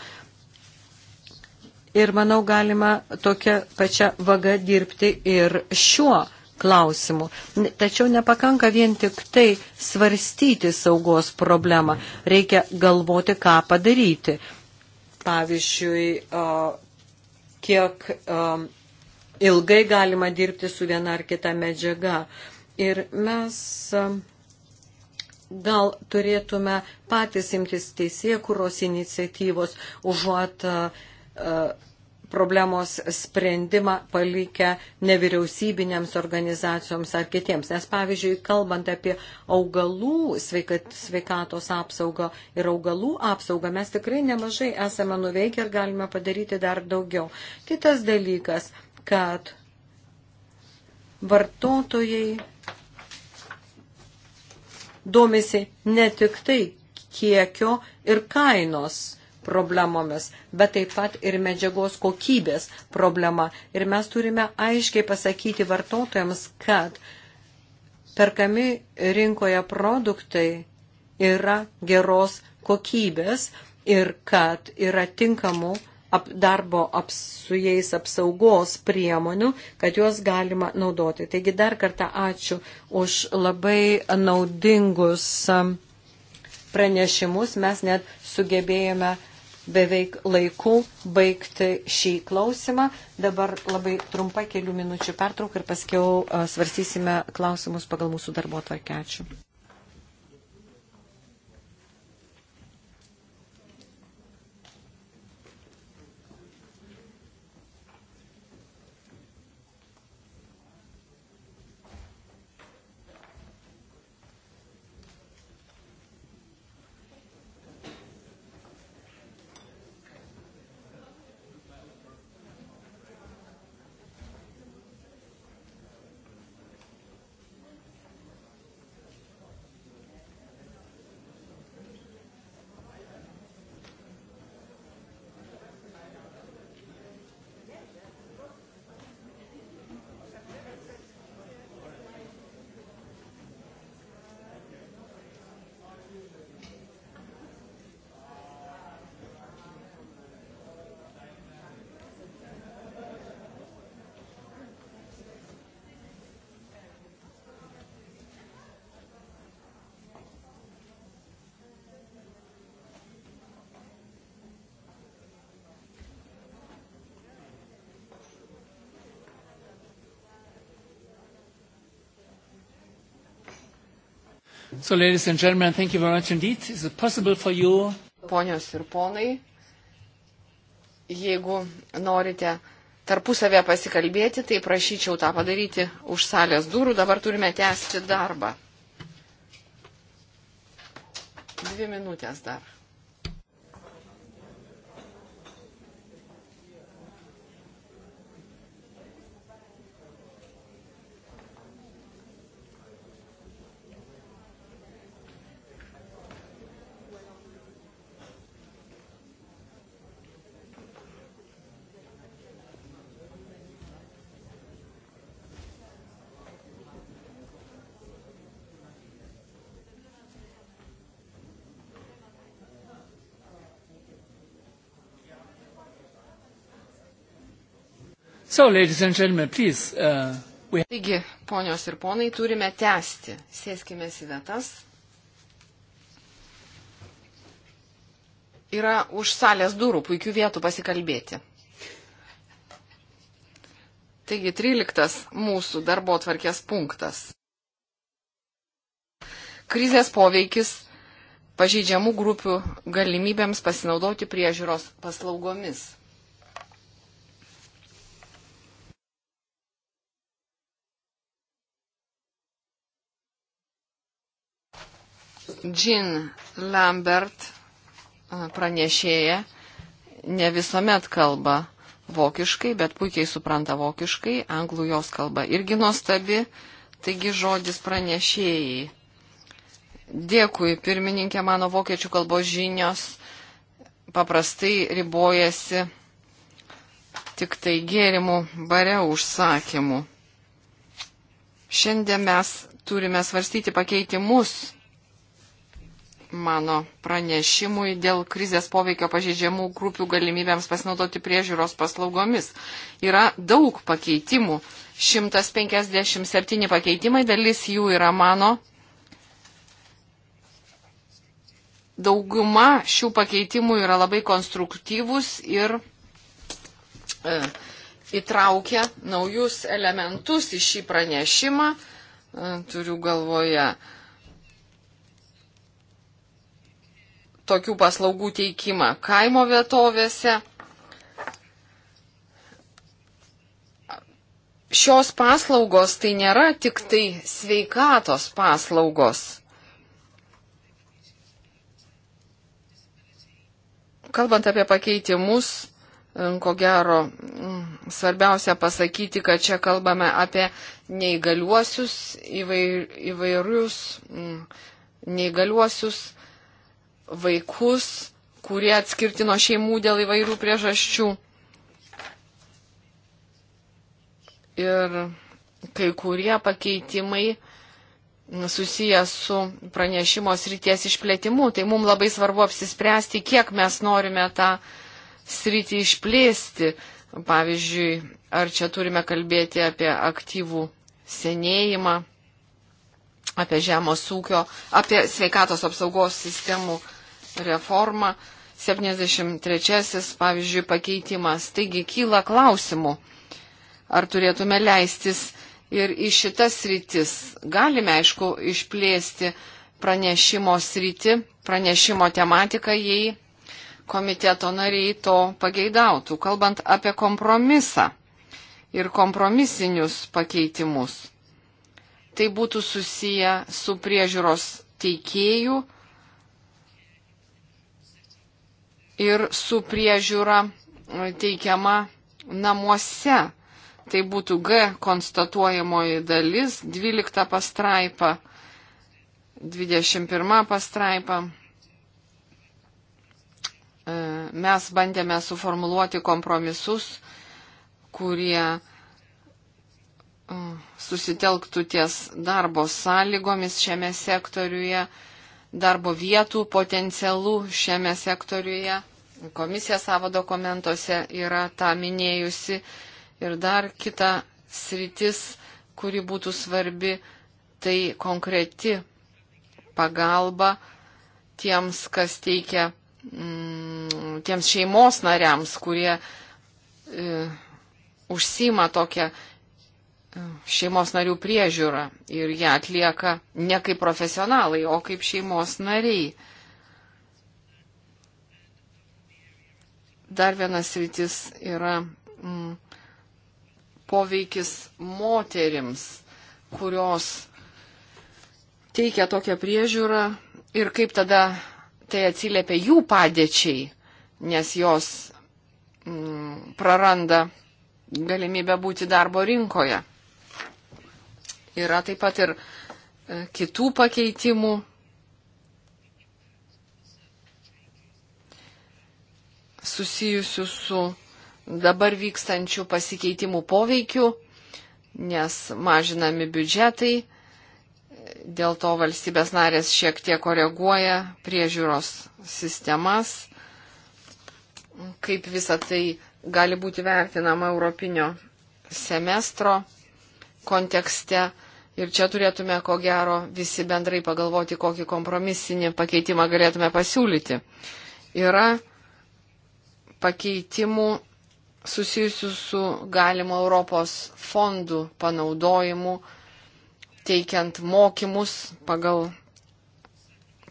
Ir manau, galima tokia pačia vaga dirbti ir šiuo klausimų. Tačiau nepakanka vien tik tai svarstyti saugos problemą. Reikia galvoti, ką padaryti. Pavyzdžiui, kiek um, ilgai galima dirbti su viena ar kita medžiaga. Ir mes um, gal turėtume patys imtis teisėkuros iniciatyvos, užuot uh, problemos sprendimą palikę nevyriausybinėms organizacijoms ar kitiems. Nes, pavyzdžiui, kalbant apie augalų sveikat, sveikatos apsaugą ir augalų apsaugą, mes tikrai nemažai esame nuveikę ir galime padaryti dar daugiau. Kitas dalykas, kad vartotojai domisi ne tik tai kiekio ir kainos problemomis, bet taip pat ir medžiagos kokybės problema. Ir mes turime aiškiai pasakyti vartotojams, kad perkami rinkoje produktai yra geros kokybės ir kad yra tinkamų ap, darbo ap, su jais apsaugos priemonių, kad juos galima naudoti. Taigi dar kartą ačiū už labai naudingus pranešimus. Mes net sugebėjome beveik laiku baigti šį klausimą. Dabar labai trumpa kelių minučių pertrauka ir paskiau e, svarstysime klausimus pagal mūsų darbo tvarkę. Ačiū. So, ladies and gentlemen, thank you very much indeed. Is it possible for you? Ponios ir ponai, jeigu norite tarpusavę pasikalbėti, tai prašyčiau tą padaryti už salės durų. Dabar turime tęsti darbą. Dvi minutės dar. So, ladies and gentlemen, please. Uh, we... Taigi, ponios ir ponai, turime tęsti. Sėskime į vietas. Yra už salės durų puikių vietų pasikalbėti. Taigi, 13 mūsų darbo tvarkės punktas. Krizės poveikis pažeidžiamų grupių galimybėms pasinaudoti priežiūros paslaugomis. Jean Lambert pranešėja ne visuomet kalba vokiškai, bet puikiai supranta vokiškai, anglų jos kalba irgi nuostabi, taigi žodis pranešėjai. Dėkui, pirmininkė, mano vokiečių kalbos žinios paprastai ribojasi tik tai gėrimų bare užsakymų. Šiandien mes turime svarstyti pakeitimus mano pranešimui dėl krizės poveikio pažeidžiamų grupių galimybėms pasinaudoti priežiūros paslaugomis. Yra daug pakeitimų. 157 pakeitimai, dalis jų yra mano. Dauguma šių pakeitimų yra labai konstruktyvus ir e, įtraukia naujus elementus į šį pranešimą. E, turiu galvoje e, tokių paslaugų teikimą kaimo vietovėse. Šios paslaugos tai nėra tik tai sveikatos paslaugos. Kalbant apie pakeitimus, ko gero, svarbiausia pasakyti, kad čia kalbame apie neįgaliuosius, įvairius neįgaliuosius vaikus, kurie atskirti nuo šeimų dėl įvairių priežasčių. Ir kai kurie pakeitimai susijęs su pranešimo srities išplėtimu, tai mums labai svarbu apsispręsti, kiek mes norime tą sritį išplėsti. Pavyzdžiui, ar čia turime kalbėti apie aktyvų senėjimą, apie žemos ūkio, apie sveikatos apsaugos sistemų reforma, 73-asis, pavyzdžiui, pakeitimas. Taigi kyla klausimų, ar turėtume leistis ir į šitas rytis. Galime, aišku, išplėsti pranešimo sritį, pranešimo tematiką, jei komiteto nariai to pageidautų, kalbant apie kompromisą ir kompromisinius pakeitimus. Tai būtų susiję su priežiūros teikėjų, ir su priežiūra e, teikiama namuose. Tai būtų G konstatuojamoji dalis, 12 pastraipa, 21 pastraipa. E, mes bandėme suformuluoti kompromisus, kurie e, susitelktų ties darbo sąlygomis šiame sektoriuje, darbo vietų potencialų šiame sektoriuje. Komisija savo dokumentuose yra tą minėjusi. Ir dar kita sritis, kuri būtų svarbi, tai konkreti pagalba tiems, kas teikia, mm, tiems šeimos nariams, kurie e, užsima tokią šeimos narių priežiūrą ir ją atlieka ne kaip profesionalai, o kaip šeimos nariai. Dar vienas rytis yra mm, poveikis moterims, kurios teikia tokią priežiūrą ir kaip tada tai atsiliepia jų padėčiai, nes jos mm, praranda galimybę būti darbo rinkoje. Yra taip pat ir e, kitų pakeitimų. susijusių su dabar vykstančių pasikeitimų poveikiu, nes mažinami biudžetai, dėl to valstybės narės šiek tiek koreguoja priežiūros sistemas, kaip visa tai gali būti vertinama Europinio semestro kontekste Ir čia turėtume, ko gero, visi bendrai pagalvoti, kokį kompromisinį pakeitimą galėtume pasiūlyti. Yra pakeitimų susijusių su galimu Europos fondų panaudojimu, teikiant mokymus pagal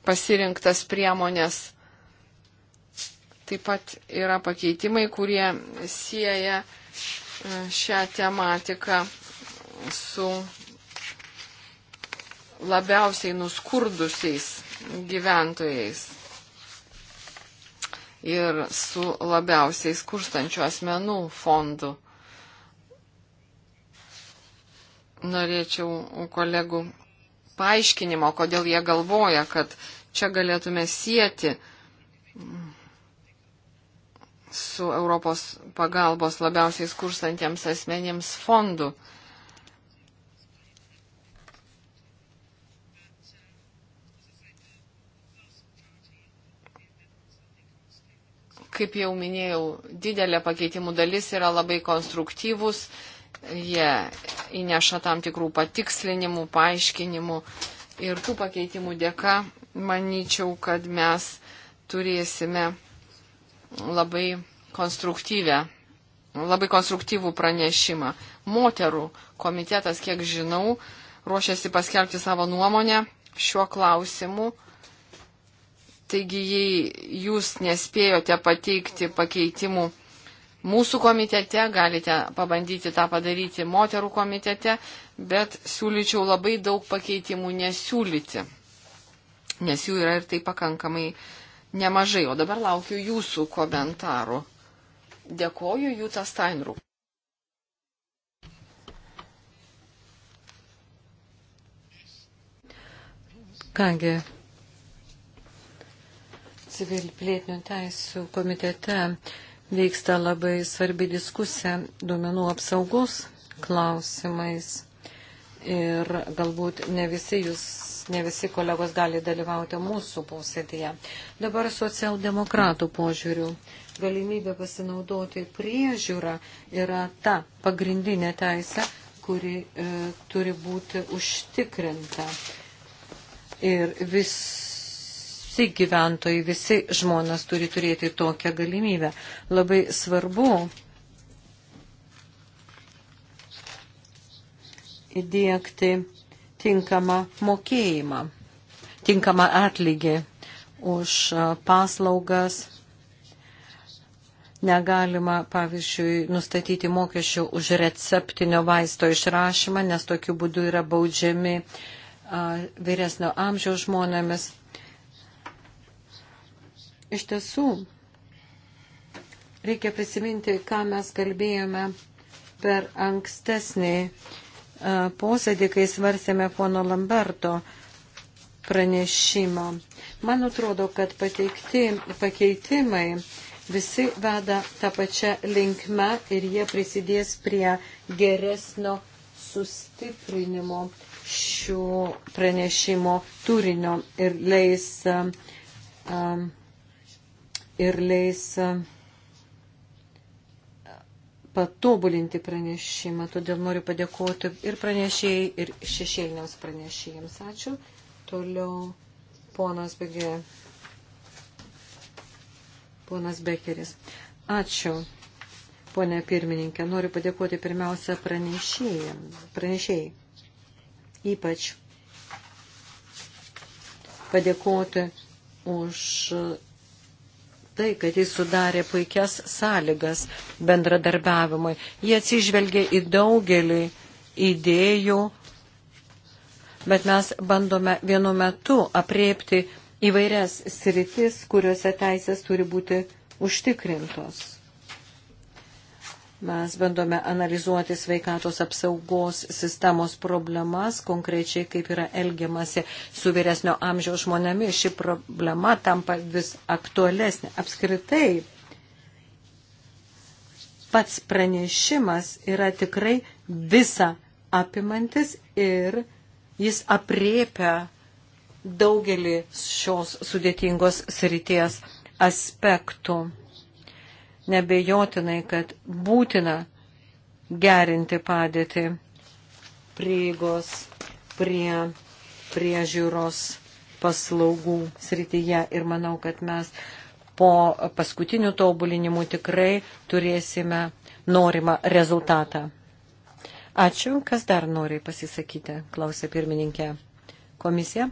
pasirinktas priemonės. Taip pat yra pakeitimai, kurie sieja e, šią tematiką su labiausiai nuskurdusiais gyventojais ir su labiausiai skurstančių asmenų fondu. Norėčiau kolegų paaiškinimo, kodėl jie galvoja, kad čia galėtume sieti su Europos pagalbos labiausiai skurstantiems asmenėms fondu. Kaip jau minėjau, didelė pakeitimų dalis yra labai konstruktyvus, jie įneša tam tikrų patikslinimų, paaiškinimų ir tų pakeitimų dėka, manyčiau, kad mes turėsime labai konstruktyvę, labai konstruktyvų pranešimą. Moterų komitetas, kiek žinau, ruošiasi paskelbti savo nuomonę šiuo klausimu. Taigi, jei jūs nespėjote pateikti pakeitimų mūsų komitete, galite pabandyti tą padaryti moterų komitete, bet siūlyčiau labai daug pakeitimų nesiūlyti, nes jų yra ir tai pakankamai nemažai. O dabar laukiu jūsų komentarų. Dėkoju Jūta Steinruk. Kągi, civilpilietinių teisų komitete vyksta labai svarbi diskusija duomenų apsaugos klausimais. Ir galbūt ne visi jūs, ne visi kolegos gali dalyvauti mūsų posėdėje. Dabar socialdemokratų požiūrių galimybė pasinaudoti priežiūrą yra ta pagrindinė teisė, kuri e, turi būti užtikrinta. Ir vis visi gyventojai, visi žmonės turi turėti tokią galimybę. Labai svarbu įdėkti tinkamą mokėjimą, tinkamą atlygį už paslaugas. Negalima, pavyzdžiui, nustatyti mokesčių už receptinio vaisto išrašymą, nes tokiu būdu yra baudžiami uh, vyresnio amžiaus žmonėmis Iš tiesų, reikia prisiminti, ką mes kalbėjome per ankstesnį e, posėdį, kai svarsėme pono Lamberto pranešimą. Man atrodo, kad pateikti pakeitimai visi veda tą pačią linkmę ir jie prisidės prie geresnio sustiprinimo šių pranešimo turinio ir leis um, ir leis e, patobulinti pranešimą. Todėl noriu padėkoti ir pranešėjai, ir šešėliniams pranešėjams. Ačiū. Toliau ponas Begė. Ponas Bekeris. Ačiū, ponė pirmininkė. Noriu padėkoti pirmiausia pranešėjai. Ypač padėkoti už tai, kad jis sudarė puikias sąlygas bendradarbiavimui. Jie atsižvelgia į daugelį idėjų, bet mes bandome vienu metu apriepti įvairias sritis, kuriuose teisės turi būti užtikrintos. Mes bandome analizuoti sveikatos apsaugos sistemos problemas, konkrečiai kaip yra elgiamasi su vyresnio amžiaus žmonėmis. Ši problema tampa vis aktualesnė. Apskritai, pats pranešimas yra tikrai visa apimantis ir jis apriepia daugelį šios sudėtingos srities aspektų nebejotinai, kad būtina gerinti padėtį prieigos prie priežiūros paslaugų srityje ir manau, kad mes po paskutinių tobulinimų tikrai turėsime norimą rezultatą. Ačiū. Kas dar nori pasisakyti? Klausė pirmininkė. Komisija.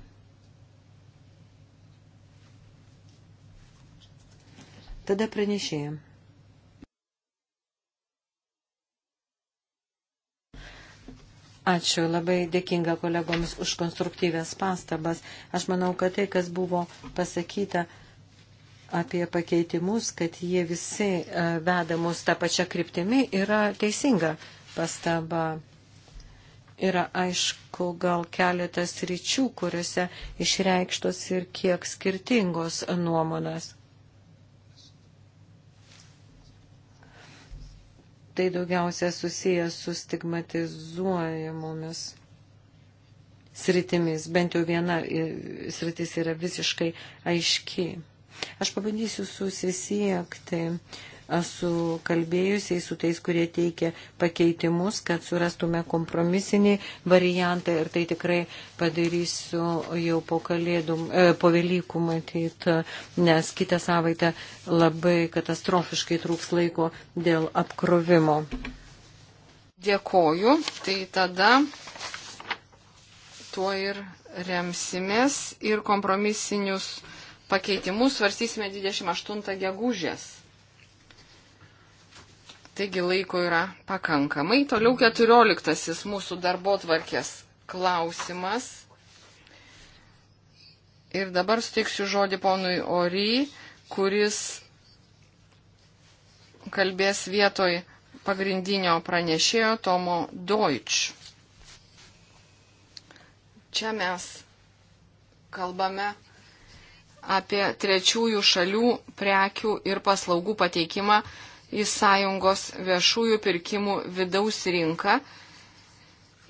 Tada pranešėjai. Ačiū, labai dėkinga kolegomis už konstruktyvės pastabas. Aš manau, kad tai, kas buvo pasakyta apie pakeitimus, kad jie visi e, veda mus tą pačią kryptimį, yra teisinga pastaba. Yra aišku, gal keletas ryčių, kuriuose išreikštos ir kiek skirtingos nuomonės. tai daugiausia susijęs su stigmatizuojamomis sritimis, bent jau viena e, sritis yra visiškai aiški. Aš pabandysiu susisiekti su kalbėjusiais, su tais, kurie teikia pakeitimus, kad surastume kompromisinį variantą ir tai tikrai padarysiu jau po kalėdų, e, po Velykų matyt, nes kitą savaitę labai katastrofiškai trūks laiko dėl apkrovimo. Dėkoju. Tai tada tuo ir remsimės ir kompromisinius pakeitimus svarstysime 28 gegužės. Taigi laiko yra pakankamai. Toliau keturioliktasis mūsų darbo tvarkės klausimas. Ir dabar suteiksiu žodį ponui Ory, kuris kalbės vietoj pagrindinio pranešėjo Tomo Deutsch. Čia mes kalbame apie trečiųjų šalių prekių ir paslaugų pateikimą į sąjungos viešųjų pirkimų vidaus rinką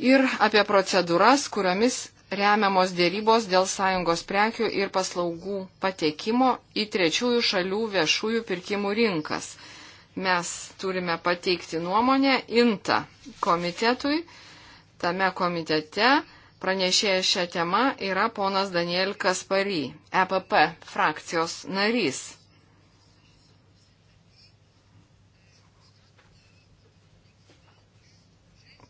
ir apie procedūras, kuriomis remiamos dėrybos dėl sąjungos prekių ir paslaugų patekimo į trečiųjų šalių viešųjų pirkimų rinkas. Mes turime pateikti nuomonę INTA komitetui. Tame komitete pranešėjas šią temą yra ponas Daniel Kaspary, EPP frakcijos narys.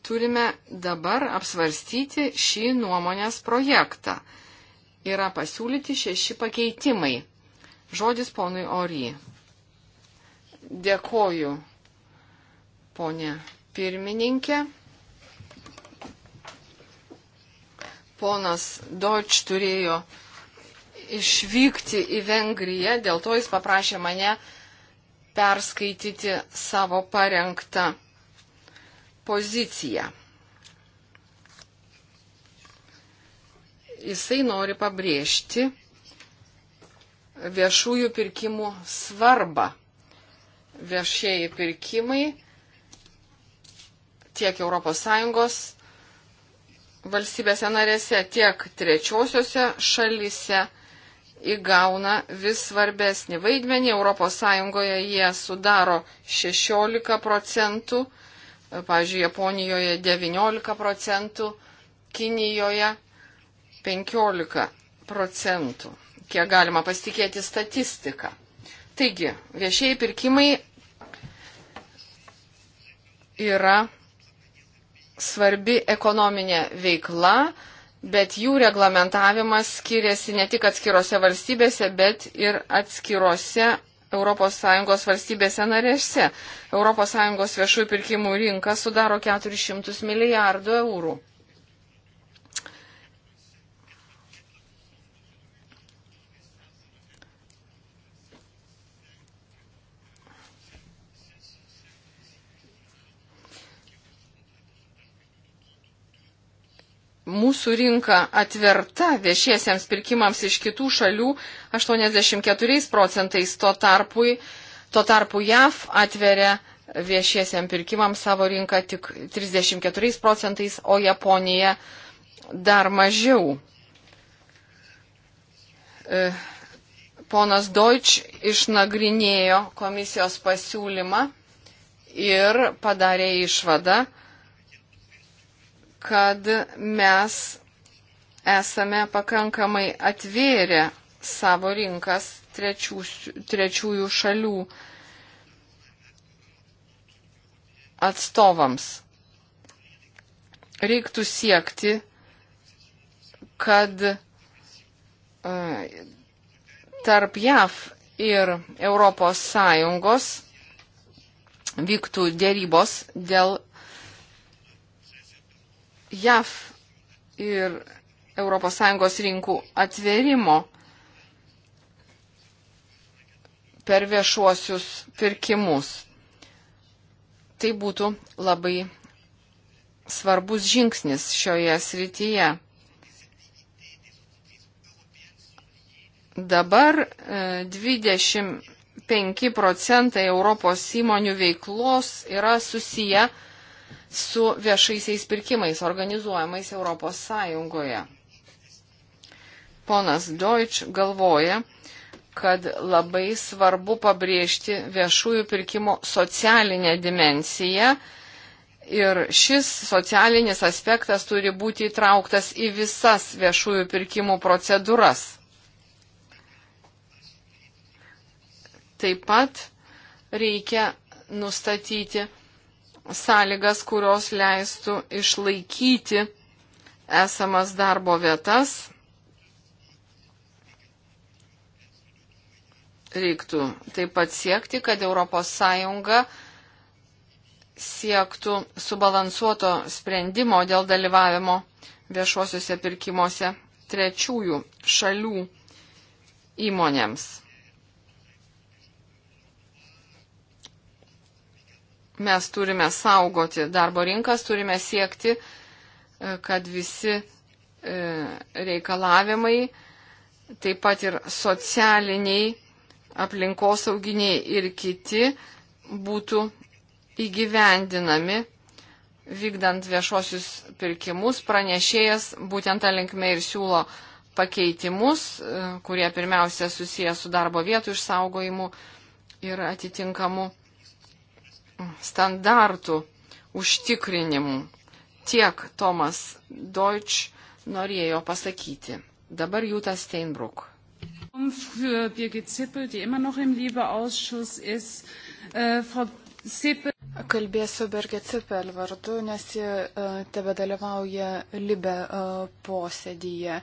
turime dabar apsvarstyti šį nuomonės projektą. Yra pasiūlyti šeši pakeitimai. Žodis ponui Ory. Dėkoju, ponė pirmininkė. Ponas Doč turėjo išvykti į Vengriją, dėl to jis paprašė mane perskaityti savo parengtą poziciją. Jisai nori pabrėžti viešųjų pirkimų svarbą. Viešieji pirkimai tiek ES valstybėse narėse, tiek trečiosiose šalise įgauna vis svarbesnį vaidmenį. ES jie sudaro 16 procentų Pavyzdžiui, Japonijoje 19 procentų, Kinijoje 15 procentų. Kiek galima pasitikėti statistiką. Taigi, viešieji pirkimai yra svarbi ekonominė veikla, bet jų reglamentavimas skiriasi ne tik atskirose valstybėse, bet ir atskirose ES valstybėse narėse. ES viešųjų pirkimų rinka sudaro 400 milijardų eurų. mūsų rinka atverta viešiesiems pirkimams iš kitų šalių 84 procentais, tuo tarpu, tuo tarpu JAV atveria viešiesiam pirkimams savo rinką tik 34 procentais, o Japonija dar mažiau. E, ponas Deutsch išnagrinėjo komisijos pasiūlymą ir padarė išvadą, kad mes esame pakankamai atvėrę savo rinkas trečių, trečiųjų šalių atstovams. Reiktų siekti, kad e, tarp JAV ir ES vyktų dėrybos dėl JAV ir ES rinkų atvėrimo per viešuosius pirkimus. Tai būtų labai svarbus žingsnis šioje srityje. Dabar 25 e, procentai Europos įmonių veiklos yra susiję su su viešaisiais pirkimais organizuojamais Europos Sąjungoje. Ponas Deutsch galvoja, kad labai svarbu pabrėžti viešųjų pirkimų socialinę dimensiją ir šis socialinis aspektas turi būti įtrauktas į visas viešųjų pirkimų procedūras. Taip pat reikia nustatyti sąlygas, kurios leistų išlaikyti esamas darbo vietas. Reiktų taip pat siekti, kad ES siektų subalansuoto sprendimo dėl dalyvavimo viešuosiuose pirkimuose trečiųjų šalių įmonėms. mes turime saugoti darbo rinkas, turime siekti, e, kad visi e, reikalavimai, taip pat ir socialiniai, aplinkosauginiai ir kiti būtų įgyvendinami. Vykdant viešuosius pirkimus, pranešėjas būtent tą linkmę ir siūlo pakeitimus, e, kurie pirmiausia susijęs su darbo vietų išsaugojimu ir atitinkamu standartų užtikrinimu. Tiek Tomas Deutsch norėjo pasakyti. Dabar Jūta Steinbruck. Für Birgit Zippel, die immer noch im Liebeausschuss ist. Äh, Frau Zippel. Kalbėsiu Birgit Zippel vardu, nes ji uh, äh, tebe dalyvauja Libe uh, posėdyje.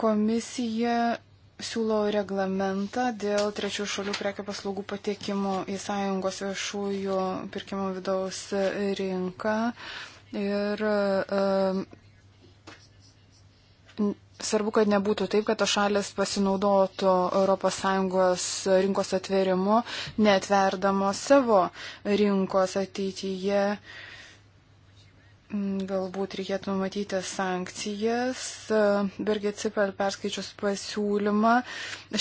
Komisija siūlo reglamentą dėl trečių šalių prekių paslaugų patekimo į sąjungos viešųjų pirkimo vidaus rinką. Ir Svarbu, kad nebūtų taip, kad tos šalis pasinaudotų ES rinkos atverimu, netverdamos savo rinkos ateityje. Uh, Mm, galbūt reikėtų numatyti sankcijas. E, Birgit Cipel perskaičius pasiūlymą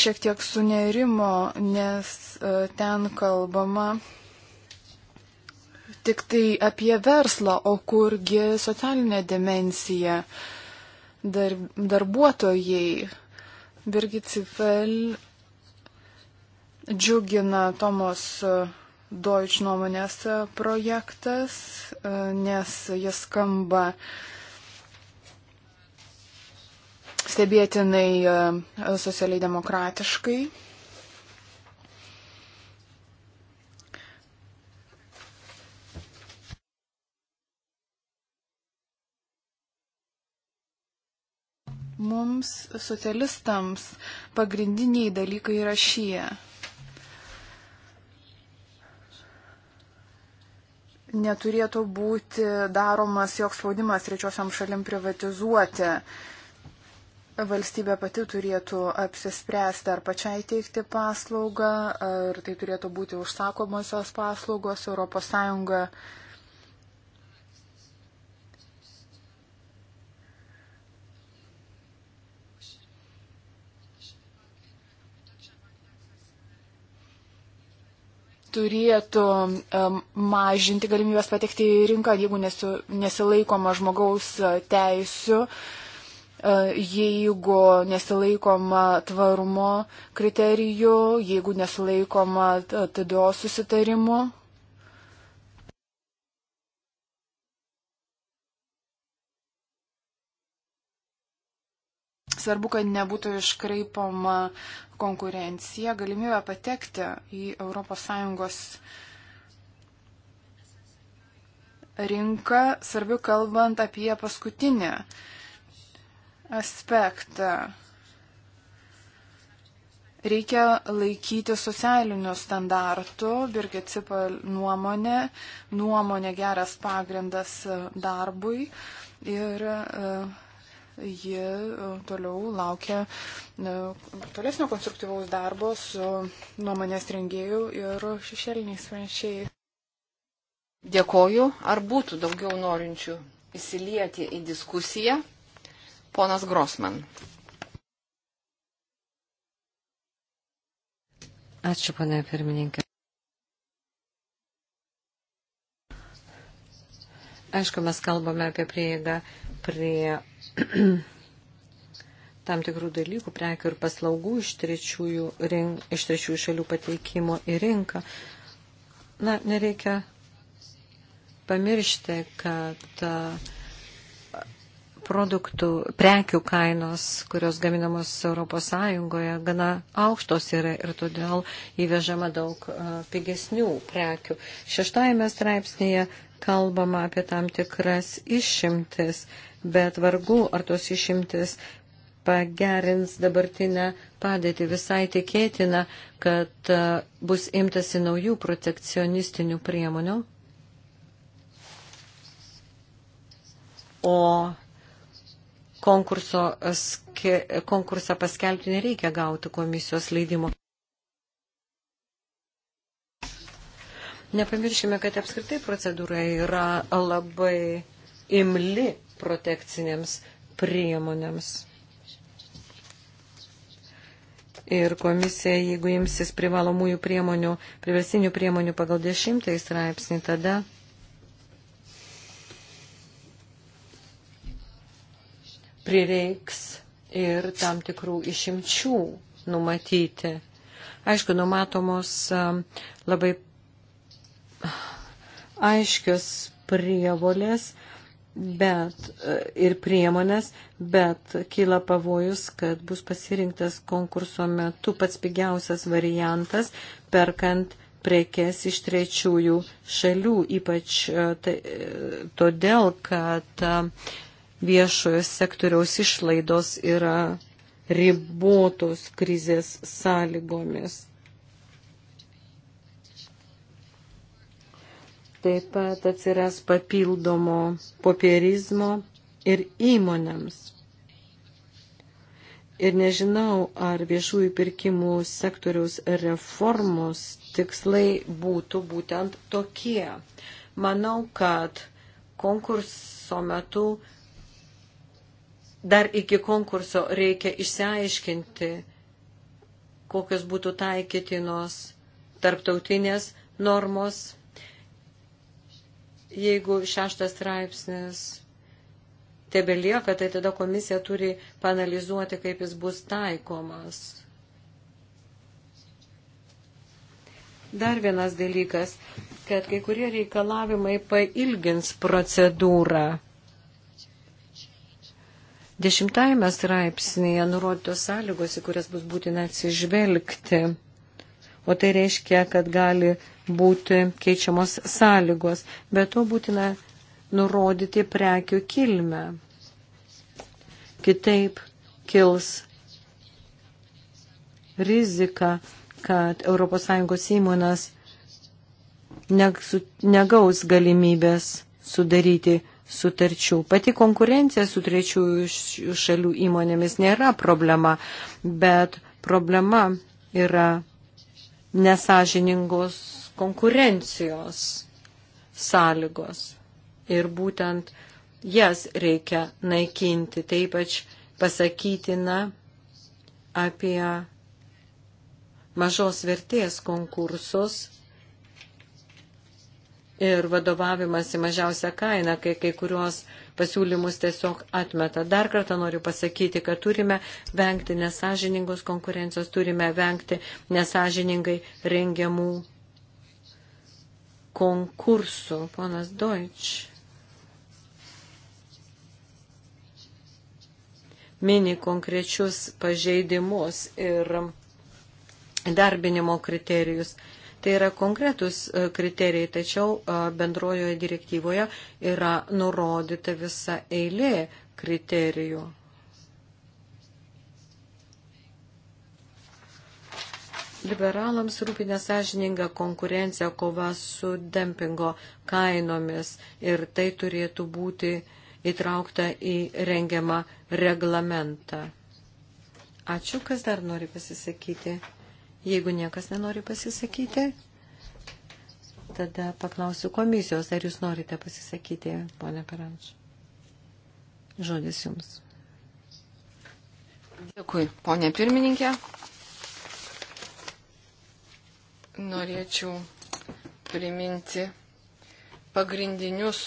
šiek tiek sunerimo, nes e, ten kalbama tik tai apie verslą, o kurgi socialinė dimensija dar, darbuotojai. Birgit Cipel džiugina Tomos e, Deutsch nuomonės projektas, e, nes jis skamba stebėtinai e, socialiai demokratiškai. Mums, socialistams, pagrindiniai dalykai yra šie. neturėtų būti daromas joks spaudimas trečiosiam šalim privatizuoti. Valstybė pati turėtų apsispręsti, ar pačiai teikti paslaugą, ar tai turėtų būti užsakomosios paslaugos. ES turėtų um, mažinti galimybės patekti į rinką, jeigu nesu, nesilaikoma žmogaus e, teisų, e, jeigu nesilaikoma tvarumo kriterijų, jeigu nesilaikoma TDO susitarimu. Svarbu, kad nebūtų iškraipoma konkurencija, galimybė patekti į ES rinką, svarbiu kalbant apie paskutinį aspektą. Reikia laikyti socialinių standartų, Birgit Cipal nuomonė, nuomonė geras pagrindas darbui ir uh, ji e, toliau laukia e, tolesnio konstruktyvaus darbo su nuomonės rengėjų ir šešėliniais pranešėjais. Dėkoju. Ar būtų daugiau norinčių įsilieti į diskusiją? Ponas Grosman. Ačiū, ponė pirmininkė. Aišku, mes kalbame apie prieigą prie tam tikrų dalykų, prekių ir paslaugų iš trečiųjų, rink, iš trečiųjų šalių pateikimo į rinką. Na, nereikia pamiršti, kad produktų, prekių kainos, kurios gaminamos Europos Sąjungoje, gana aukštos yra ir todėl įvežama daug pigesnių prekių. Šeštajame straipsnėje kalbama apie tam tikras išimtis bet vargu ar tos išimtis pagerins dabartinę padėtį. Visai tikėtina, kad e, bus imtasi naujų protekcionistinių priemonių. O konkurso, konkursą paskelbti nereikia gauti komisijos leidimo. Nepamirškime, kad apskritai procedūra yra labai imli protekcinėms priemonėms. Ir komisija, jeigu imsis privalomųjų priemonių, priversinių priemonių pagal dešimtąjį straipsnį, tada prireiks ir tam tikrų išimčių numatyti. Aišku, numatomos um, labai aiškios prievolės bet e, ir priemonės, bet kyla pavojus, kad bus pasirinktas konkurso metu pats pigiausias variantas, perkant prekes iš trečiųjų šalių, ypač e, tai, e, todėl, kad viešojo sektoriaus išlaidos yra ribotos krizės sąlygomis. Taip pat atsiras papildomo popierizmo ir įmonėms. Ir nežinau, ar viešųjų pirkimų sektoriaus reformos tikslai būtų būtent tokie. Manau, kad konkurso metu dar iki konkurso reikia išsiaiškinti, kokios būtų taikytinos tarptautinės normos jeigu šeštas straipsnis tebelieka, tai tada komisija turi panalizuoti, kaip jis bus taikomas. Dar vienas dalykas, kad kai kurie reikalavimai pailgins procedūrą. Dešimtajame straipsnėje nurodytos sąlygos, į kurias bus būtina atsižvelgti. O tai reiškia, kad gali būti keičiamos sąlygos, bet to būtina nurodyti prekių kilmę. Kitaip kils rizika, kad ES įmonas negaus galimybės sudaryti sutarčių. Pati konkurencija su trečiųjų šalių įmonėmis nėra problema, bet problema yra nesažiningos konkurencijos sąlygos. Ir būtent jas reikia naikinti. Tai ypač pasakytina apie mažos vertės konkursus ir vadovavimas į mažiausią kainą, kai kai kurios pasiūlymus tiesiog atmeta. Dar kartą noriu pasakyti, kad turime vengti nesažiningos konkurencijos, turime vengti nesažiningai rengiamų konkursų. Ponas Deutsch mini konkrečius pažeidimus ir darbinimo kriterijus. Tai yra konkretus e, kriterijai, tačiau e, bendrojoje direktyvoje yra nurodyta visa eilė kriterijų. Liberalams rūpi nesažininga konkurencija, kova su dempingo kainomis ir tai turėtų būti įtraukta į rengiamą reglamentą. Ačiū, kas dar nori pasisakyti. Jeigu niekas nenori pasisakyti, tada paklausiu komisijos, ar jūs norite pasisakyti, ponia Peranč. Žodis jums. Dėkui, ponė pirmininkė norėčiau priminti pagrindinius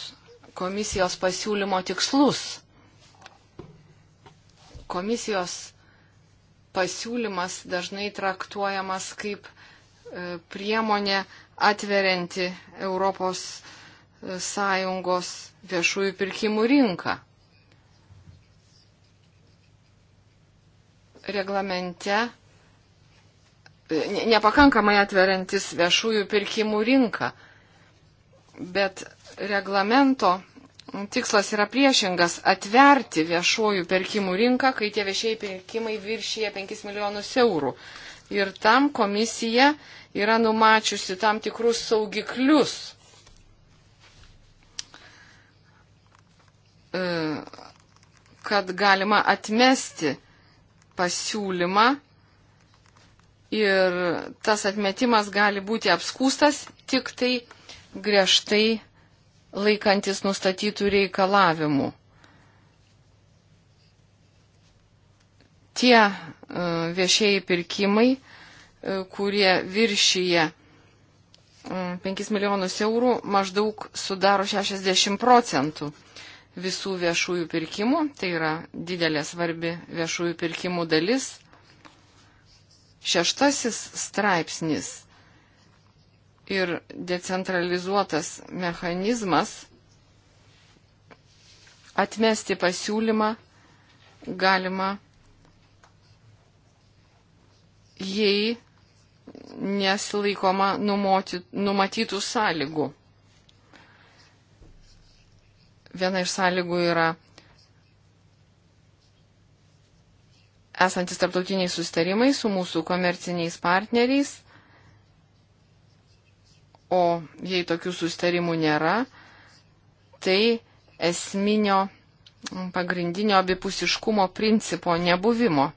komisijos pasiūlymo tikslus. Komisijos pasiūlymas dažnai traktuojamas kaip e, priemonė atverianti Europos e, Sąjungos viešųjų pirkimų rinką. Reglamente nepakankamai atveriantis viešųjų pirkimų rinką. Bet reglamento tikslas yra priešingas - atverti viešųjų pirkimų rinką, kai tie viešieji pirkimai viršyje 5 milijonus eurų. Ir tam komisija yra numačiusi tam tikrus saugiklius. E, kad galima atmesti pasiūlymą ir tas atmetimas gali būti apskūstas tik tai griežtai laikantis nustatytų reikalavimų. Tie e, viešieji pirkimai, e, kurie viršyje 5 e, milijonus eurų, maždaug sudaro 60 procentų visų viešųjų pirkimų. Tai yra didelė svarbi viešųjų pirkimų dalis šeštasis straipsnis ir decentralizuotas mechanizmas atmesti pasiūlymą galima, jei nesilaikoma numoti, numatytų sąlygų. Viena iš sąlygų yra esantis tarptautiniai sustarimai su mūsų komerciniais partneriais. O jei tokių sustarimų nėra, tai esminio pagrindinio abipusiškumo principo nebuvimo.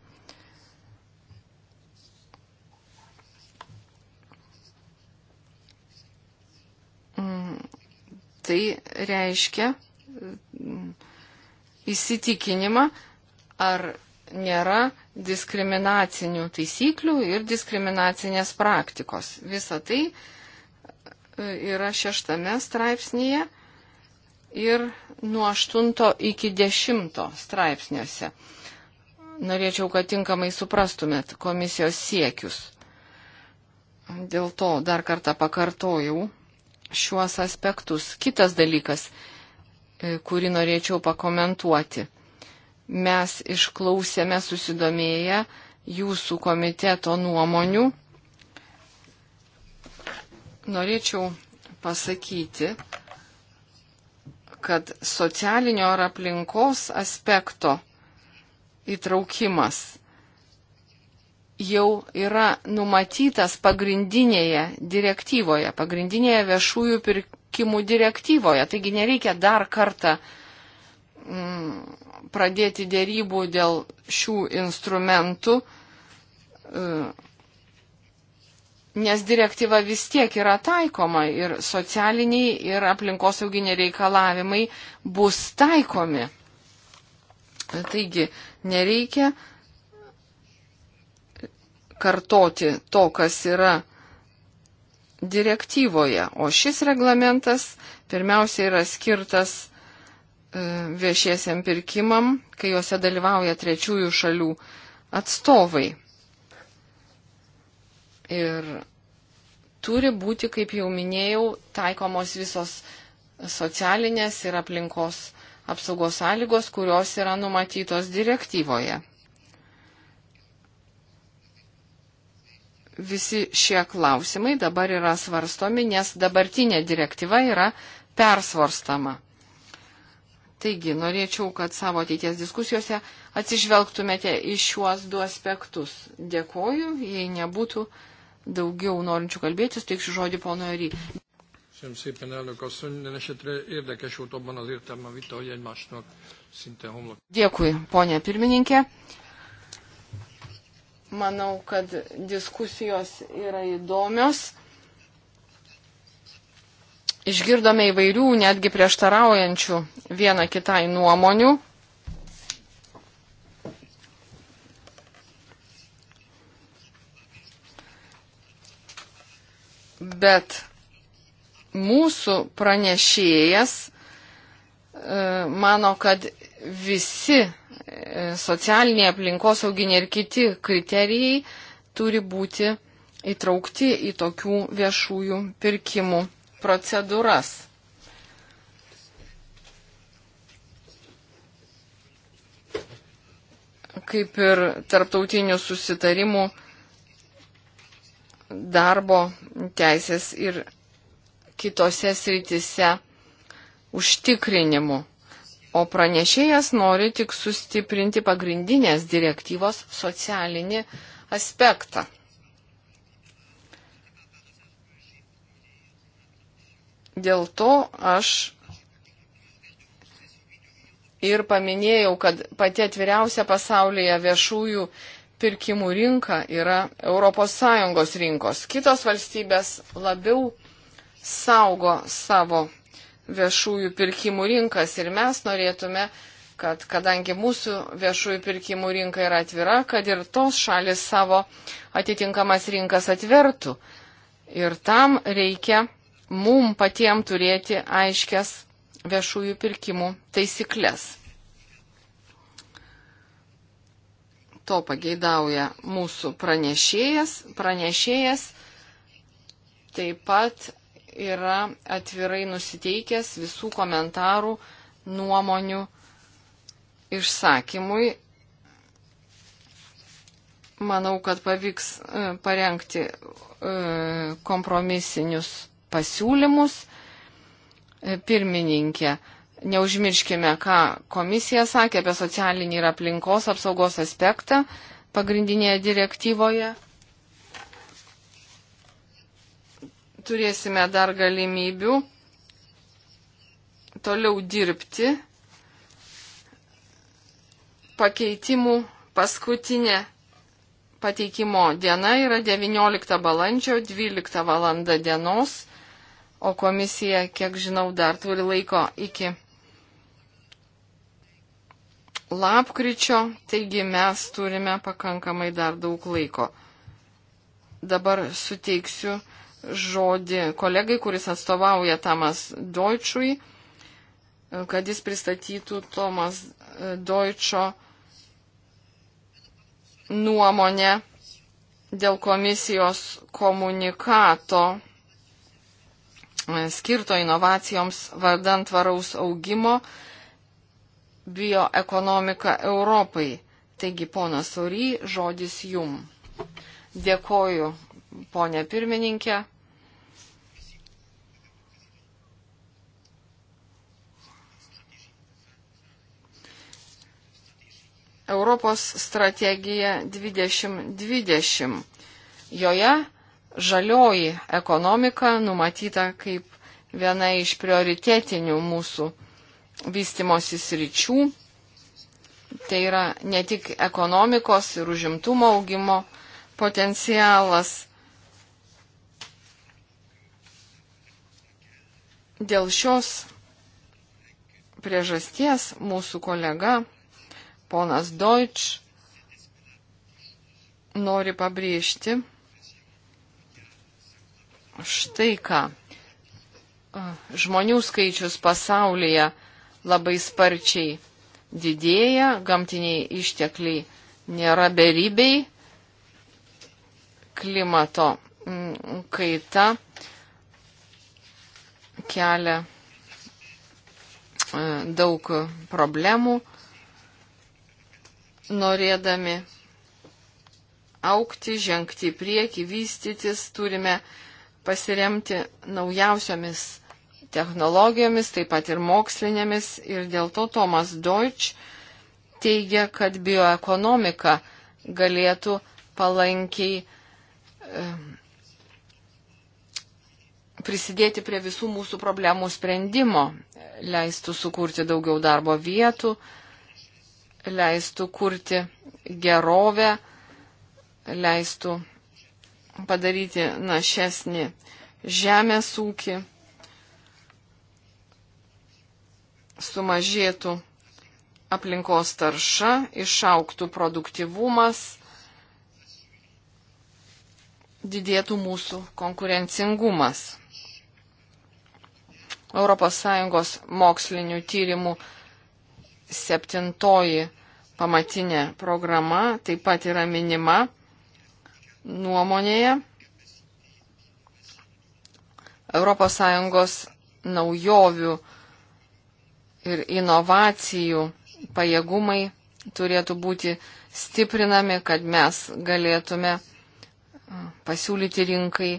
Tai reiškia mm, įsitikinimą, ar nėra diskriminacinių taisyklių ir diskriminacinės praktikos. Visa tai e, yra šeštame straipsnėje ir nuo aštunto iki dešimto straipsniuose. Norėčiau, kad tinkamai suprastumėt komisijos siekius. Dėl to dar kartą pakartojau šiuos aspektus. Kitas dalykas, e, kurį norėčiau pakomentuoti Mes išklausėme susidomėję jūsų komiteto nuomonių. Norėčiau pasakyti, kad socialinio ar aplinkos aspekto įtraukimas jau yra numatytas pagrindinėje direktyvoje, pagrindinėje viešųjų pirkimų direktyvoje. Taigi nereikia dar kartą mm, pradėti dėrybų dėl šių instrumentų, e, nes direktyva vis tiek yra taikoma ir socialiniai ir aplinkosauginiai reikalavimai bus taikomi. Taigi nereikia kartoti to, kas yra direktyvoje, o šis reglamentas pirmiausia yra skirtas E, viešiesiam pirkimam, kai juose dalyvauja trečiųjų šalių atstovai. Ir turi būti, kaip jau minėjau, taikomos visos socialinės ir aplinkos apsaugos sąlygos, kurios yra numatytos direktyvoje. Visi šie klausimai dabar yra svarstomi, nes dabartinė direktyva yra persvarstama. Taigi, norėčiau, kad savo ateities diskusijose atsižvelgtumėte į šiuos du aspektus. Dėkoju, jei nebūtų daugiau norinčių kalbėtis, teiksiu žodį pono Ery. Köszönöm szépen, elnök asszony. Minden esetre érdekes volt abban az értelemben vita, hogy egymásnak szinte homlok. Dėkui, ponė pirmininkė. Manau, kad diskusijos yra įdomios Išgirdome įvairių, netgi prieštaraujančių vieną kitai nuomonių. Bet mūsų pranešėjas e, mano, kad visi e, socialiniai aplinkosauginiai ir kiti kriterijai turi būti įtraukti į tokių viešųjų pirkimų procedūras. Kaip ir tarptautinių susitarimų darbo teisės ir kitose sritise užtikrinimu. O pranešėjas nori tik sustiprinti pagrindinės direktyvos socialinį aspektą. Dėl to aš ir paminėjau, kad pati atviriausia pasaulyje viešųjų pirkimų rinka yra ES rinkos. Kitos valstybės labiau saugo savo viešųjų pirkimų rinkas ir mes norėtume, kad kadangi mūsų viešųjų pirkimų rinka yra atvira, kad ir tos šalis savo atitinkamas rinkas atvertų. Ir tam reikia mum patiem turėti aiškias viešųjų pirkimų taisyklės. To pageidauja mūsų pranešėjas. Pranešėjas taip pat yra atvirai nusiteikęs visų komentarų, nuomonių išsakymui. Manau, kad pavyks e, parengti e, kompromisinius pasiūlymus. E, pirmininkė, neužmirškime, ką komisija sakė apie socialinį ir aplinkos apsaugos aspektą pagrindinėje direktyvoje. Turėsime dar galimybių toliau dirbti. Pakeitimų paskutinė pateikimo diena yra 19 balandžio 12 val. dienos o komisija, kiek žinau, dar turi laiko iki lapkričio, taigi mes turime pakankamai dar daug laiko. Dabar suteiksiu žodį kolegai, kuris atstovauja Tamas Deutschui, kad jis pristatytų Tomas Deutscho nuomonę dėl komisijos komunikato skirto inovacijoms vardant tvaraus augimo bioekonomika Europai. Taigi, ponas Ury, žodis jum. Dėkoju, ponė pirmininkė. Europos strategija 2020. Joje žalioji ekonomika numatyta kaip viena iš prioritetinių mūsų vystimosi sričių. Tai yra ne tik ekonomikos ir užimtumo augimo potencialas. Dėl šios priežasties mūsų kolega ponas Deutsch nori pabrėžti, štai ką. Žmonių skaičius pasaulyje labai sparčiai didėja, gamtiniai ištekliai nėra beribiai, klimato mm, kaita kelia e, daug problemų, norėdami aukti, žengti į priekį, vystytis, turime pasiremti naujausiomis technologijomis, taip pat ir mokslinėmis. Ir dėl to Tomas Deutsch teigia, kad bioekonomika galėtų palankiai prisidėti prie visų mūsų problemų sprendimo, leistų sukurti daugiau darbo vietų, leistų kurti gerovę, leistų padaryti našesnį žemės ūkį, sumažėtų aplinkos tarša, išauktų produktivumas, didėtų mūsų konkurencingumas. ES mokslinių tyrimų septintoji pamatinė programa taip pat yra minima nuomonėje ES naujovių ir inovacijų pajėgumai turėtų būti stiprinami, kad mes galėtume pasiūlyti rinkai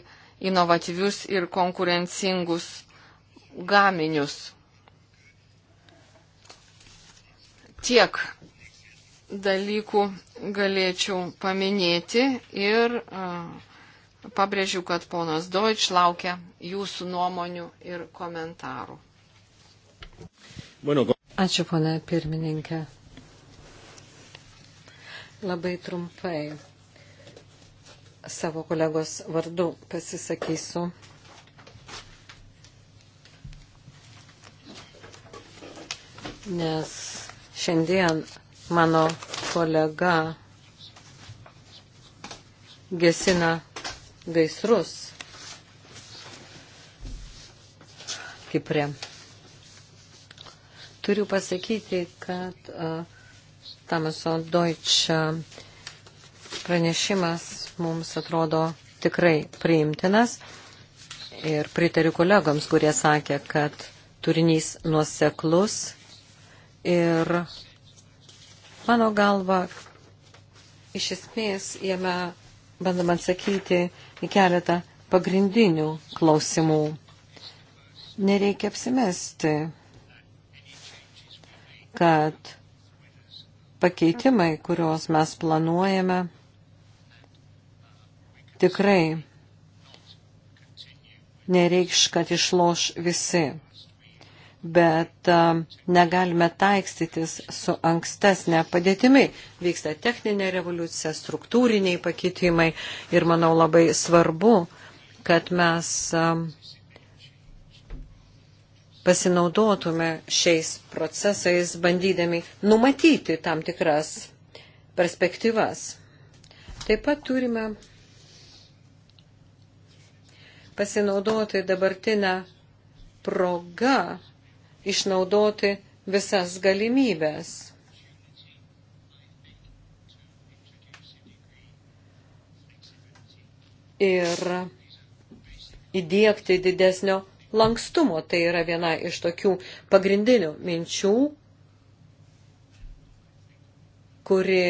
inovatyvius ir konkurencingus gaminius. Tiek dalykų galėčiau paminėti ir pabrėžiu, kad ponas Deutsch laukia jūsų nuomonių ir komentarų. Ačiū, ponė pirmininkė. Labai trumpai savo kolegos vardu pasisakysiu. Nes šiandien Mano kolega gesina gaisrus Kipre. Turiu pasakyti, kad uh, Tamason Deutsch pranešimas mums atrodo tikrai priimtinas ir pritariu kolegoms, kurie sakė, kad turinys nuoseklus ir Mano galva, iš esmės jame bandom atsakyti į keletą pagrindinių klausimų. Nereikia apsimesti, kad pakeitimai, kuriuos mes planuojame, tikrai nereikš, kad išloš visi bet negalime taikstytis su ankstesnė padėtimi. Vyksta techninė revoliucija, struktūriniai pakitimai ir manau labai svarbu, kad mes pasinaudotume šiais procesais, bandydami numatyti tam tikras perspektyvas. Taip pat turime pasinaudoti dabartinę progą išnaudoti visas galimybės. Ir įdėkti didesnio lankstumo. Tai yra viena iš tokių pagrindinių minčių, kuri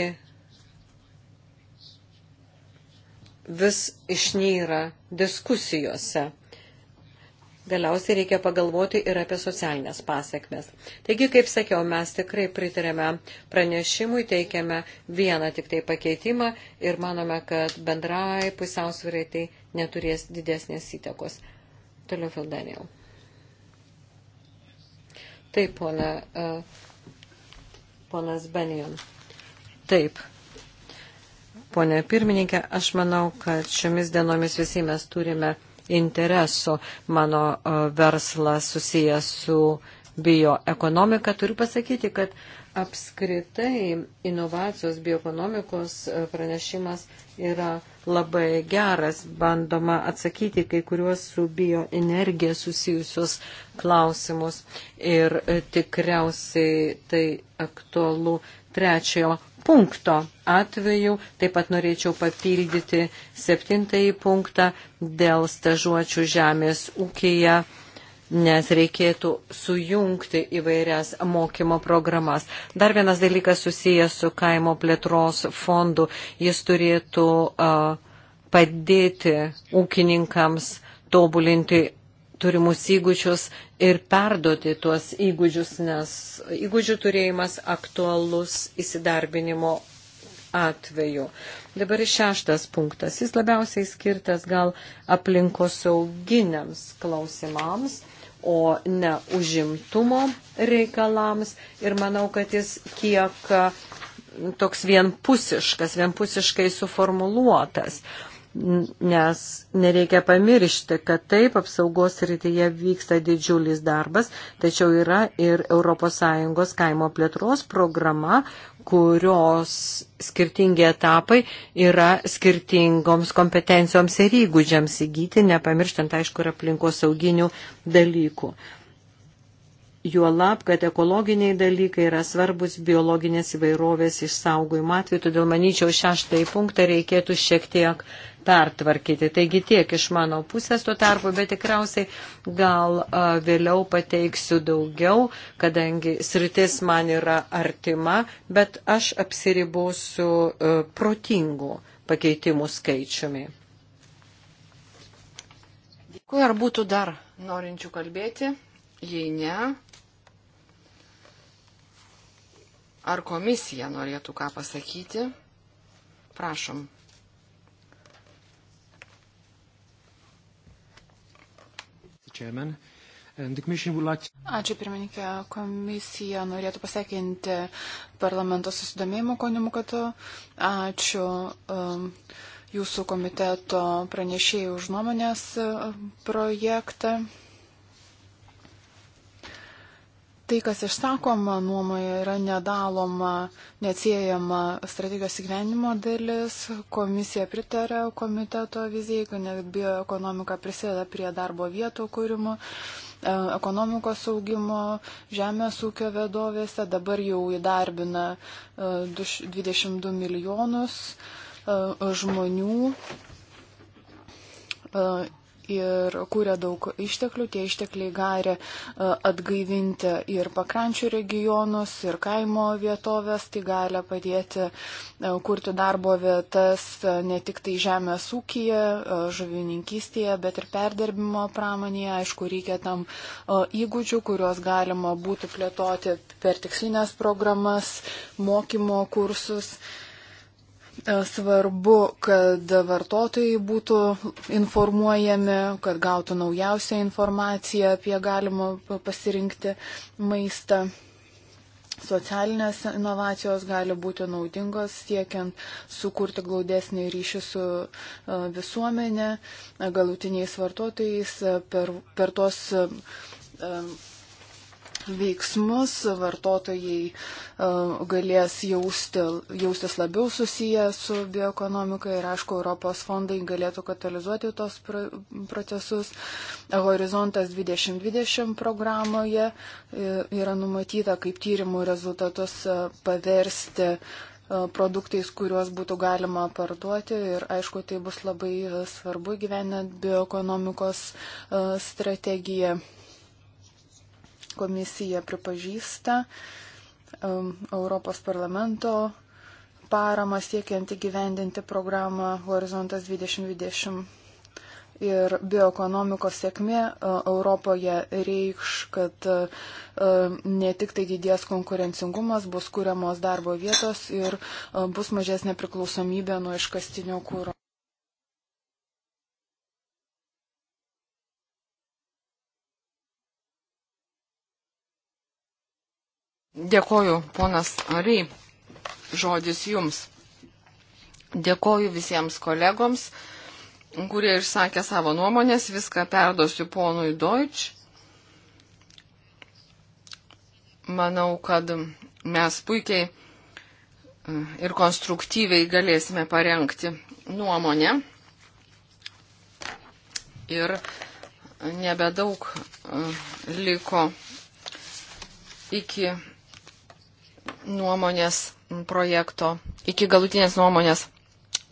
vis išnyra diskusijose. Galiausiai reikia pagalvoti ir apie socialinės pasiekmes. Taigi, kaip sakiau, mes tikrai pritarėme pranešimui, teikiame vieną tik tai pakeitimą ir manome, kad bendrai pusiausvyrai tai neturės didesnės įtakos. Toliau, Phil Daniel. Taip, pona, uh, e, ponas Benion. Taip. Pone pirmininkė, aš manau, kad šiomis dienomis visi mes turime interesų. Mano e, verslas susijęs su bioekonomika. Turiu pasakyti, kad apskritai inovacijos bioekonomikos e, pranešimas yra labai geras. Bandoma atsakyti kai kuriuos su bioenergija susijusios klausimus. Ir e, tikriausiai tai aktualu trečiojo punkto atveju. Taip pat norėčiau papildyti septintąjį punktą dėl stažuočių žemės ūkėje nes reikėtų sujungti įvairias mokymo programas. Dar vienas dalykas susijęs su kaimo plėtros fondu. Jis turėtų uh, padėti ūkininkams tobulinti turimus įgūdžius ir perduoti tuos įgūdžius, nes įgūdžių turėjimas aktualus įsidarbinimo atveju. Dabar šeštas punktas. Jis labiausiai skirtas gal aplinkosauginiams klausimams, o ne užimtumo reikalams. Ir manau, kad jis kiek toks vienpusiškas, vienpusiškai suformuluotas. Uh, nes nereikia pamiršti, kad taip apsaugos rytyje vyksta didžiulis darbas, tačiau yra ir ES kaimo plėtros programa, kurios skirtingi etapai yra skirtingoms kompetencijoms ir įgūdžiams įgyti, nepamirštant, aišku, ir aplinkos sauginių dalykų. Juolab, kad ekologiniai dalykai yra svarbus biologinės įvairovės išsaugojimo atveju, todėl manyčiau šeštąjį punktą reikėtų šiek tiek uh, pertvarkyti. Taigi tiek iš mano pusės tuo tarpu, bet tikriausiai gal vėliau pateiksiu daugiau, kadangi sritis man yra artima, bet aš apsiribosiu protingų pakeitimų skaičiumi. Dėkui, ar būtų dar norinčių kalbėti? Jei ne, ar komisija norėtų ką pasakyti? Prašom. Chairman. Ačiū pirmininkė. Komisija norėtų pasveikinti parlamento susidomėjimo konimukatu. Ačiū um, jūsų komiteto pranešėjų už nuomonės uh, projektą tai, kas išsakoma nuomoje, yra nedaloma, neatsiejama strategijos įgyvenimo dalis. Komisija pritarė komiteto vizijai, kad bioekonomika prisideda prie darbo vietų kūrimo, e, ekonomikos augimo, žemės ūkio vedovėse. Dabar jau įdarbina 22 e, milijonus e, žmonių ir kūrė daug išteklių. Tie ištekliai gali e, atgaivinti ir pakrančių regionus, ir kaimo vietovės, tai gali padėti e, kurti darbo vietas e, ne tik tai žemės ūkija, žuvininkystėje, bet ir perdirbimo pramonėje. Aišku, reikia tam įgūdžių, kuriuos galima būtų plėtoti per tikslinės programas, mokymo kursus. Uh, E, svarbu, kad vartotojai būtų informuojami, kad gautų naujausią informaciją apie galimą pasirinkti maistą. Socialinės inovacijos gali būti naudingos siekiant sukurti glaudesnį ryšį su e, visuomenė, galutiniais vartotojais e, per, per tos veiksmus, vartotojai e, galės jausti, jaustis labiau susiję su bioekonomika ir, aišku, Europos fondai galėtų katalizuoti tos procesus. Horizontas 2020 programoje e, yra numatyta, kaip tyrimų rezultatus e, paversti produktais, kuriuos būtų galima parduoti ir aišku, tai bus labai svarbu gyvenant bioekonomikos strategiją. Komisija pripažįsta um, Europos parlamento paramą siekiant įgyvendinti programą Horizontas 2020. Ir bioekonomikos sėkmė uh, Europoje reikš, kad uh, um, ne tik tai didės konkurencingumas, bus kuriamos darbo vietos ir uh, bus mažesnė priklausomybė nuo iškastinio kūro. Dėkoju, ponas Ary, žodis jums. Dėkoju visiems kolegoms, kurie išsakė savo nuomonės, viską perdosiu ponui Deutsch. Manau, kad mes puikiai e, ir konstruktyviai galėsime parengti nuomonę. Ir nebedaug e, liko iki nuomonės projekto, iki galutinės nuomonės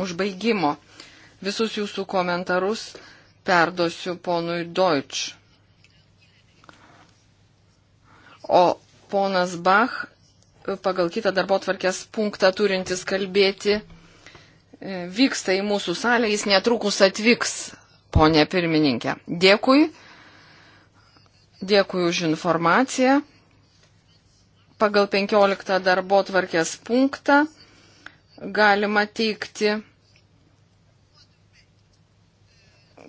užbaigimo. Visus jūsų komentarus perdosiu ponui Deutsch. O ponas Bach pagal kitą darbo tvarkės punktą turintis kalbėti e, vyksta į mūsų salę, jis netrukus atvyks, ponė pirmininkė. Dėkui, dėkui už informaciją pagal 15 darbo tvarkės punktą galima teikti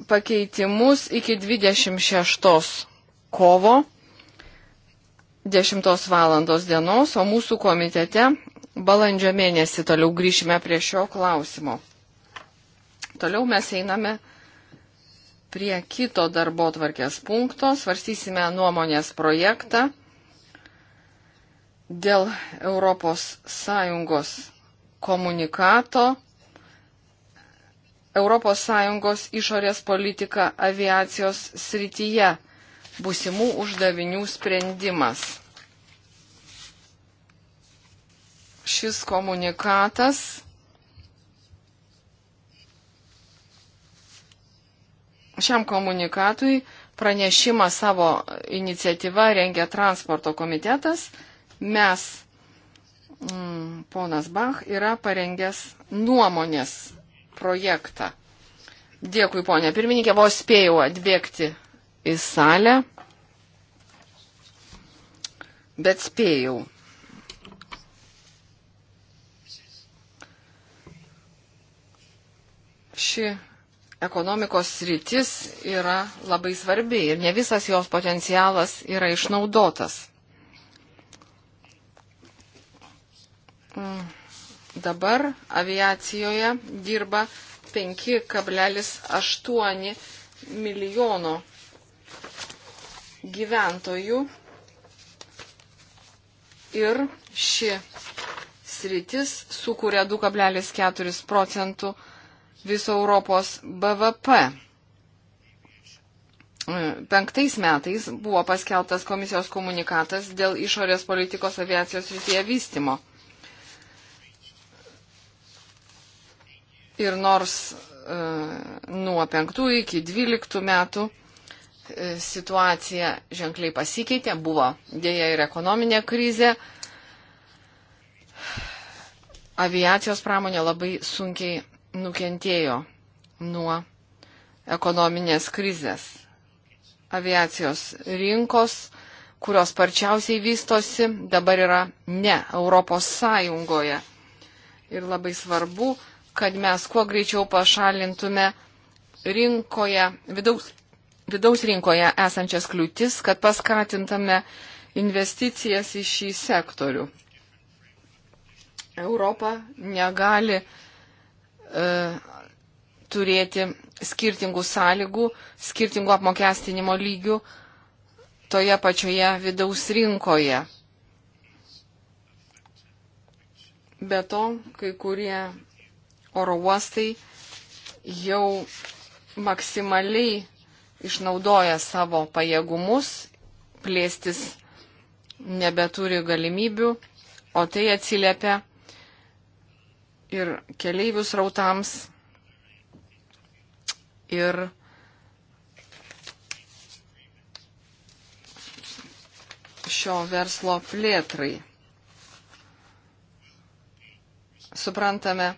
pakeitimus iki 26 kovo 10 valandos dienos, o mūsų komitete balandžio mėnesį toliau grįšime prie šio klausimo. Toliau mes einame prie kito darbo tvarkės punkto, svarstysime nuomonės projektą dėl ES komunikato ES išorės politika aviacijos srityje būsimų uždavinių sprendimas. Šis komunikatas Šiam komunikatui pranešimą savo iniciatyvą rengia transporto komitetas mes, mm, ponas Bach, yra parengęs nuomonės projektą. Dėkui, ponė pirmininkė, vos spėjau atbėgti į salę, bet spėjau. Ši ekonomikos sritis yra labai svarbi ir ne visas jos potencialas yra išnaudotas. Mm. dabar aviacijoje dirba 5,8 milijono gyventojų ir ši sritis sukuria 2,4 procentų viso Europos BVP. Penktais metais buvo paskelbtas komisijos komunikatas dėl išorės politikos aviacijos rytyje vystimo. Ir nors e, nuo 5 iki 12 metų e, situacija ženkliai pasikeitė, buvo dėja ir ekonominė krizė, aviacijos pramonė labai sunkiai nukentėjo nuo ekonominės krizės. Aviacijos rinkos, kurios parčiausiai vystosi, dabar yra ne Europos Sąjungoje. Ir labai svarbu, kad mes kuo greičiau pašalintume rinkoje, vidaus, vidaus rinkoje esančias kliūtis, kad paskatintume investicijas į šį sektorių. Europa negali e, turėti skirtingų sąlygų, skirtingų apmokestinimo lygių toje pačioje vidaus rinkoje. Be to, kai kurie oro uostai jau maksimaliai išnaudoja savo pajėgumus, plėstis nebeturi galimybių, o tai atsiliepia ir keleivius rautams, ir šio verslo plėtrai. Suprantame,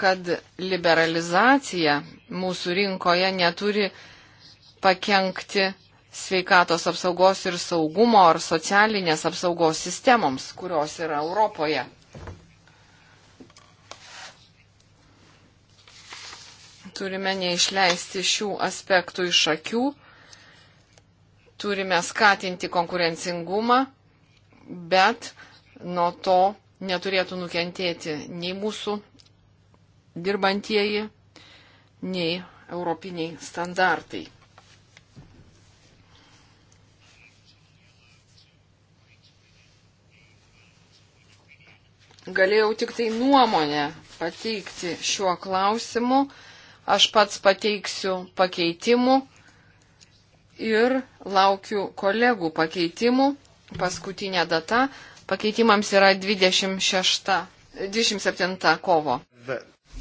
kad liberalizacija mūsų rinkoje neturi pakengti sveikatos apsaugos ir saugumo ar socialinės apsaugos sistemoms, kurios yra Europoje. Turime neišleisti šių aspektų iš akių, turime skatinti konkurencingumą, bet nuo to neturėtų nukentėti nei mūsų dirbantieji, nei europiniai standartai. Galėjau tik tai nuomonę pateikti šiuo klausimu, aš pats pateiksiu pakeitimų ir laukiu kolegų pakeitimų. Paskutinė data pakeitimams yra 26, 27 kovo.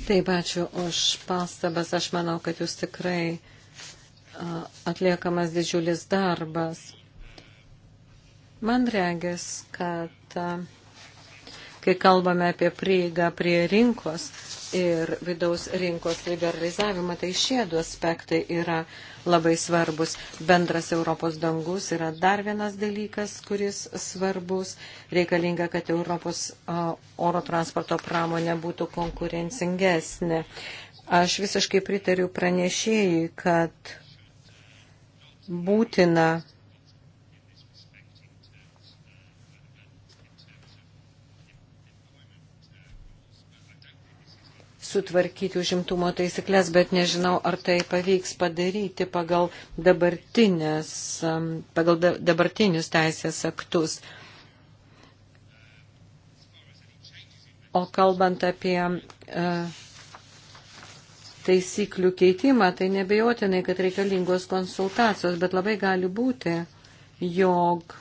Taip, ačiū už pastabas. Aš manau, kad jūs tikrai atliekamas didžiulis darbas. Man regis, kad kai kalbame apie prieigą prie rinkos, ir vidaus rinkos liberalizavimą, tai šie du aspektai yra labai svarbus. Bendras Europos dangus yra dar vienas dalykas, kuris svarbus. Reikalinga, kad Europos oro transporto pramonė būtų konkurencingesnė. Aš visiškai pritariu pranešėjui, kad būtina sutvarkyti užimtumo taisyklės, bet nežinau, ar tai pavyks padaryti pagal, um, pagal dabartinius teisės aktus. O kalbant apie e, taisyklių keitimą, tai nebejotinai, kad reikalingos konsultacijos, bet labai gali būti, jog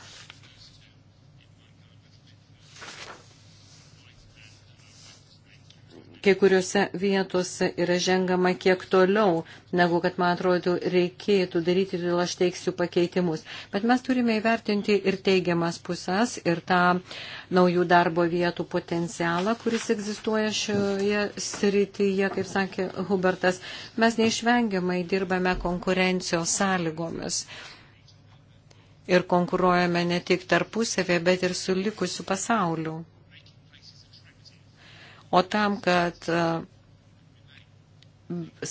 kai kuriuose vietose yra žengama kiek toliau, negu kad, man atrodo, reikėtų daryti, todėl aš teiksiu pakeitimus. Bet mes turime įvertinti ir teigiamas pusės, ir tą naujų darbo vietų potencialą, kuris egzistuoja šioje srityje, kaip sakė Hubertas. Mes neišvengiamai dirbame konkurencijos sąlygomis. Ir konkuruojame ne tik tarpusavėje, bet ir su likusiu pasauliu. O tam, kad e,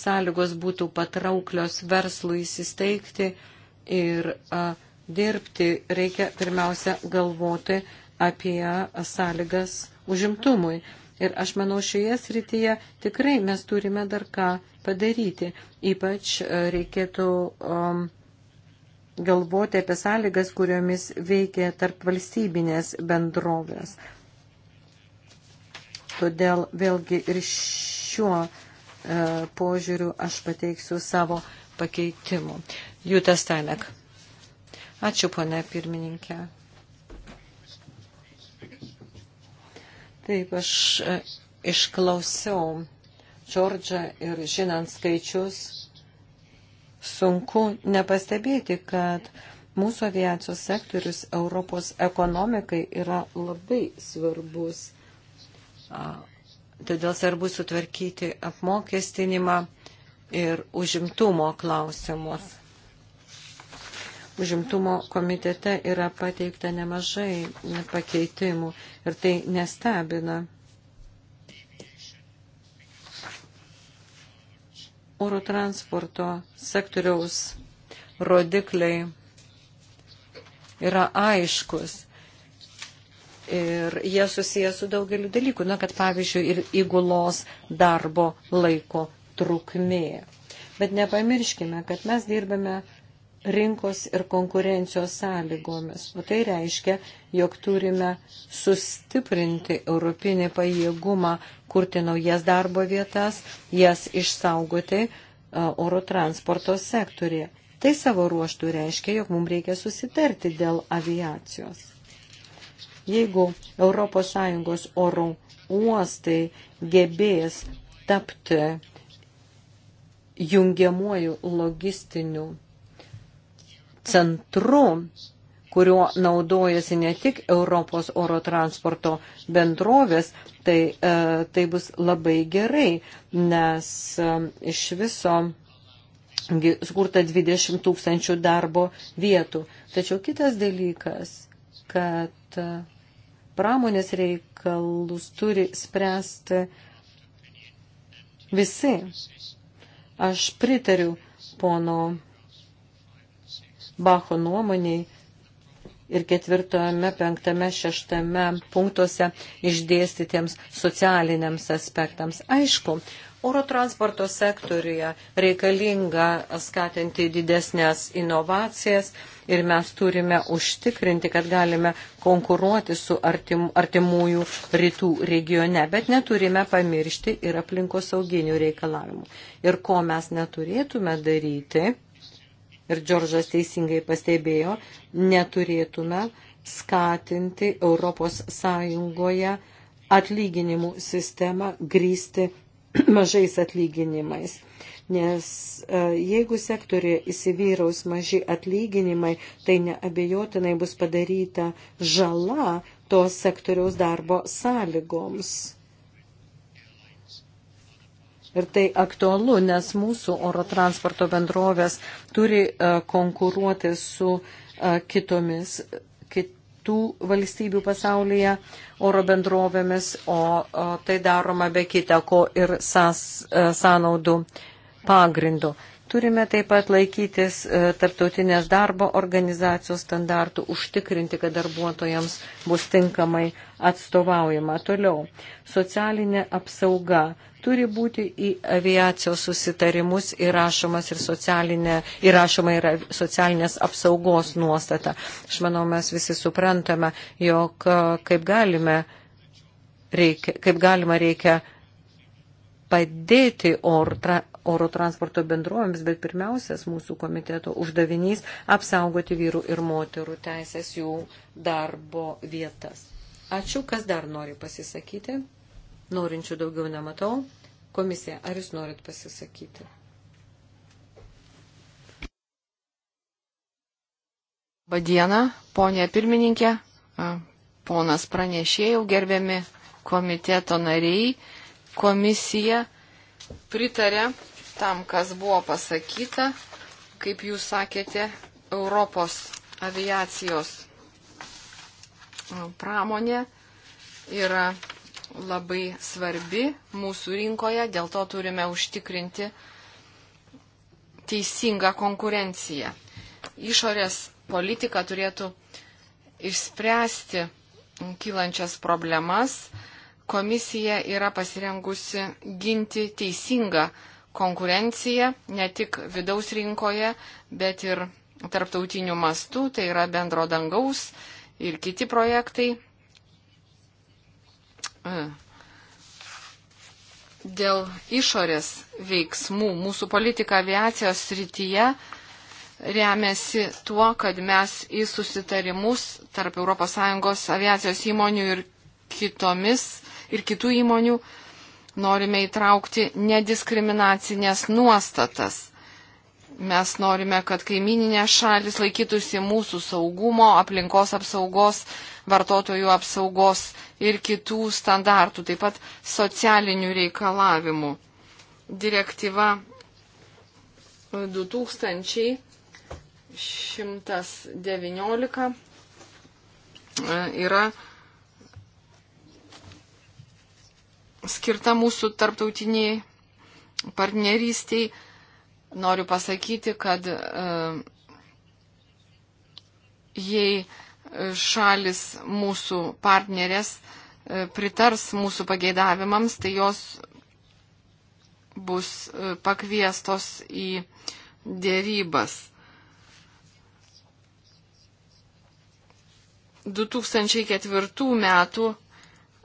sąlygos būtų patrauklios verslui įsisteigti ir e, dirbti, reikia pirmiausia galvoti apie sąlygas užimtumui. Ir aš manau, šioje srityje tikrai mes turime dar ką padaryti. Ypač e, reikėtų um, galvoti apie sąlygas, kuriomis veikia tarp valstybinės bendrovės. Todėl vėlgi ir šiuo e, požiūriu aš pateiksiu savo pakeitimų. Jūtas Tanek. Ačiū, ponė pirmininkė. Taip, aš e, išklausiau Džordžą ir žinant skaičius, sunku nepastebėti, kad mūsų aviacijos sektorius Europos ekonomikai yra labai svarbus Todėl svarbu sutvarkyti apmokestinimą ir užimtumo klausimus. Užimtumo komitete yra pateikta nemažai pakeitimų ir tai nestebina. Oro transporto sektoriaus rodikliai yra aiškus Ir jie susijęs su daugeliu dalykų, na, kad pavyzdžiui ir įgulos darbo laiko trukmė. Bet nepamirškime, kad mes dirbame rinkos ir konkurencijos sąlygomis. O tai reiškia, jog turime sustiprinti europinį pajėgumą, kurti naujas darbo vietas, jas išsaugoti oro transporto sektorėje. Tai savo ruoštų reiškia, jog mums reikia susitarti dėl aviacijos. Jeigu ES oro uostai gebės tapti jungiamuoju logistiniu centru, kuriuo naudojasi ne tik Europos oro transporto bendrovės, tai, e, tai bus labai gerai, nes e, iš viso skurta 20 tūkstančių darbo vietų. Tačiau kitas dalykas, kad pramonės reikalus turi spręsti visi. Aš pritariu pono Bacho nuomoniai ir ketvirtojame, penktame, šeštame punktuose išdėstytiems socialiniams aspektams. Aišku, Oro transporto sektoriuje reikalinga skatinti didesnės inovacijas ir mes turime užtikrinti, kad galime konkuruoti su artim, artimųjų rytų regione, bet neturime pamiršti ir aplinkosauginių reikalavimų. Ir ko mes neturėtume daryti, ir Džordžas teisingai pastebėjo, neturėtume skatinti Europos Sąjungoje atlyginimų sistemą grįsti mažais atlyginimais. Nes e, jeigu sektorė įsivyraus maži atlyginimai, tai neabejotinai bus padaryta žala tos sektoriaus darbo sąlygoms. Ir tai aktualu, nes mūsų oro transporto bendrovės turi e, konkuruoti su e, kitomis kitų valstybių pasaulyje oro bendrovėmis, o, o tai daroma be kita ko ir sąs, e, sąnaudų pagrindu. Turime taip pat laikytis e, tarptautinės darbo organizacijos standartų, užtikrinti, kad darbuotojams bus tinkamai atstovaujama. Toliau, socialinė apsauga turi būti į aviacijos susitarimus įrašomas ir socialinė, įrašoma yra socialinės apsaugos nuostata. Aš manau, mes visi suprantame, jog e, kaip, galime, reikia, kaip galima reikia padėti or, tra, oro transporto bendrovėms, bet pirmiausias mūsų komiteto uždavinys - apsaugoti vyrų ir moterų teisės jų darbo vietas. Ačiū, kas dar nori pasisakyti. Norinčių daugiau nematau. Komisija, ar jūs norit pasisakyti? Badiena, ponė pirmininkė, ponas pranešėjau, gerbiami komiteto nariai, komisija pritarė tam, kas buvo pasakyta, kaip jūs sakėte, Europos aviacijos pramonė yra labai svarbi mūsų rinkoje, dėl to turime užtikrinti teisingą konkurenciją. Išorės politika turėtų išspręsti kylančias problemas. Komisija yra pasirengusi ginti teisingą konkurenciją konkurencija ne tik vidaus rinkoje, bet ir tarptautiniu mastu, tai yra bendro dangaus ir kiti projektai. E, dėl išorės veiksmų mūsų politika aviacijos srityje remiasi tuo, kad mes į susitarimus tarp ES aviacijos įmonių ir kitomis ir kitų įmonių uh, norime įtraukti nediskriminacinės nuostatas. Mes norime, kad kaimininės šalis laikytųsi mūsų saugumo, aplinkos apsaugos, vartotojų apsaugos ir kitų standartų, taip pat socialinių reikalavimų. Direktyva 2119 e, yra skirta mūsų tarptautiniai partnerystiai. Noriu pasakyti, kad e, jei šalis mūsų partnerės e, pritars mūsų pageidavimams, tai jos bus e, pakviestos į dėrybas. 2004 metų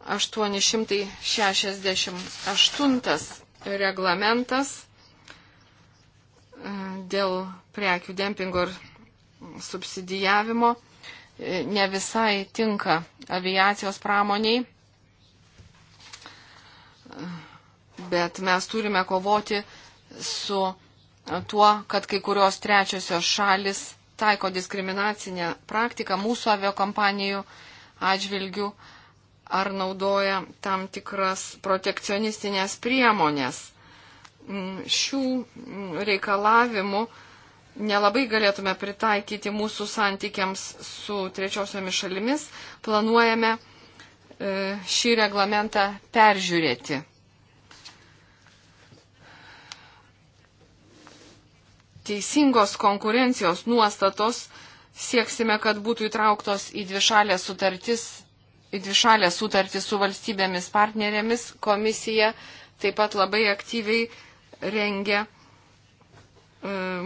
868 reglamentas e, dėl prekių dempingo ir subsidijavimo e, ne visai tinka aviacijos pramoniai, e, bet mes turime kovoti su tuo, kad kai kurios trečiosios šalis taiko diskriminacinę praktiką mūsų aviokompanijų atžvilgių. Uh, ar naudoja tam tikras protekcionistinės priemonės. Mm, šių mm, reikalavimų nelabai galėtume pritaikyti mūsų santykiams su trečiosiomis šalimis. Planuojame e, šį reglamentą peržiūrėti. Teisingos konkurencijos nuostatos sieksime, kad būtų įtrauktos į dvišalę sutartis dvišalę sutartį su valstybėmis partnerėmis. Komisija taip pat labai aktyviai rengia e,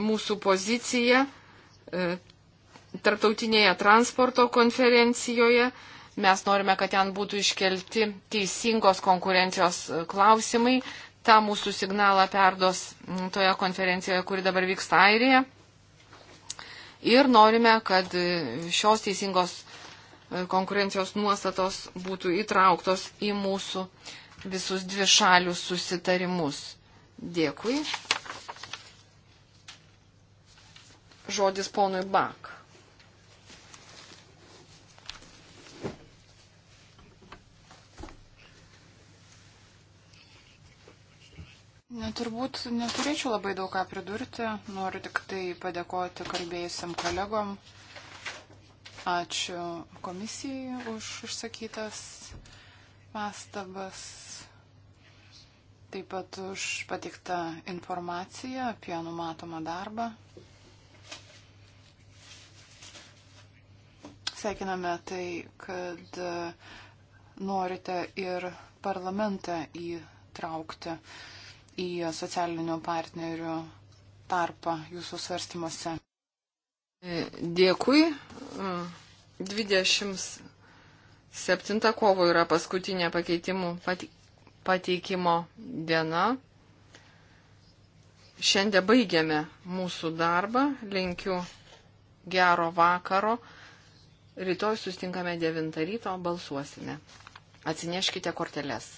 mūsų poziciją e, tarptautinėje transporto konferencijoje. Mes norime, kad ten būtų iškelti teisingos konkurencijos e, klausimai. Ta mūsų signalą perdos toje konferencijoje, kuri dabar vyksta Airija. Ir norime, kad šios teisingos E, konkurencijos nuostatos būtų įtrauktos į mūsų visus dvi šalius susitarimus. Dėkui. Žodis ponui Bak. Neturbūt neturėčiau labai daug ką pridurti, noriu tik tai padėkoti kalbėjusiam kolegom. Ačiū komisijai už išsakytas pastabas, taip pat už patiktą informaciją apie numatomą darbą. Sveikiname tai, kad norite ir parlamentą įtraukti į socialinių partnerių tarpą jūsų svarstymuose. Dėkui. 27 kovo yra paskutinė pakeitimų pateikimo diena. Šiandien baigiame mūsų darbą. Linkiu gero vakaro. Rytoj sustinkame 9 ryto, balsuosime. Atsineškite korteles.